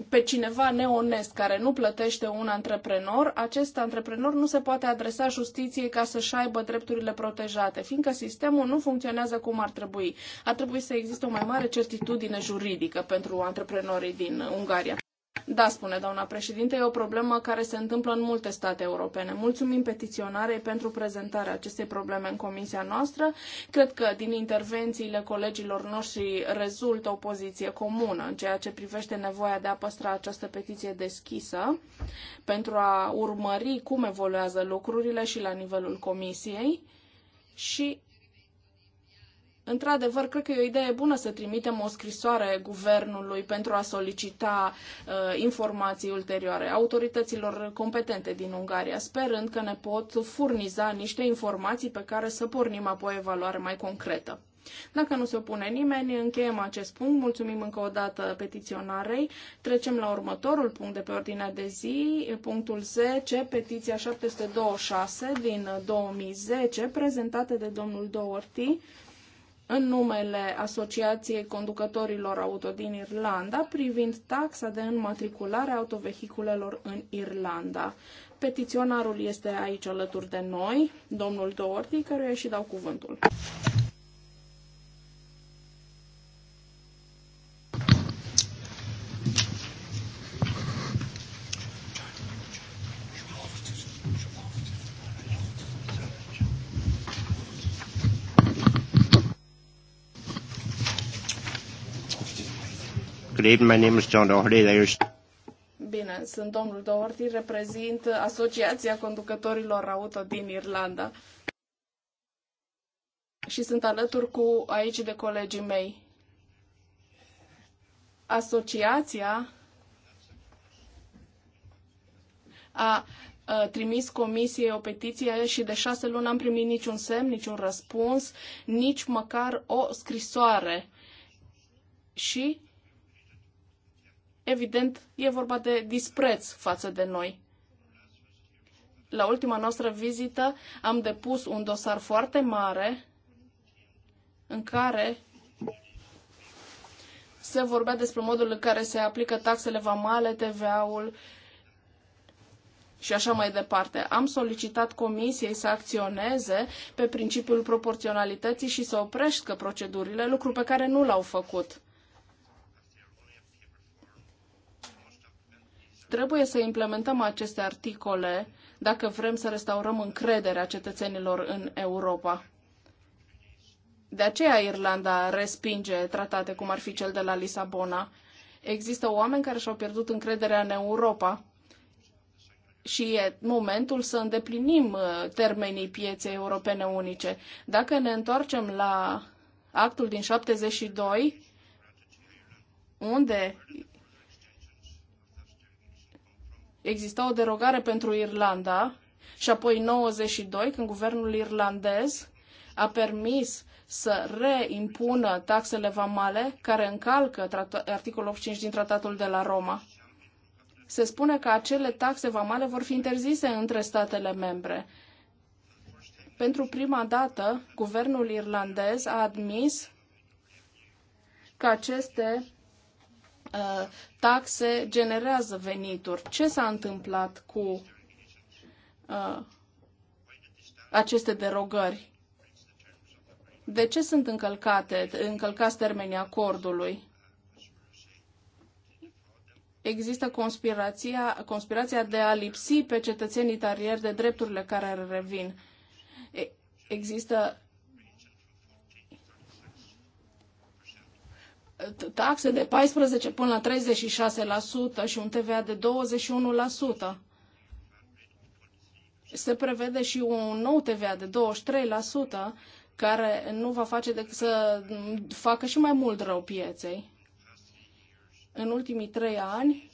pe cineva neonest care nu plătește un antreprenor, acest antreprenor nu se poate adresa justiției ca să-și aibă drepturile protejate, fiindcă sistemul nu funcționează cum ar trebui. Ar trebui să existe o mai mare certitudine juridică pentru antreprenorii din Ungaria. Da, spune doamna președinte, e o problemă care se întâmplă în multe state europene. Mulțumim petiționarei pentru prezentarea acestei probleme în comisia noastră. Cred că din intervențiile colegilor noștri rezultă o poziție comună în ceea ce privește nevoia de a păstra această petiție deschisă pentru a urmări cum evoluează lucrurile și la nivelul comisiei și Într-adevăr, cred că e o idee bună să trimitem o scrisoare guvernului pentru a solicita uh, informații ulterioare autorităților competente din Ungaria, sperând că ne pot furniza niște informații pe care să pornim apoi o evaluare mai concretă. Dacă nu se opune nimeni, încheiem acest punct. Mulțumim încă o dată petiționarei. Trecem la următorul punct de pe ordinea de zi, punctul 10, petiția 726 din 2010, prezentată de domnul Doherty în numele Asociației Conducătorilor Auto din Irlanda privind taxa de înmatriculare a autovehiculelor în Irlanda. Petiționarul este aici alături de noi, domnul Doherty, căruia și dau cuvântul. Good evening, my name is John Doherty. There's... Bine, sunt domnul Doherty, reprezint Asociația Conducătorilor Auto din Irlanda. Și sunt alături cu aici de colegii mei. Asociația a trimis comisiei o petiție și de șase luni n-am primit niciun semn, niciun răspuns, nici măcar o scrisoare. Și evident, e vorba de dispreț față de noi. La ultima noastră vizită am depus un dosar foarte mare în care se vorbea despre modul în care se aplică taxele vamale, TVA-ul și așa mai departe. Am solicitat comisiei să acționeze pe principiul proporționalității și să oprească procedurile, lucru pe care nu l-au făcut. Trebuie să implementăm aceste articole dacă vrem să restaurăm încrederea cetățenilor în Europa. De aceea Irlanda respinge tratate cum ar fi cel de la Lisabona. Există oameni care și-au pierdut încrederea în Europa și e momentul să îndeplinim uh, termenii pieței europene unice. Dacă ne întoarcem la actul din 72, unde exista o derogare pentru Irlanda și apoi în 92, când guvernul irlandez a permis să reimpună taxele vamale care încalcă articolul 85 din tratatul de la Roma. Se spune că acele taxe vamale vor fi interzise între statele membre. Pentru prima dată, guvernul irlandez a admis că aceste Uh, taxe generează venituri. Ce s-a întâmplat cu uh, aceste derogări? De ce sunt încălcate, încălcați termenii acordului? Există conspirația, conspirația de a lipsi pe cetățenii tarieri de drepturile care revin. Există taxe de 14 până la 36% și un TVA de 21%. Se prevede și un nou TVA de 23% care nu va face decât să facă și mai mult rău pieței. În ultimii trei ani,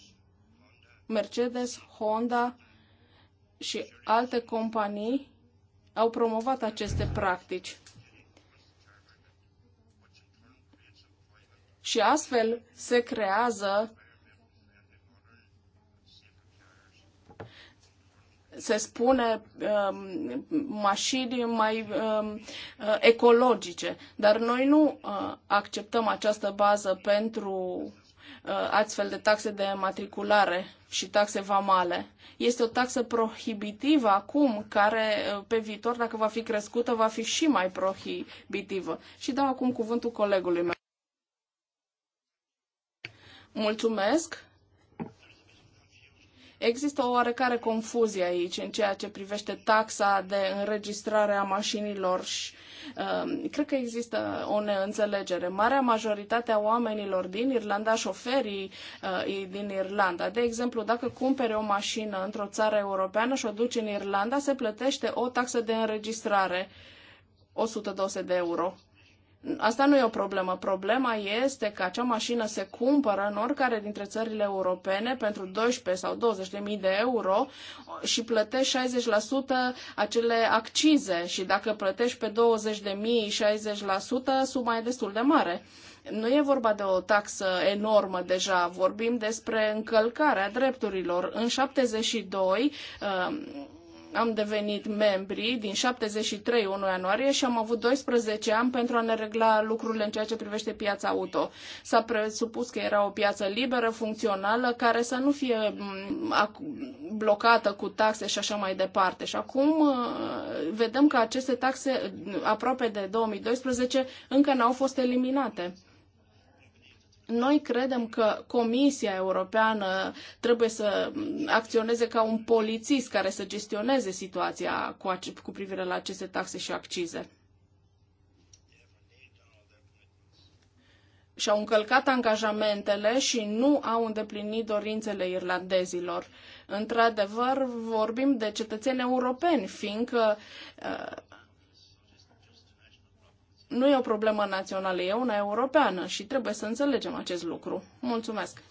Mercedes, Honda și alte companii au promovat aceste practici. și astfel se creează se spune um, mașini mai um, uh, ecologice, dar noi nu uh, acceptăm această bază pentru uh, astfel de taxe de matriculare și taxe vamale. Este o taxă prohibitivă acum, care uh, pe viitor, dacă va fi crescută, va fi și mai prohibitivă. Și dau acum cuvântul colegului meu. Mulțumesc! Există o oarecare confuzie aici în ceea ce privește taxa de înregistrare a mașinilor și um, cred că există o neînțelegere. Marea majoritate a oamenilor din Irlanda, șoferii uh, din Irlanda, de exemplu, dacă cumpere o mașină într-o țară europeană și o duce în Irlanda, se plătește o taxă de înregistrare, 120 de euro. Asta nu e o problemă. Problema este că acea mașină se cumpără în oricare dintre țările europene pentru 12 sau 20 de mii de euro și plătești 60% acele accize și dacă plătești pe 20 de mii 60%, suma e destul de mare. Nu e vorba de o taxă enormă deja, vorbim despre încălcarea drepturilor. În 72 am devenit membri din 73 1 ianuarie și am avut 12 ani pentru a ne regla lucrurile în ceea ce privește piața auto. S-a presupus că era o piață liberă, funcțională, care să nu fie blocată cu taxe și așa mai departe. Și acum uh, vedem că aceste taxe uh, aproape de 2012 încă n-au fost eliminate. Noi credem că Comisia Europeană trebuie să acționeze ca un polițist care să gestioneze situația cu, cu privire la aceste taxe și accize. și-au încălcat angajamentele și nu au îndeplinit dorințele irlandezilor. Într-adevăr, vorbim de cetățeni europeni, fiindcă uh, nu e o problemă națională, e una europeană și trebuie să înțelegem acest lucru. Mulțumesc!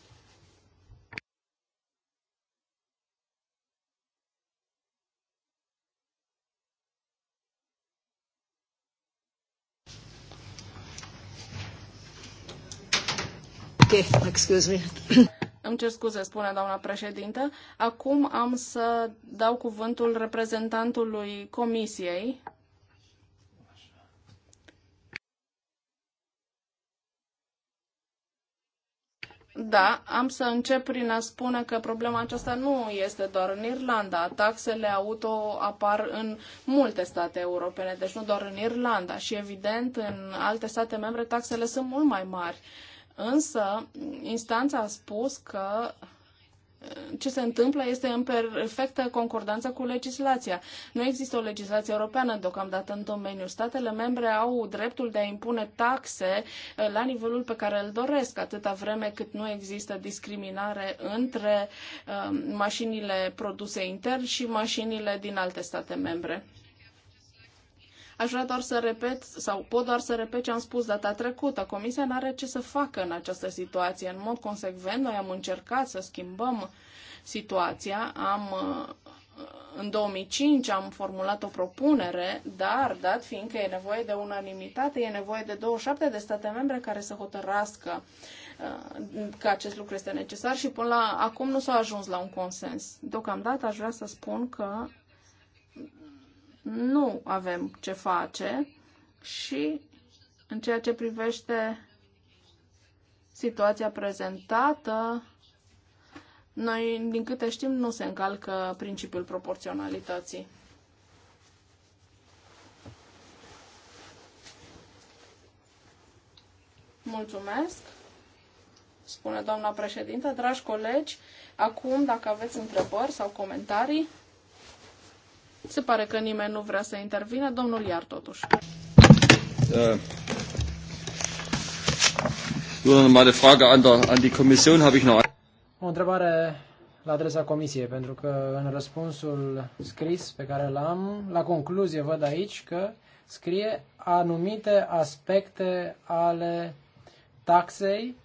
Ok, excuse me. Îmi cer scuze, spune doamna președintă. Acum am să dau cuvântul reprezentantului comisiei, Da, am să încep prin a spune că problema aceasta nu este doar în Irlanda. Taxele auto apar în multe state europene, deci nu doar în Irlanda. Și evident, în alte state membre taxele sunt mult mai mari. Însă, instanța a spus că ce se întâmplă este în perfectă concordanță cu legislația. Nu există o legislație europeană deocamdată în domeniu. Statele membre au dreptul de a impune taxe uh, la nivelul pe care îl doresc, atâta vreme cât nu există discriminare între uh, mașinile produse intern și mașinile din alte state membre. Aș vrea doar să repet, sau pot doar să repet ce am spus data trecută. Comisia nu are ce să facă în această situație. În mod consecvent, noi am încercat să schimbăm situația, am uh, în 2005 am formulat o propunere, dar, dat fiindcă e nevoie de unanimitate, e nevoie de 27 de state membre care să hotărască uh, că acest lucru este necesar și până la acum nu s-a ajuns la un consens. Deocamdată aș vrea să spun că nu avem ce face și în ceea ce privește situația prezentată, noi, din câte știm, nu se încalcă principiul proporționalității. Mulțumesc, spune doamna președintă. Dragi colegi, acum, dacă aveți întrebări sau comentarii, se pare că nimeni nu vrea să intervină. Domnul Iar, totuși. Äh, o întrebare la adresa comisiei, pentru că în răspunsul scris pe care l-am, la concluzie văd aici că scrie anumite aspecte ale taxei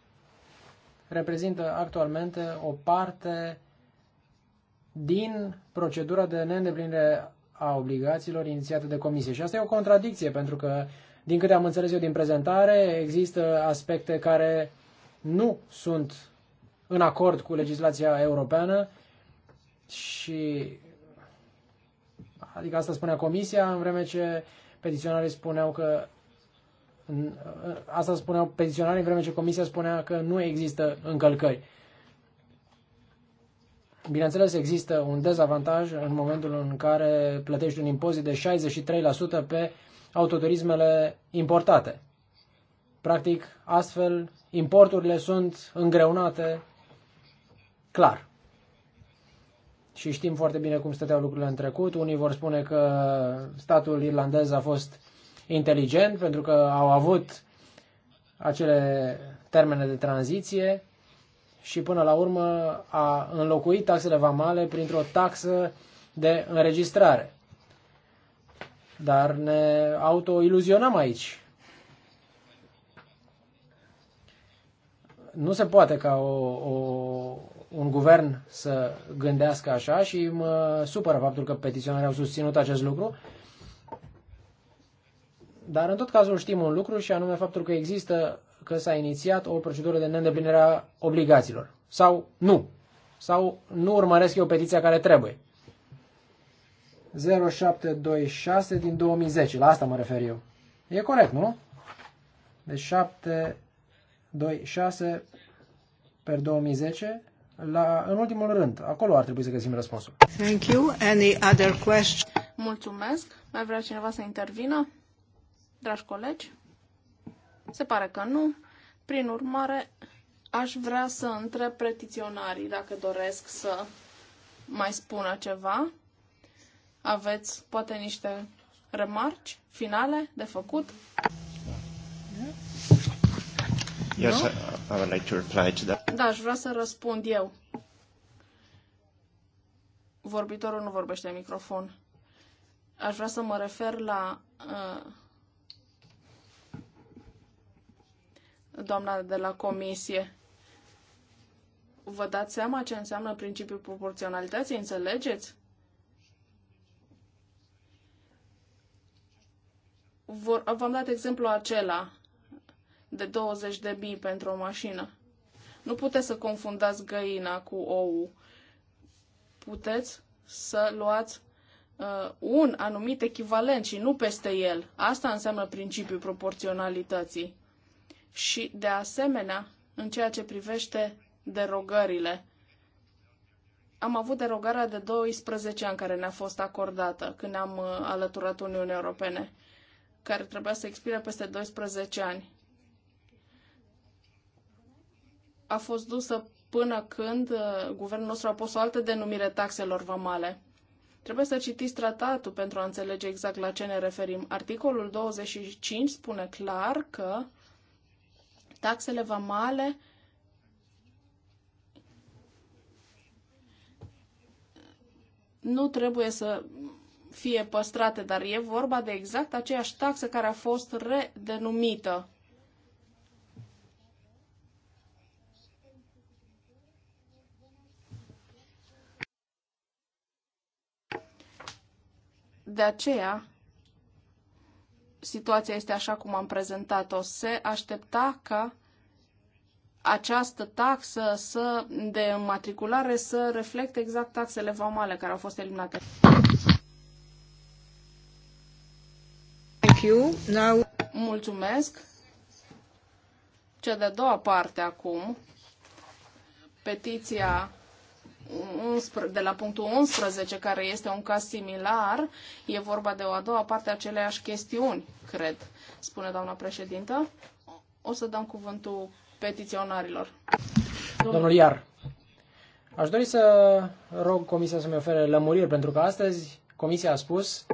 reprezintă actualmente o parte din procedura de neîndeplinire a obligațiilor inițiate de comisie. Și asta e o contradicție, pentru că, din câte am înțeles eu din prezentare, există aspecte care nu sunt în acord cu legislația europeană și adică asta spunea comisia, în vreme ce petiționarii spuneau că asta spuneau petiționarii în vreme ce comisia spunea că nu există încălcări. Bineînțeles, există un dezavantaj în momentul în care plătești un impozit de 63% pe autoturismele importate. Practic, astfel, importurile sunt îngreunate clar. Și știm foarte bine cum stăteau lucrurile în trecut. Unii vor spune că statul irlandez a fost inteligent pentru că au avut acele termene de tranziție și până la urmă a înlocuit taxele vamale printr-o taxă de înregistrare. Dar ne autoiluzionăm aici. Nu se poate ca o, o, un guvern să gândească așa și mă supără faptul că petiționarii au susținut acest lucru. Dar în tot cazul știm un lucru și anume faptul că există că s-a inițiat o procedură de neîndeplinire a obligațiilor. Sau nu. Sau nu urmăresc eu petiția care trebuie. 0726 din 2010. La asta mă refer eu. E corect, nu? Deci 726 per 2010 la, în ultimul rând. Acolo ar trebui să găsim răspunsul. Thank you. Any other Mulțumesc. Mai vrea cineva să intervină? Dragi colegi? Se pare că nu. Prin urmare, aș vrea să întreb petiționarii dacă doresc să mai spună ceva. Aveți poate niște remarci finale de făcut? Yes, I, would like to reply to that. Da, aș vrea să răspund eu. Vorbitorul nu vorbește în microfon. Aș vrea să mă refer la uh, doamna de la comisie. Vă dați seama ce înseamnă principiul proporționalității? Înțelegeți? V-am dat exemplu acela de 20 de pentru o mașină. Nu puteți să confundați găina cu ou. Puteți să luați uh, un anumit echivalent și nu peste el. Asta înseamnă principiul proporționalității și, de asemenea, în ceea ce privește derogările. Am avut derogarea de 12 ani care ne-a fost acordată când am uh, alăturat Uniunii Europene, care trebuia să expire peste 12 ani. A fost dusă până când uh, guvernul nostru a pus o altă denumire taxelor vamale. Trebuie să citiți tratatul pentru a înțelege exact la ce ne referim. Articolul 25 spune clar că taxele vamale nu trebuie să fie păstrate, dar e vorba de exact aceeași taxă care a fost redenumită. De aceea, situația este așa cum am prezentat-o. Se aștepta ca această taxă să, de matriculare să reflecte exact taxele vamale care au fost eliminate. Thank you. Now... Mulțumesc. Cea de-a doua parte acum, petiția de la punctul 11, care este un caz similar, e vorba de o a doua parte a aceleiași chestiuni, cred, spune doamna președintă. O să dăm cuvântul petiționarilor. Domnul Iar, aș dori să rog Comisia să-mi ofere lămuriri, pentru că astăzi Comisia a spus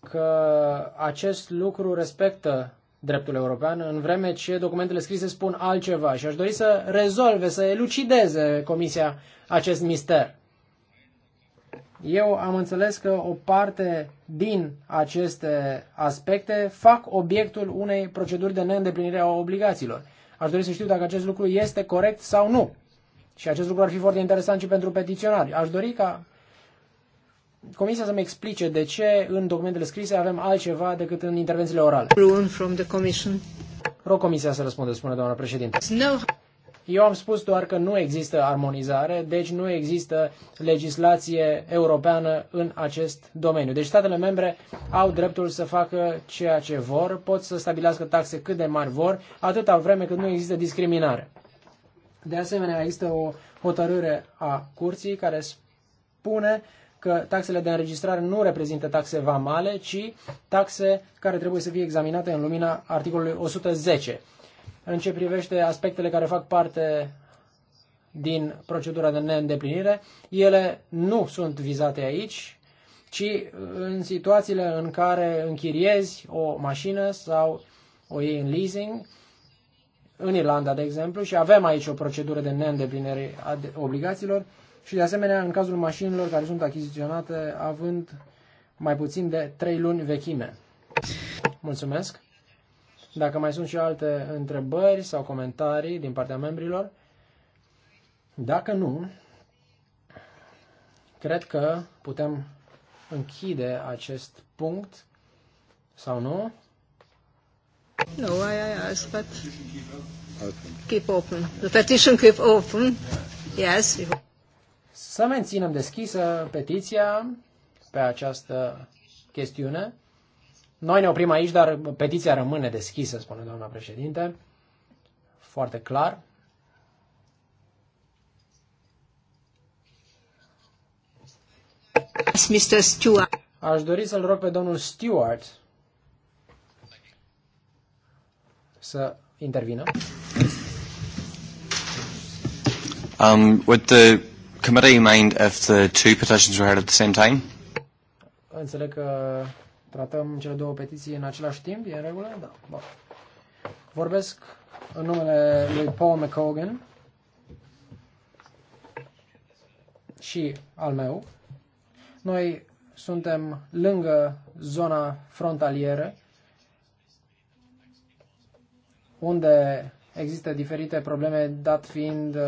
că acest lucru respectă dreptul european, în vreme ce documentele scrise spun altceva și aș dori să rezolve, să elucideze Comisia acest mister. Eu am înțeles că o parte din aceste aspecte fac obiectul unei proceduri de neîndeplinire a obligațiilor. Aș dori să știu dacă acest lucru este corect sau nu. Și acest lucru ar fi foarte interesant și pentru petiționari. Aș dori ca Comisia să-mi explice de ce în documentele scrise avem altceva decât în intervențiile orale. From the commission. Rog Comisia să răspundă, spune doamna președinte. No. Eu am spus doar că nu există armonizare, deci nu există legislație europeană în acest domeniu. Deci statele membre au dreptul să facă ceea ce vor, pot să stabilească taxe cât de mari vor, atâta vreme cât nu există discriminare. De asemenea, există o hotărâre a curții care spune că taxele de înregistrare nu reprezintă taxe vamale, ci taxe care trebuie să fie examinate în lumina articolului 110. În ce privește aspectele care fac parte din procedura de neîndeplinire, ele nu sunt vizate aici, ci în situațiile în care închiriezi o mașină sau o iei în leasing, în Irlanda, de exemplu, și avem aici o procedură de neîndeplinire a obligațiilor, și de asemenea în cazul mașinilor care sunt achiziționate având mai puțin de 3 luni vechime. Mulțumesc! Dacă mai sunt și alte întrebări sau comentarii din partea membrilor, dacă nu, cred că putem închide acest punct sau nu? No, I, I ask, but keep open. The petition keep open. Yes să menținem deschisă petiția pe această chestiune. Noi ne oprim aici, dar petiția rămâne deschisă, spune doamna președinte, foarte clar. Mr. Stewart. Aș dori să-l rog pe domnul Stewart să intervină. Um, with the committee mind if the two petitions were heard at the same time? Înțeleg că tratăm cele două petiții în același timp, e în regulă? Da. Bun. Vorbesc în numele lui Paul McCogan și al meu. Noi suntem lângă zona frontalieră unde Există diferite probleme dat fiind, uh,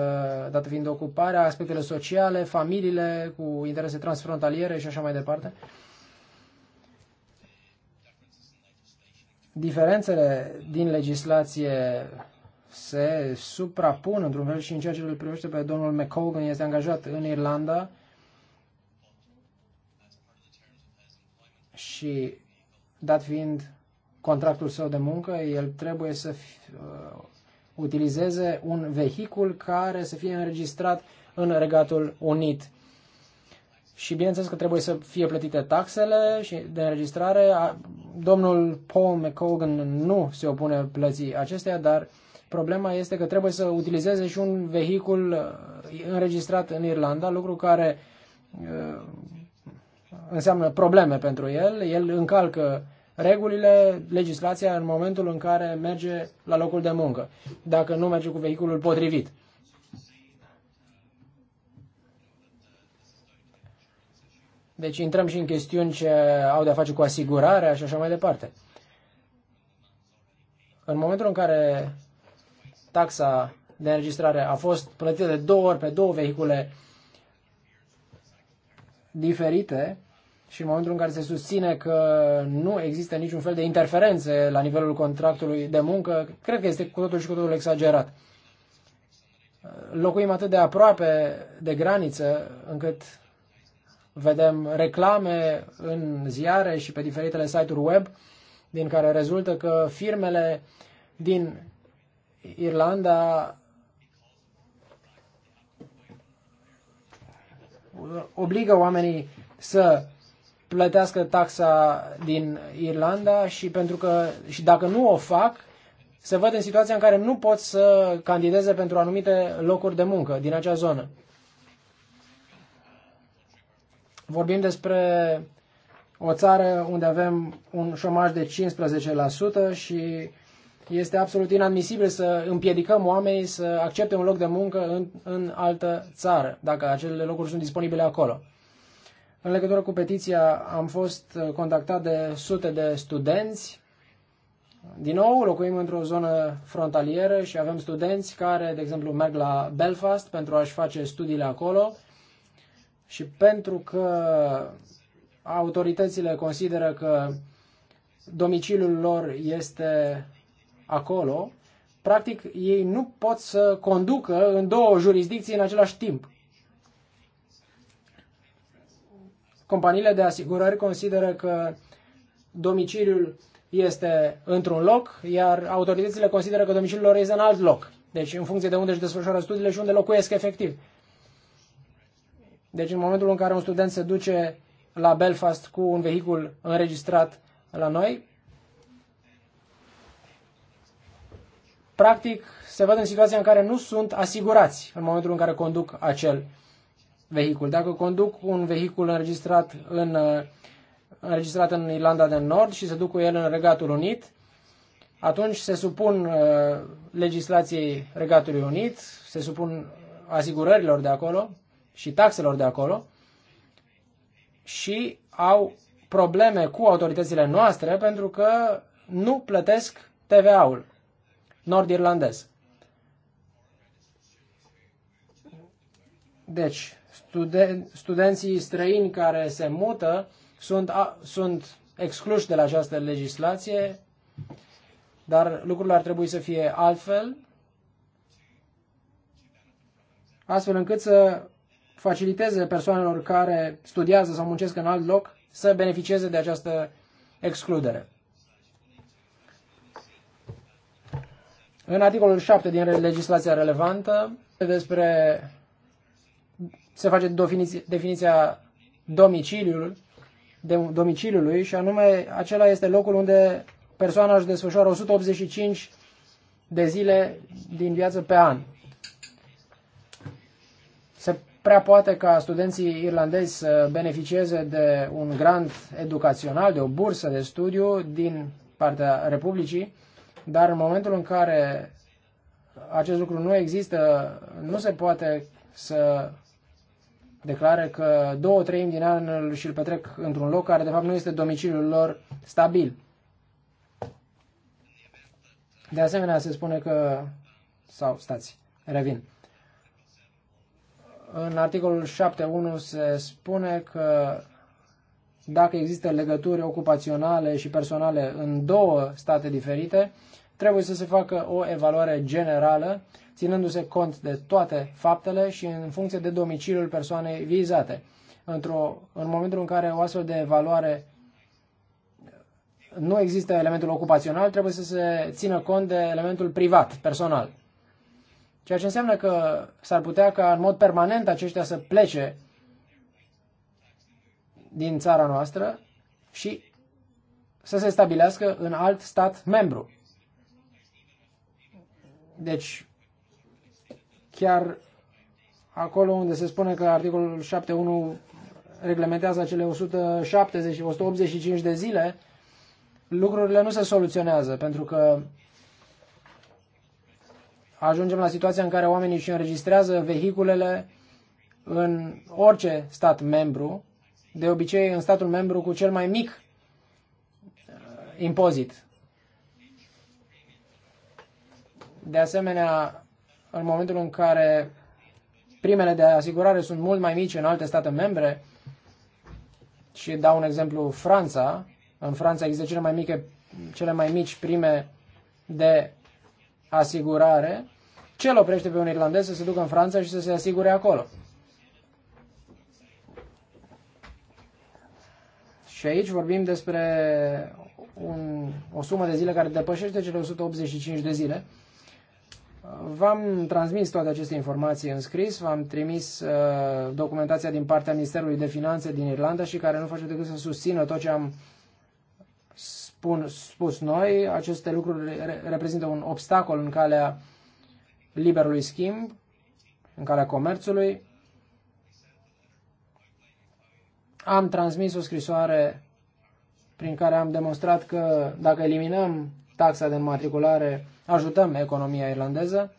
dat fiind ocuparea, aspectele sociale, familiile cu interese transfrontaliere și așa mai departe. Diferențele din legislație se suprapun într-un fel și în ceea ce îl privește pe domnul McCogan, este angajat în Irlanda și dat fiind contractul său de muncă, el trebuie să uh, utilizeze un vehicul care să fie înregistrat în Regatul Unit. Și bineînțeles că trebuie să fie plătite taxele și de înregistrare. Domnul Paul McCogan nu se opune plății acesteia, dar problema este că trebuie să utilizeze și un vehicul uh, înregistrat în Irlanda, lucru care uh, înseamnă probleme pentru el. El încalcă regulile, legislația în momentul în care merge la locul de muncă, dacă nu merge cu vehiculul potrivit. Deci intrăm și în chestiuni ce au de-a face cu asigurarea și așa mai departe. În momentul în care taxa de înregistrare a fost plătită de două ori pe două vehicule diferite, și în momentul în care se susține că nu există niciun fel de interferențe la nivelul contractului de muncă, cred că este cu totul și cu totul exagerat. Locuim atât de aproape de graniță încât vedem reclame în ziare și pe diferitele site-uri web din care rezultă că firmele din Irlanda obligă oamenii să plătească taxa din Irlanda și, pentru că, și dacă nu o fac, se văd în situația în care nu pot să candideze pentru anumite locuri de muncă din acea zonă. Vorbim despre o țară unde avem un șomaj de 15% și este absolut inadmisibil să împiedicăm oamenii să accepte un loc de muncă în, în altă țară, dacă acele locuri sunt disponibile acolo. În legătură cu petiția am fost contactat de sute de studenți. Din nou, locuim într-o zonă frontalieră și avem studenți care, de exemplu, merg la Belfast pentru a-și face studiile acolo și pentru că autoritățile consideră că domiciliul lor este acolo, practic ei nu pot să conducă în două jurisdicții în același timp. Companiile de asigurări consideră că domiciliul este într-un loc, iar autoritățile consideră că domiciliul lor este în alt loc. Deci în funcție de unde își desfășoară studiile și unde locuiesc efectiv. Deci în momentul în care un student se duce la Belfast cu un vehicul înregistrat la noi, practic se văd în situația în care nu sunt asigurați în momentul în care conduc acel vehicul. Dacă conduc un vehicul înregistrat în, uh, înregistrat în Irlanda de Nord și se duc cu el în Regatul Unit, atunci se supun uh, legislației Regatului Unit, se supun asigurărilor de acolo și taxelor de acolo și au probleme cu autoritățile noastre pentru că nu plătesc TVA-ul nord-irlandez. Deci, studen- studenții străini care se mută sunt, a, sunt excluși de la această legislație, dar lucrurile ar trebui să fie altfel, astfel încât să faciliteze persoanelor care studiază sau muncesc în alt loc să beneficieze de această excludere. În articolul 7 din legislația relevantă, despre se face definiția, definiția domiciliului, de, domiciliului și anume acela este locul unde persoana își desfășoară 185 de zile din viață pe an. Se prea poate ca studenții irlandezi să beneficieze de un grant educațional, de o bursă de studiu din partea Republicii, dar în momentul în care acest lucru nu există, nu se poate să declară că două treimi din an și îl petrec într-un loc care de fapt nu este domiciliul lor stabil. De asemenea, se spune că... Sau, stați, revin. În articolul 7.1 se spune că dacă există legături ocupaționale și personale în două state diferite, Trebuie să se facă o evaluare generală, ținându-se cont de toate faptele și în funcție de domiciliul persoanei vizate. Într-o, în momentul în care o astfel de evaluare nu există elementul ocupațional, trebuie să se țină cont de elementul privat, personal. Ceea ce înseamnă că s-ar putea ca în mod permanent aceștia să plece din țara noastră și să se stabilească în alt stat membru. Deci, chiar acolo unde se spune că articolul 7.1 reglementează acele 170 185 de zile, lucrurile nu se soluționează, pentru că ajungem la situația în care oamenii își înregistrează vehiculele în orice stat membru, de obicei în statul membru cu cel mai mic uh, impozit. De asemenea, în momentul în care primele de asigurare sunt mult mai mici în alte state membre, și dau un exemplu Franța, în Franța există cele mai, mică, cele mai mici prime de asigurare, ce îl oprește pe un irlandez să se ducă în Franța și să se asigure acolo? Și aici vorbim despre un, o sumă de zile care depășește cele 185 de zile. V-am transmis toate aceste informații în scris, v-am trimis uh, documentația din partea Ministerului de Finanțe din Irlanda și care nu face decât să susțină tot ce am spun, spus noi. Aceste lucruri re- reprezintă un obstacol în calea liberului schimb, în calea comerțului. Am transmis o scrisoare prin care am demonstrat că dacă eliminăm taxa de înmatriculare ajutăm economia irlandeză.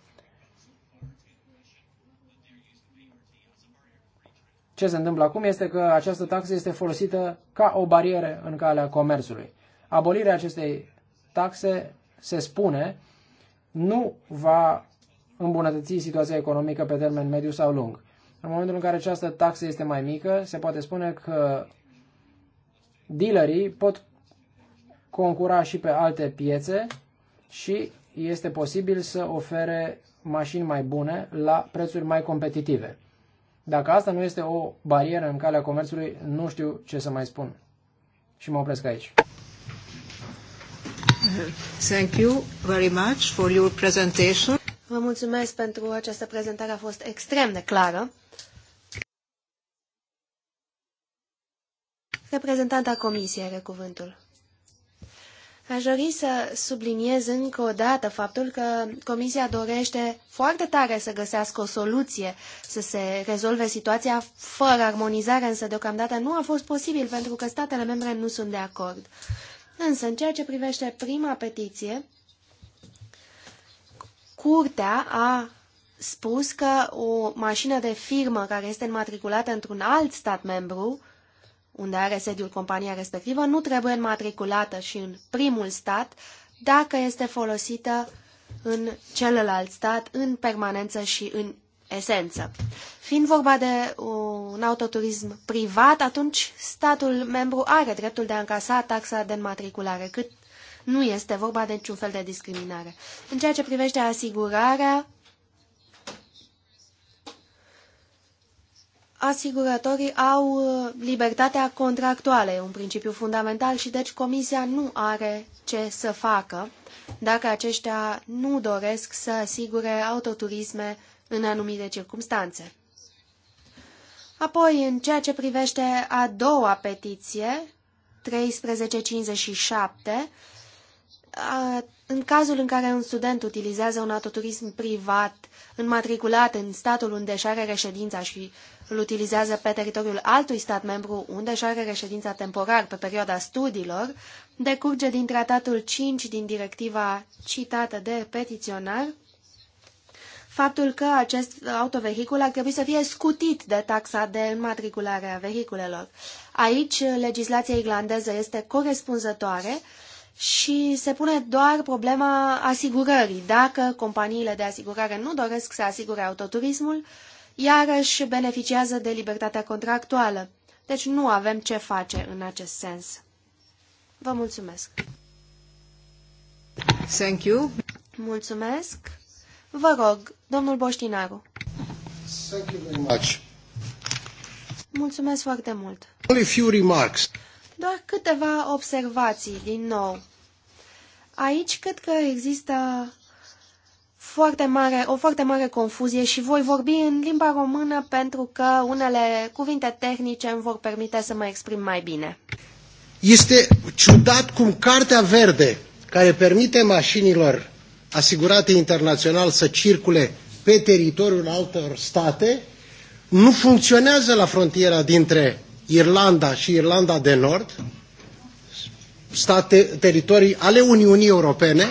Ce se întâmplă acum este că această taxă este folosită ca o barieră în calea comerțului. Abolirea acestei taxe, se spune, nu va îmbunătăți situația economică pe termen mediu sau lung. În momentul în care această taxă este mai mică, se poate spune că dealerii pot concura și pe alte piețe și este posibil să ofere mașini mai bune la prețuri mai competitive. Dacă asta nu este o barieră în calea comerțului, nu știu ce să mai spun. Și mă opresc aici. Thank you very much for your presentation. Vă mulțumesc pentru această prezentare, a fost extrem de clară. Reprezentanta Comisiei are cuvântul. Aș dori să subliniez încă o dată faptul că Comisia dorește foarte tare să găsească o soluție, să se rezolve situația fără armonizare, însă deocamdată nu a fost posibil pentru că statele membre nu sunt de acord. Însă, în ceea ce privește prima petiție, Curtea a spus că o mașină de firmă care este înmatriculată într-un alt stat membru unde are sediul compania respectivă nu trebuie înmatriculată și în primul stat dacă este folosită în celălalt stat în permanență și în esență. Fiind vorba de un autoturism privat, atunci statul membru are dreptul de a încasa taxa de înmatriculare, cât nu este vorba de niciun fel de discriminare. În ceea ce privește asigurarea, asigurătorii au uh, libertatea contractuală, un principiu fundamental și deci comisia nu are ce să facă dacă aceștia nu doresc să asigure autoturisme în anumite circunstanțe. Apoi, în ceea ce privește a doua petiție, 1357, în cazul în care un student utilizează un autoturism privat înmatriculat în statul unde își are reședința și îl utilizează pe teritoriul altui stat membru unde își are reședința temporar pe perioada studiilor, decurge din tratatul 5 din directiva citată de petiționar faptul că acest autovehicul ar trebui să fie scutit de taxa de înmatriculare a vehiculelor. Aici, legislația irlandeză este corespunzătoare și se pune doar problema asigurării. Dacă companiile de asigurare nu doresc să asigure autoturismul, iarăși beneficiază de libertatea contractuală. Deci nu avem ce face în acest sens. Vă mulțumesc! Thank you. Mulțumesc! Vă rog, domnul Boștinaru. Thank you very much. Mulțumesc foarte mult. Only few remarks. Doar câteva observații, din nou. Aici cred că există foarte mare, o foarte mare confuzie și voi vorbi în limba română pentru că unele cuvinte tehnice îmi vor permite să mă exprim mai bine. Este ciudat cum Cartea Verde, care permite mașinilor asigurate internațional să circule pe teritoriul altor state, nu funcționează la frontiera dintre Irlanda și Irlanda de Nord, state, teritorii ale Uniunii Europene,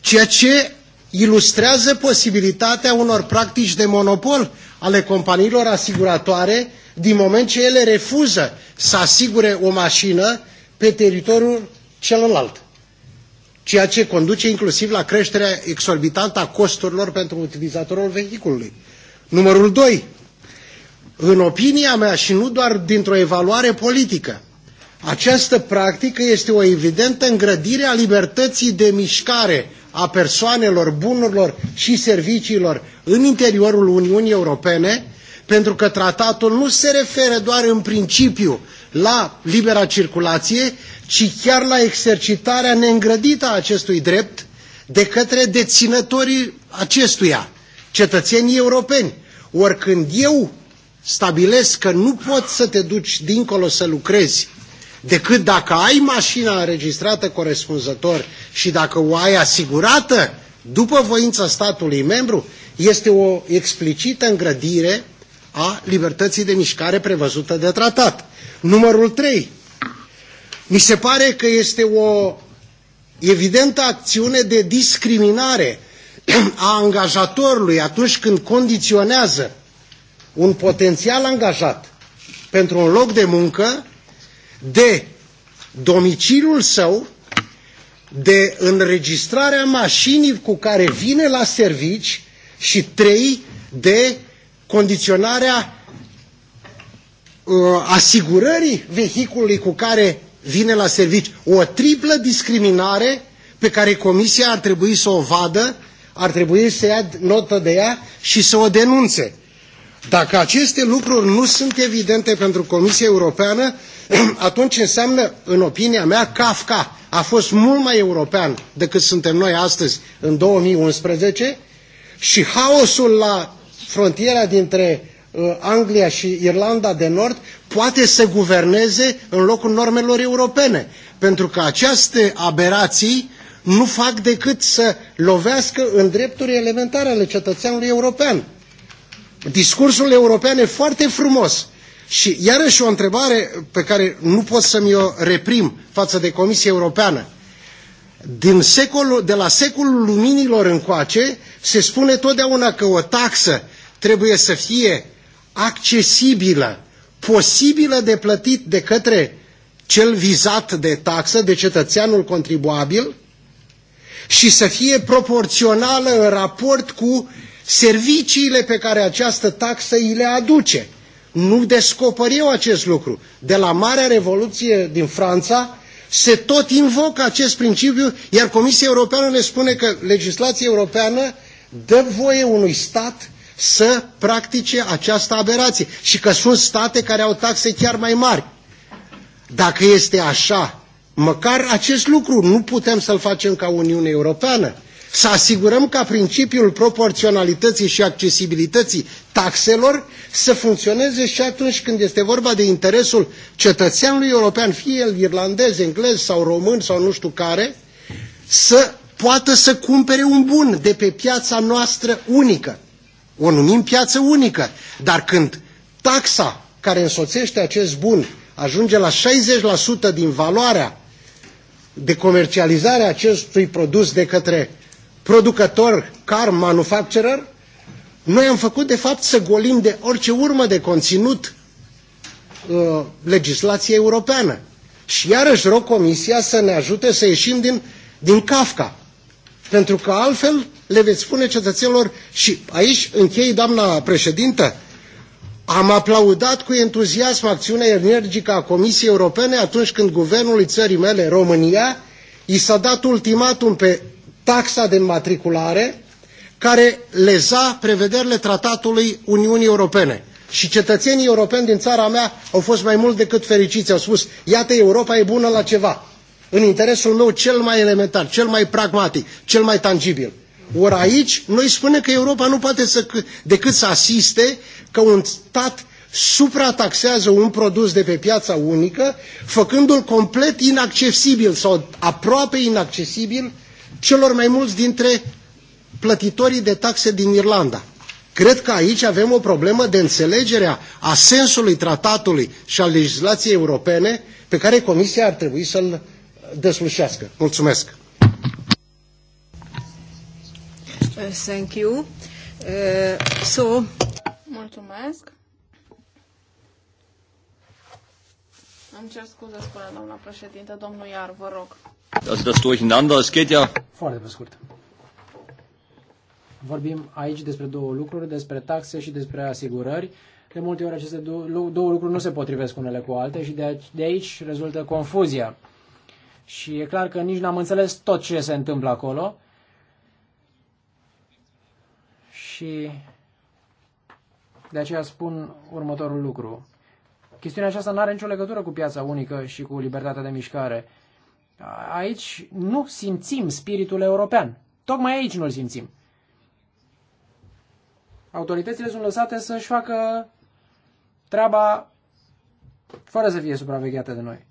ceea ce ilustrează posibilitatea unor practici de monopol ale companiilor asiguratoare din moment ce ele refuză să asigure o mașină pe teritoriul celălalt, ceea ce conduce inclusiv la creșterea exorbitantă a costurilor pentru utilizatorul vehiculului. Numărul 2. În opinia mea și nu doar dintr-o evaluare politică, această practică este o evidentă îngrădire a libertății de mișcare a persoanelor, bunurilor și serviciilor în interiorul Uniunii Europene, pentru că tratatul nu se referă doar în principiu la libera circulație, ci chiar la exercitarea neîngrădită a acestui drept de către deținătorii acestuia, cetățenii europeni. Ori când eu stabilesc că nu poți să te duci dincolo să lucrezi decât dacă ai mașina înregistrată corespunzător și dacă o ai asigurată după voința statului membru, este o explicită îngrădire a libertății de mișcare prevăzută de tratat. Numărul 3. Mi se pare că este o evidentă acțiune de discriminare a angajatorului atunci când condiționează un potențial angajat pentru un loc de muncă de domiciliul său, de înregistrarea mașinii cu care vine la servici și trei de condiționarea uh, asigurării vehiculului cu care vine la servici. O triplă discriminare pe care Comisia ar trebui să o vadă, ar trebui să ia notă de ea și să o denunțe. Dacă aceste lucruri nu sunt evidente pentru Comisia Europeană, atunci înseamnă, în opinia mea, Kafka a fost mult mai european decât suntem noi astăzi, în 2011, și haosul la frontiera dintre uh, Anglia și Irlanda de Nord poate să guverneze în locul normelor europene, pentru că aceste aberații nu fac decât să lovească în drepturi elementare ale cetățeanului european discursul european e foarte frumos. Și iarăși o întrebare pe care nu pot să-mi o reprim față de Comisia Europeană. Din secolul, de la secolul luminilor încoace se spune totdeauna că o taxă trebuie să fie accesibilă, posibilă de plătit de către cel vizat de taxă, de cetățeanul contribuabil, și să fie proporțională în raport cu serviciile pe care această taxă îi le aduce. Nu descoper eu acest lucru. De la Marea Revoluție din Franța se tot invocă acest principiu, iar Comisia Europeană ne spune că legislația europeană dă voie unui stat să practice această aberație și că sunt state care au taxe chiar mai mari. Dacă este așa, măcar acest lucru nu putem să-l facem ca Uniune Europeană să asigurăm ca principiul proporționalității și accesibilității taxelor să funcționeze și atunci când este vorba de interesul cetățeanului european, fie el irlandez, englez sau român sau nu știu care, să poată să cumpere un bun de pe piața noastră unică. O numim piață unică, dar când taxa care însoțește acest bun ajunge la 60% din valoarea de comercializare a acestui produs de către producător, car manufacturer, noi am făcut de fapt să golim de orice urmă de conținut uh, legislație europeană. Și iarăși rog Comisia să ne ajute să ieșim din, din Kafka. Pentru că altfel le veți spune cetățenilor și aici închei, doamna președintă, am aplaudat cu entuziasm acțiunea energică a Comisiei Europene atunci când guvernului țării mele, România, i s-a dat ultimatum pe taxa de înmatriculare care leza prevederile tratatului Uniunii Europene. Și cetățenii europeni din țara mea au fost mai mult decât fericiți. Au spus, iată, Europa e bună la ceva. În interesul meu cel mai elementar, cel mai pragmatic, cel mai tangibil. Ori aici, noi spunem că Europa nu poate să, decât să asiste că un stat suprataxează un produs de pe piața unică, făcându-l complet inaccesibil sau aproape inaccesibil celor mai mulți dintre plătitorii de taxe din Irlanda. Cred că aici avem o problemă de înțelegerea a sensului tratatului și a legislației europene pe care Comisia ar trebui să-l deslușească. Mulțumesc! Uh, thank you. Uh, so... Mulțumesc. Îmi cer scuze, spune doamna președinte. Domnul Iar, vă rog. Also das Durcheinander, es geht ja... Foarte pe scurt. Vorbim aici despre două lucruri, despre taxe și despre asigurări. De multe ori aceste două două lucruri nu se potrivesc unele cu alte și de aici rezultă confuzia. Și e clar că nici n-am înțeles tot ce se întâmplă acolo. Și de aceea spun următorul lucru. Chestiunea aceasta nu are nicio legătură cu piața unică și cu libertatea de mișcare. Aici nu simțim spiritul european. Tocmai aici nu-l simțim. Autoritățile sunt lăsate să-și facă treaba fără să fie supravegheate de noi.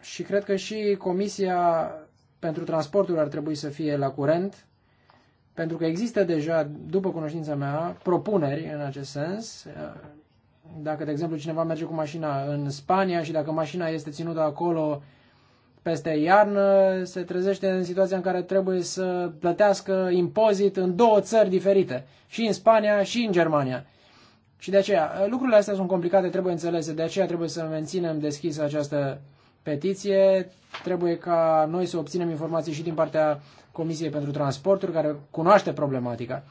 Și cred că și Comisia pentru Transporturi ar trebui să fie la curent, pentru că există deja, după cunoștința mea, propuneri în acest sens dacă, de exemplu, cineva merge cu mașina în Spania și dacă mașina este ținută acolo peste iarnă, se trezește în situația în care trebuie să plătească impozit în două țări diferite, și în Spania și în Germania. Și de aceea, lucrurile astea sunt complicate, trebuie înțelese, de aceea trebuie să menținem deschisă această petiție, trebuie ca noi să obținem informații și din partea Comisiei pentru Transporturi, care cunoaște problematica.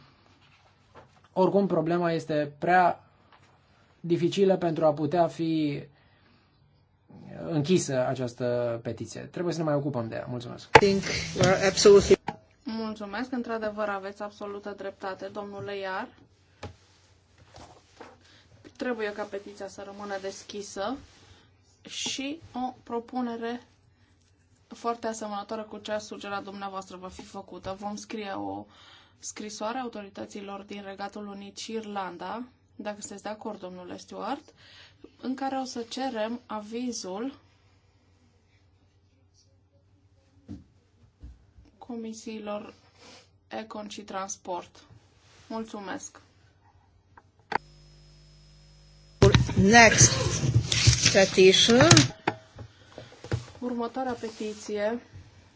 Oricum, problema este prea dificilă pentru a putea fi închisă această petiție. Trebuie să ne mai ocupăm de ea. Mulțumesc. Mulțumesc. Într-adevăr, aveți absolută dreptate, domnule Iar. Trebuie ca petiția să rămână deschisă și o propunere foarte asemănătoare cu cea sugerat dumneavoastră va fi făcută. Vom scrie o scrisoare autorităților din Regatul Unit și Irlanda dacă sunteți de acord, domnule Stuart, în care o să cerem avizul comisiilor Econ și Transport. Mulțumesc! Next petition. Următoarea petiție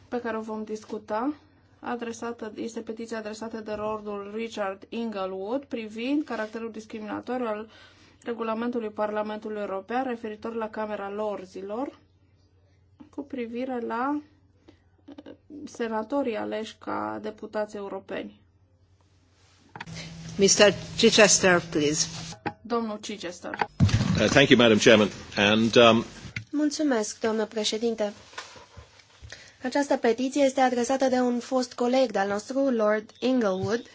pe care o vom discuta adresată, este petiția adresată de Lordul Richard Inglewood privind caracterul discriminatoriu al regulamentului Parlamentului European referitor la Camera Lorzilor cu privire la eh, senatorii aleși ca deputați europeni. Mr. Chichester, please. Domnul Chichester. Uh, thank you, Madam Chairman. And, um... Mulțumesc, domnule președinte. Această petiție este adresată de un fost coleg de-al nostru, Lord Inglewood,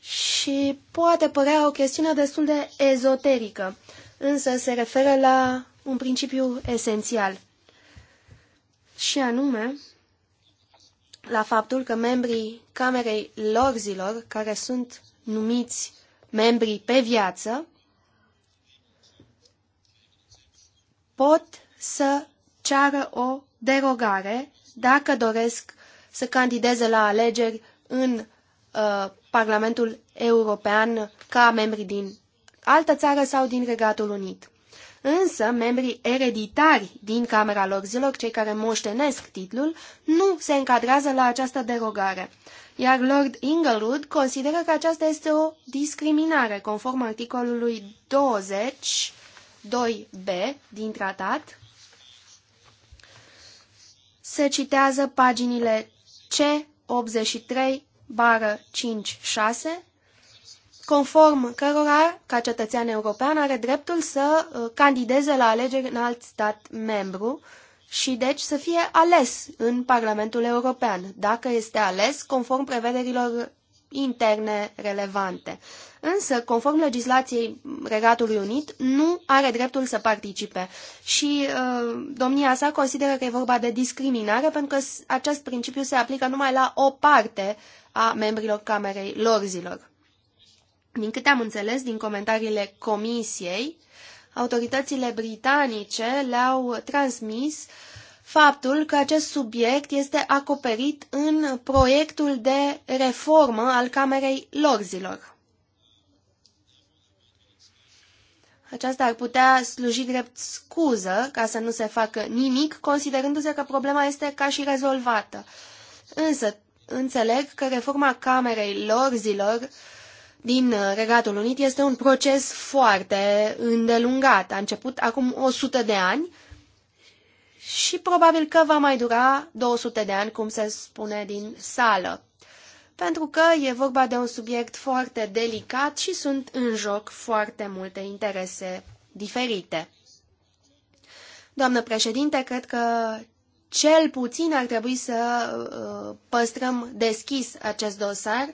și poate părea o chestiune destul de ezoterică, însă se referă la un principiu esențial, și anume la faptul că membrii Camerei Lorzilor, care sunt numiți membrii pe viață, pot să ceară o derogare dacă doresc să candideze la alegeri în uh, Parlamentul European ca membri din altă țară sau din Regatul Unit. Însă, membrii ereditari din Camera lor zilor, cei care moștenesc titlul, nu se încadrează la această derogare. Iar Lord Inglewood consideră că aceasta este o discriminare, conform articolului 20 2b din tratat, se citează paginile C83 56, conform cărora, ca cetățean european, are dreptul să uh, candideze la alegeri în alt stat membru și deci să fie ales în Parlamentul European, dacă este ales conform prevederilor interne relevante însă, conform legislației Regatului Unit, nu are dreptul să participe. Și uh, domnia sa consideră că e vorba de discriminare, pentru că acest principiu se aplică numai la o parte a membrilor Camerei Lorzilor. Din câte am înțeles din comentariile comisiei, autoritățile britanice le-au transmis faptul că acest subiect este acoperit în proiectul de reformă al Camerei Lorzilor. Aceasta ar putea sluji drept scuză ca să nu se facă nimic, considerându-se că problema este ca și rezolvată. Însă, înțeleg că reforma Camerei Lorzilor din uh, Regatul Unit este un proces foarte îndelungat. A început acum 100 de ani și probabil că va mai dura 200 de ani, cum se spune din sală pentru că e vorba de un subiect foarte delicat și sunt în joc foarte multe interese diferite. Doamnă președinte, cred că cel puțin ar trebui să uh, păstrăm deschis acest dosar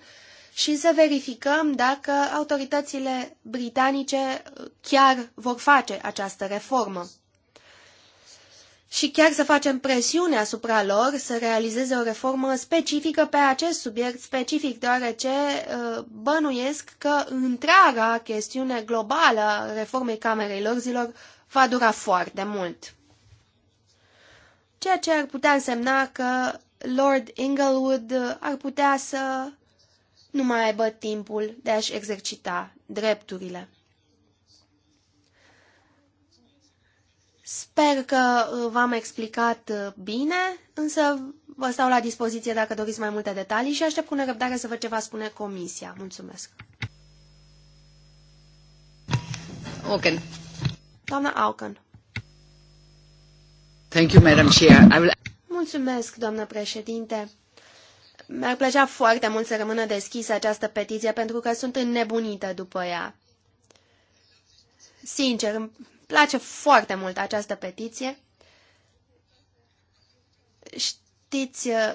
și să verificăm dacă autoritățile britanice chiar vor face această reformă și chiar să facem presiune asupra lor să realizeze o reformă specifică pe acest subiect specific, deoarece uh, bănuiesc că întreaga chestiune globală a reformei Camerei Lorzilor va dura foarte mult. Ceea ce ar putea însemna că Lord Inglewood ar putea să nu mai aibă timpul de a-și exercita drepturile. Sper că uh, v-am explicat uh, bine, însă vă stau la dispoziție dacă doriți mai multe detalii și aștept cu nerăbdare să văd ce va spune comisia. Mulțumesc. Auken. Doamna Auken. Thank you, Madam Chair. I will... Mulțumesc, doamnă președinte. Mi-ar plăcea foarte mult să rămână deschisă această petiție pentru că sunt înnebunită după ea. Sincer, place foarte mult această petiție. Știți, uh,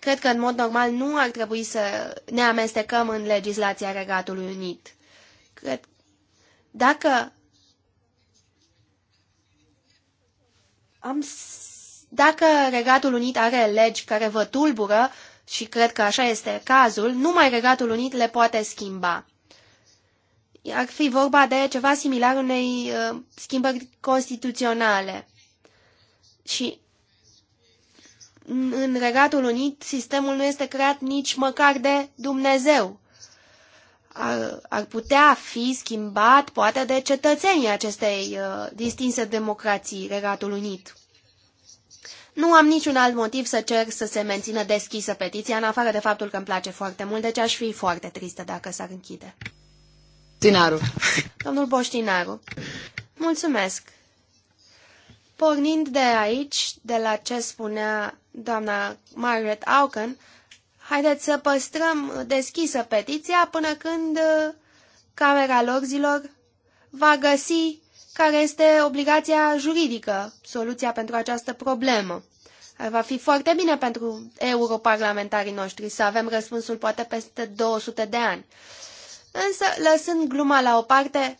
cred că în mod normal nu ar trebui să ne amestecăm în legislația Regatului Unit. Cred, dacă am, dacă Regatul Unit are legi care vă tulbură, și cred că așa este cazul, numai Regatul Unit le poate schimba ar fi vorba de ceva similar unei uh, schimbări constituționale. Și în Regatul Unit sistemul nu este creat nici măcar de Dumnezeu. Ar, ar putea fi schimbat poate de cetățenii acestei uh, distinse democrații, Regatul Unit. Nu am niciun alt motiv să cer să se mențină deschisă petiția, în afară de faptul că îmi place foarte mult, deci aș fi foarte tristă dacă s-ar închide. Tinaru. Domnul Boștinaru. Mulțumesc. Pornind de aici, de la ce spunea doamna Margaret Auken, haideți să păstrăm deschisă petiția până când uh, Camera Lorzilor va găsi care este obligația juridică, soluția pentru această problemă. Ar va fi foarte bine pentru europarlamentarii noștri să avem răspunsul poate peste 200 de ani. Însă, lăsând gluma la o parte,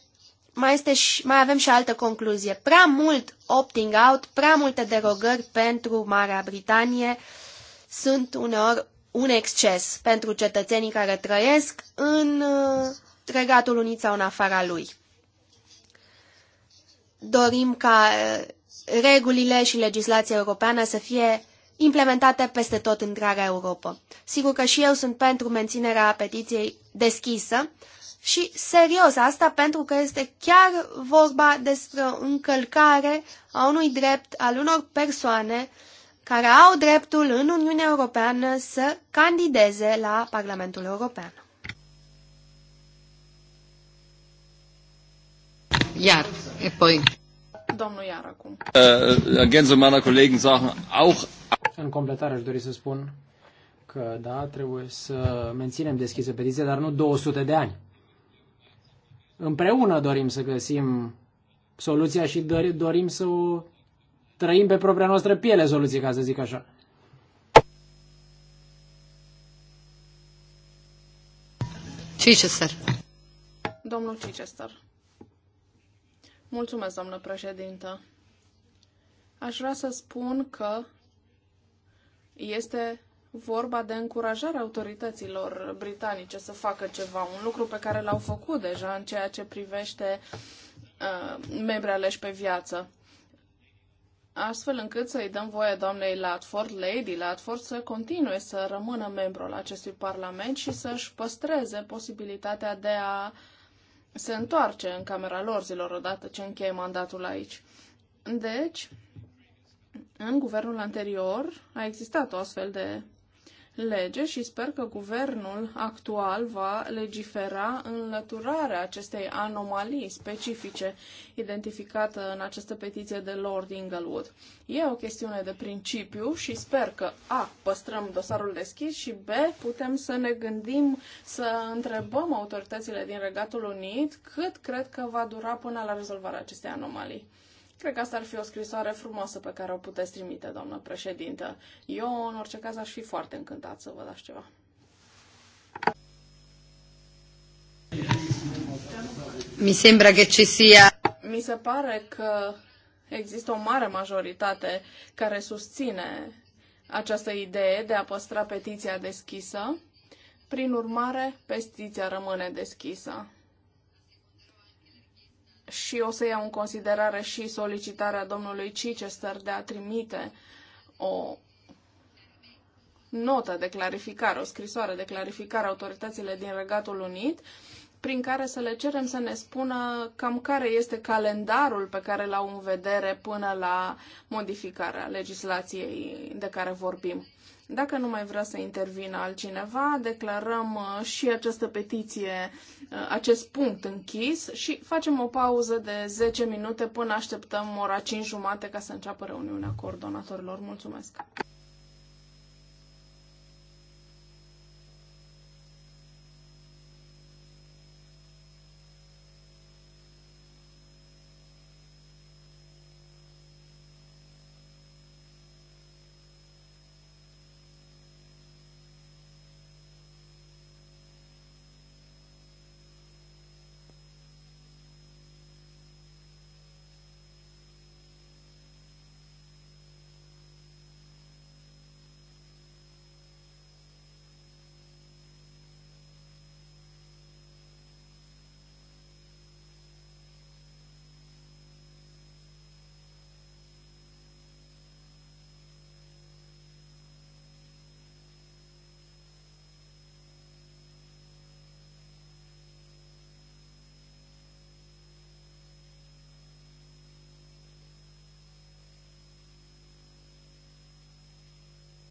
mai, este și, mai avem și altă concluzie. Prea mult opting out, prea multe derogări pentru Marea Britanie sunt uneori un exces pentru cetățenii care trăiesc în uh, Regatul Unit sau în afara lui. Dorim ca uh, regulile și legislația europeană să fie implementate peste tot în întreaga Europa. Sigur că și eu sunt pentru menținerea petiției deschisă și serios asta pentru că este chiar vorba despre o încălcare a unui drept al unor persoane care au dreptul în Uniunea Europeană să candideze la Parlamentul European. Iar, e poi. Domnul Iar acum. Uh, ergänze meiner Kollegen Sachen auch în completare aș dori să spun că, da, trebuie să menținem deschise petiția, dar nu 200 de ani. Împreună dorim să găsim soluția și dorim să o trăim pe propria noastră piele soluție, ca să zic așa. Chichester. Domnul Chichester. Mulțumesc, doamnă președintă. Aș vrea să spun că este vorba de încurajarea autorităților britanice să facă ceva, un lucru pe care l-au făcut deja în ceea ce privește uh, membrii aleși pe viață astfel încât să-i dăm voie doamnei Latford, Lady Latford, să continue să rămână membru al acestui parlament și să-și păstreze posibilitatea de a se întoarce în camera lor odată ce încheie mandatul aici. Deci, în guvernul anterior a existat o astfel de lege și sper că guvernul actual va legifera înlăturarea acestei anomalii specifice identificată în această petiție de Lord Inglewood. E o chestiune de principiu și sper că A. păstrăm dosarul deschis și B. putem să ne gândim să întrebăm autoritățile din Regatul Unit cât cred că va dura până la rezolvarea acestei anomalii. Cred că asta ar fi o scrisoare frumoasă pe care o puteți trimite, doamnă președintă. Eu, în orice caz, aș fi foarte încântat să vă dați ceva. Mi sembra că ci sia... Mi se pare că există o mare majoritate care susține această idee de a păstra petiția deschisă. Prin urmare, petiția rămâne deschisă și o să iau în considerare și solicitarea domnului Chichester de a trimite o notă de clarificare, o scrisoare de clarificare autoritățile din Regatul Unit, prin care să le cerem să ne spună cam care este calendarul pe care l-au în vedere până la modificarea legislației de care vorbim. Dacă nu mai vrea să intervină altcineva, declarăm uh, și această petiție, uh, acest punct închis și facem o pauză de 10 minute până așteptăm ora 5 jumate ca să înceapă reuniunea coordonatorilor. Mulțumesc!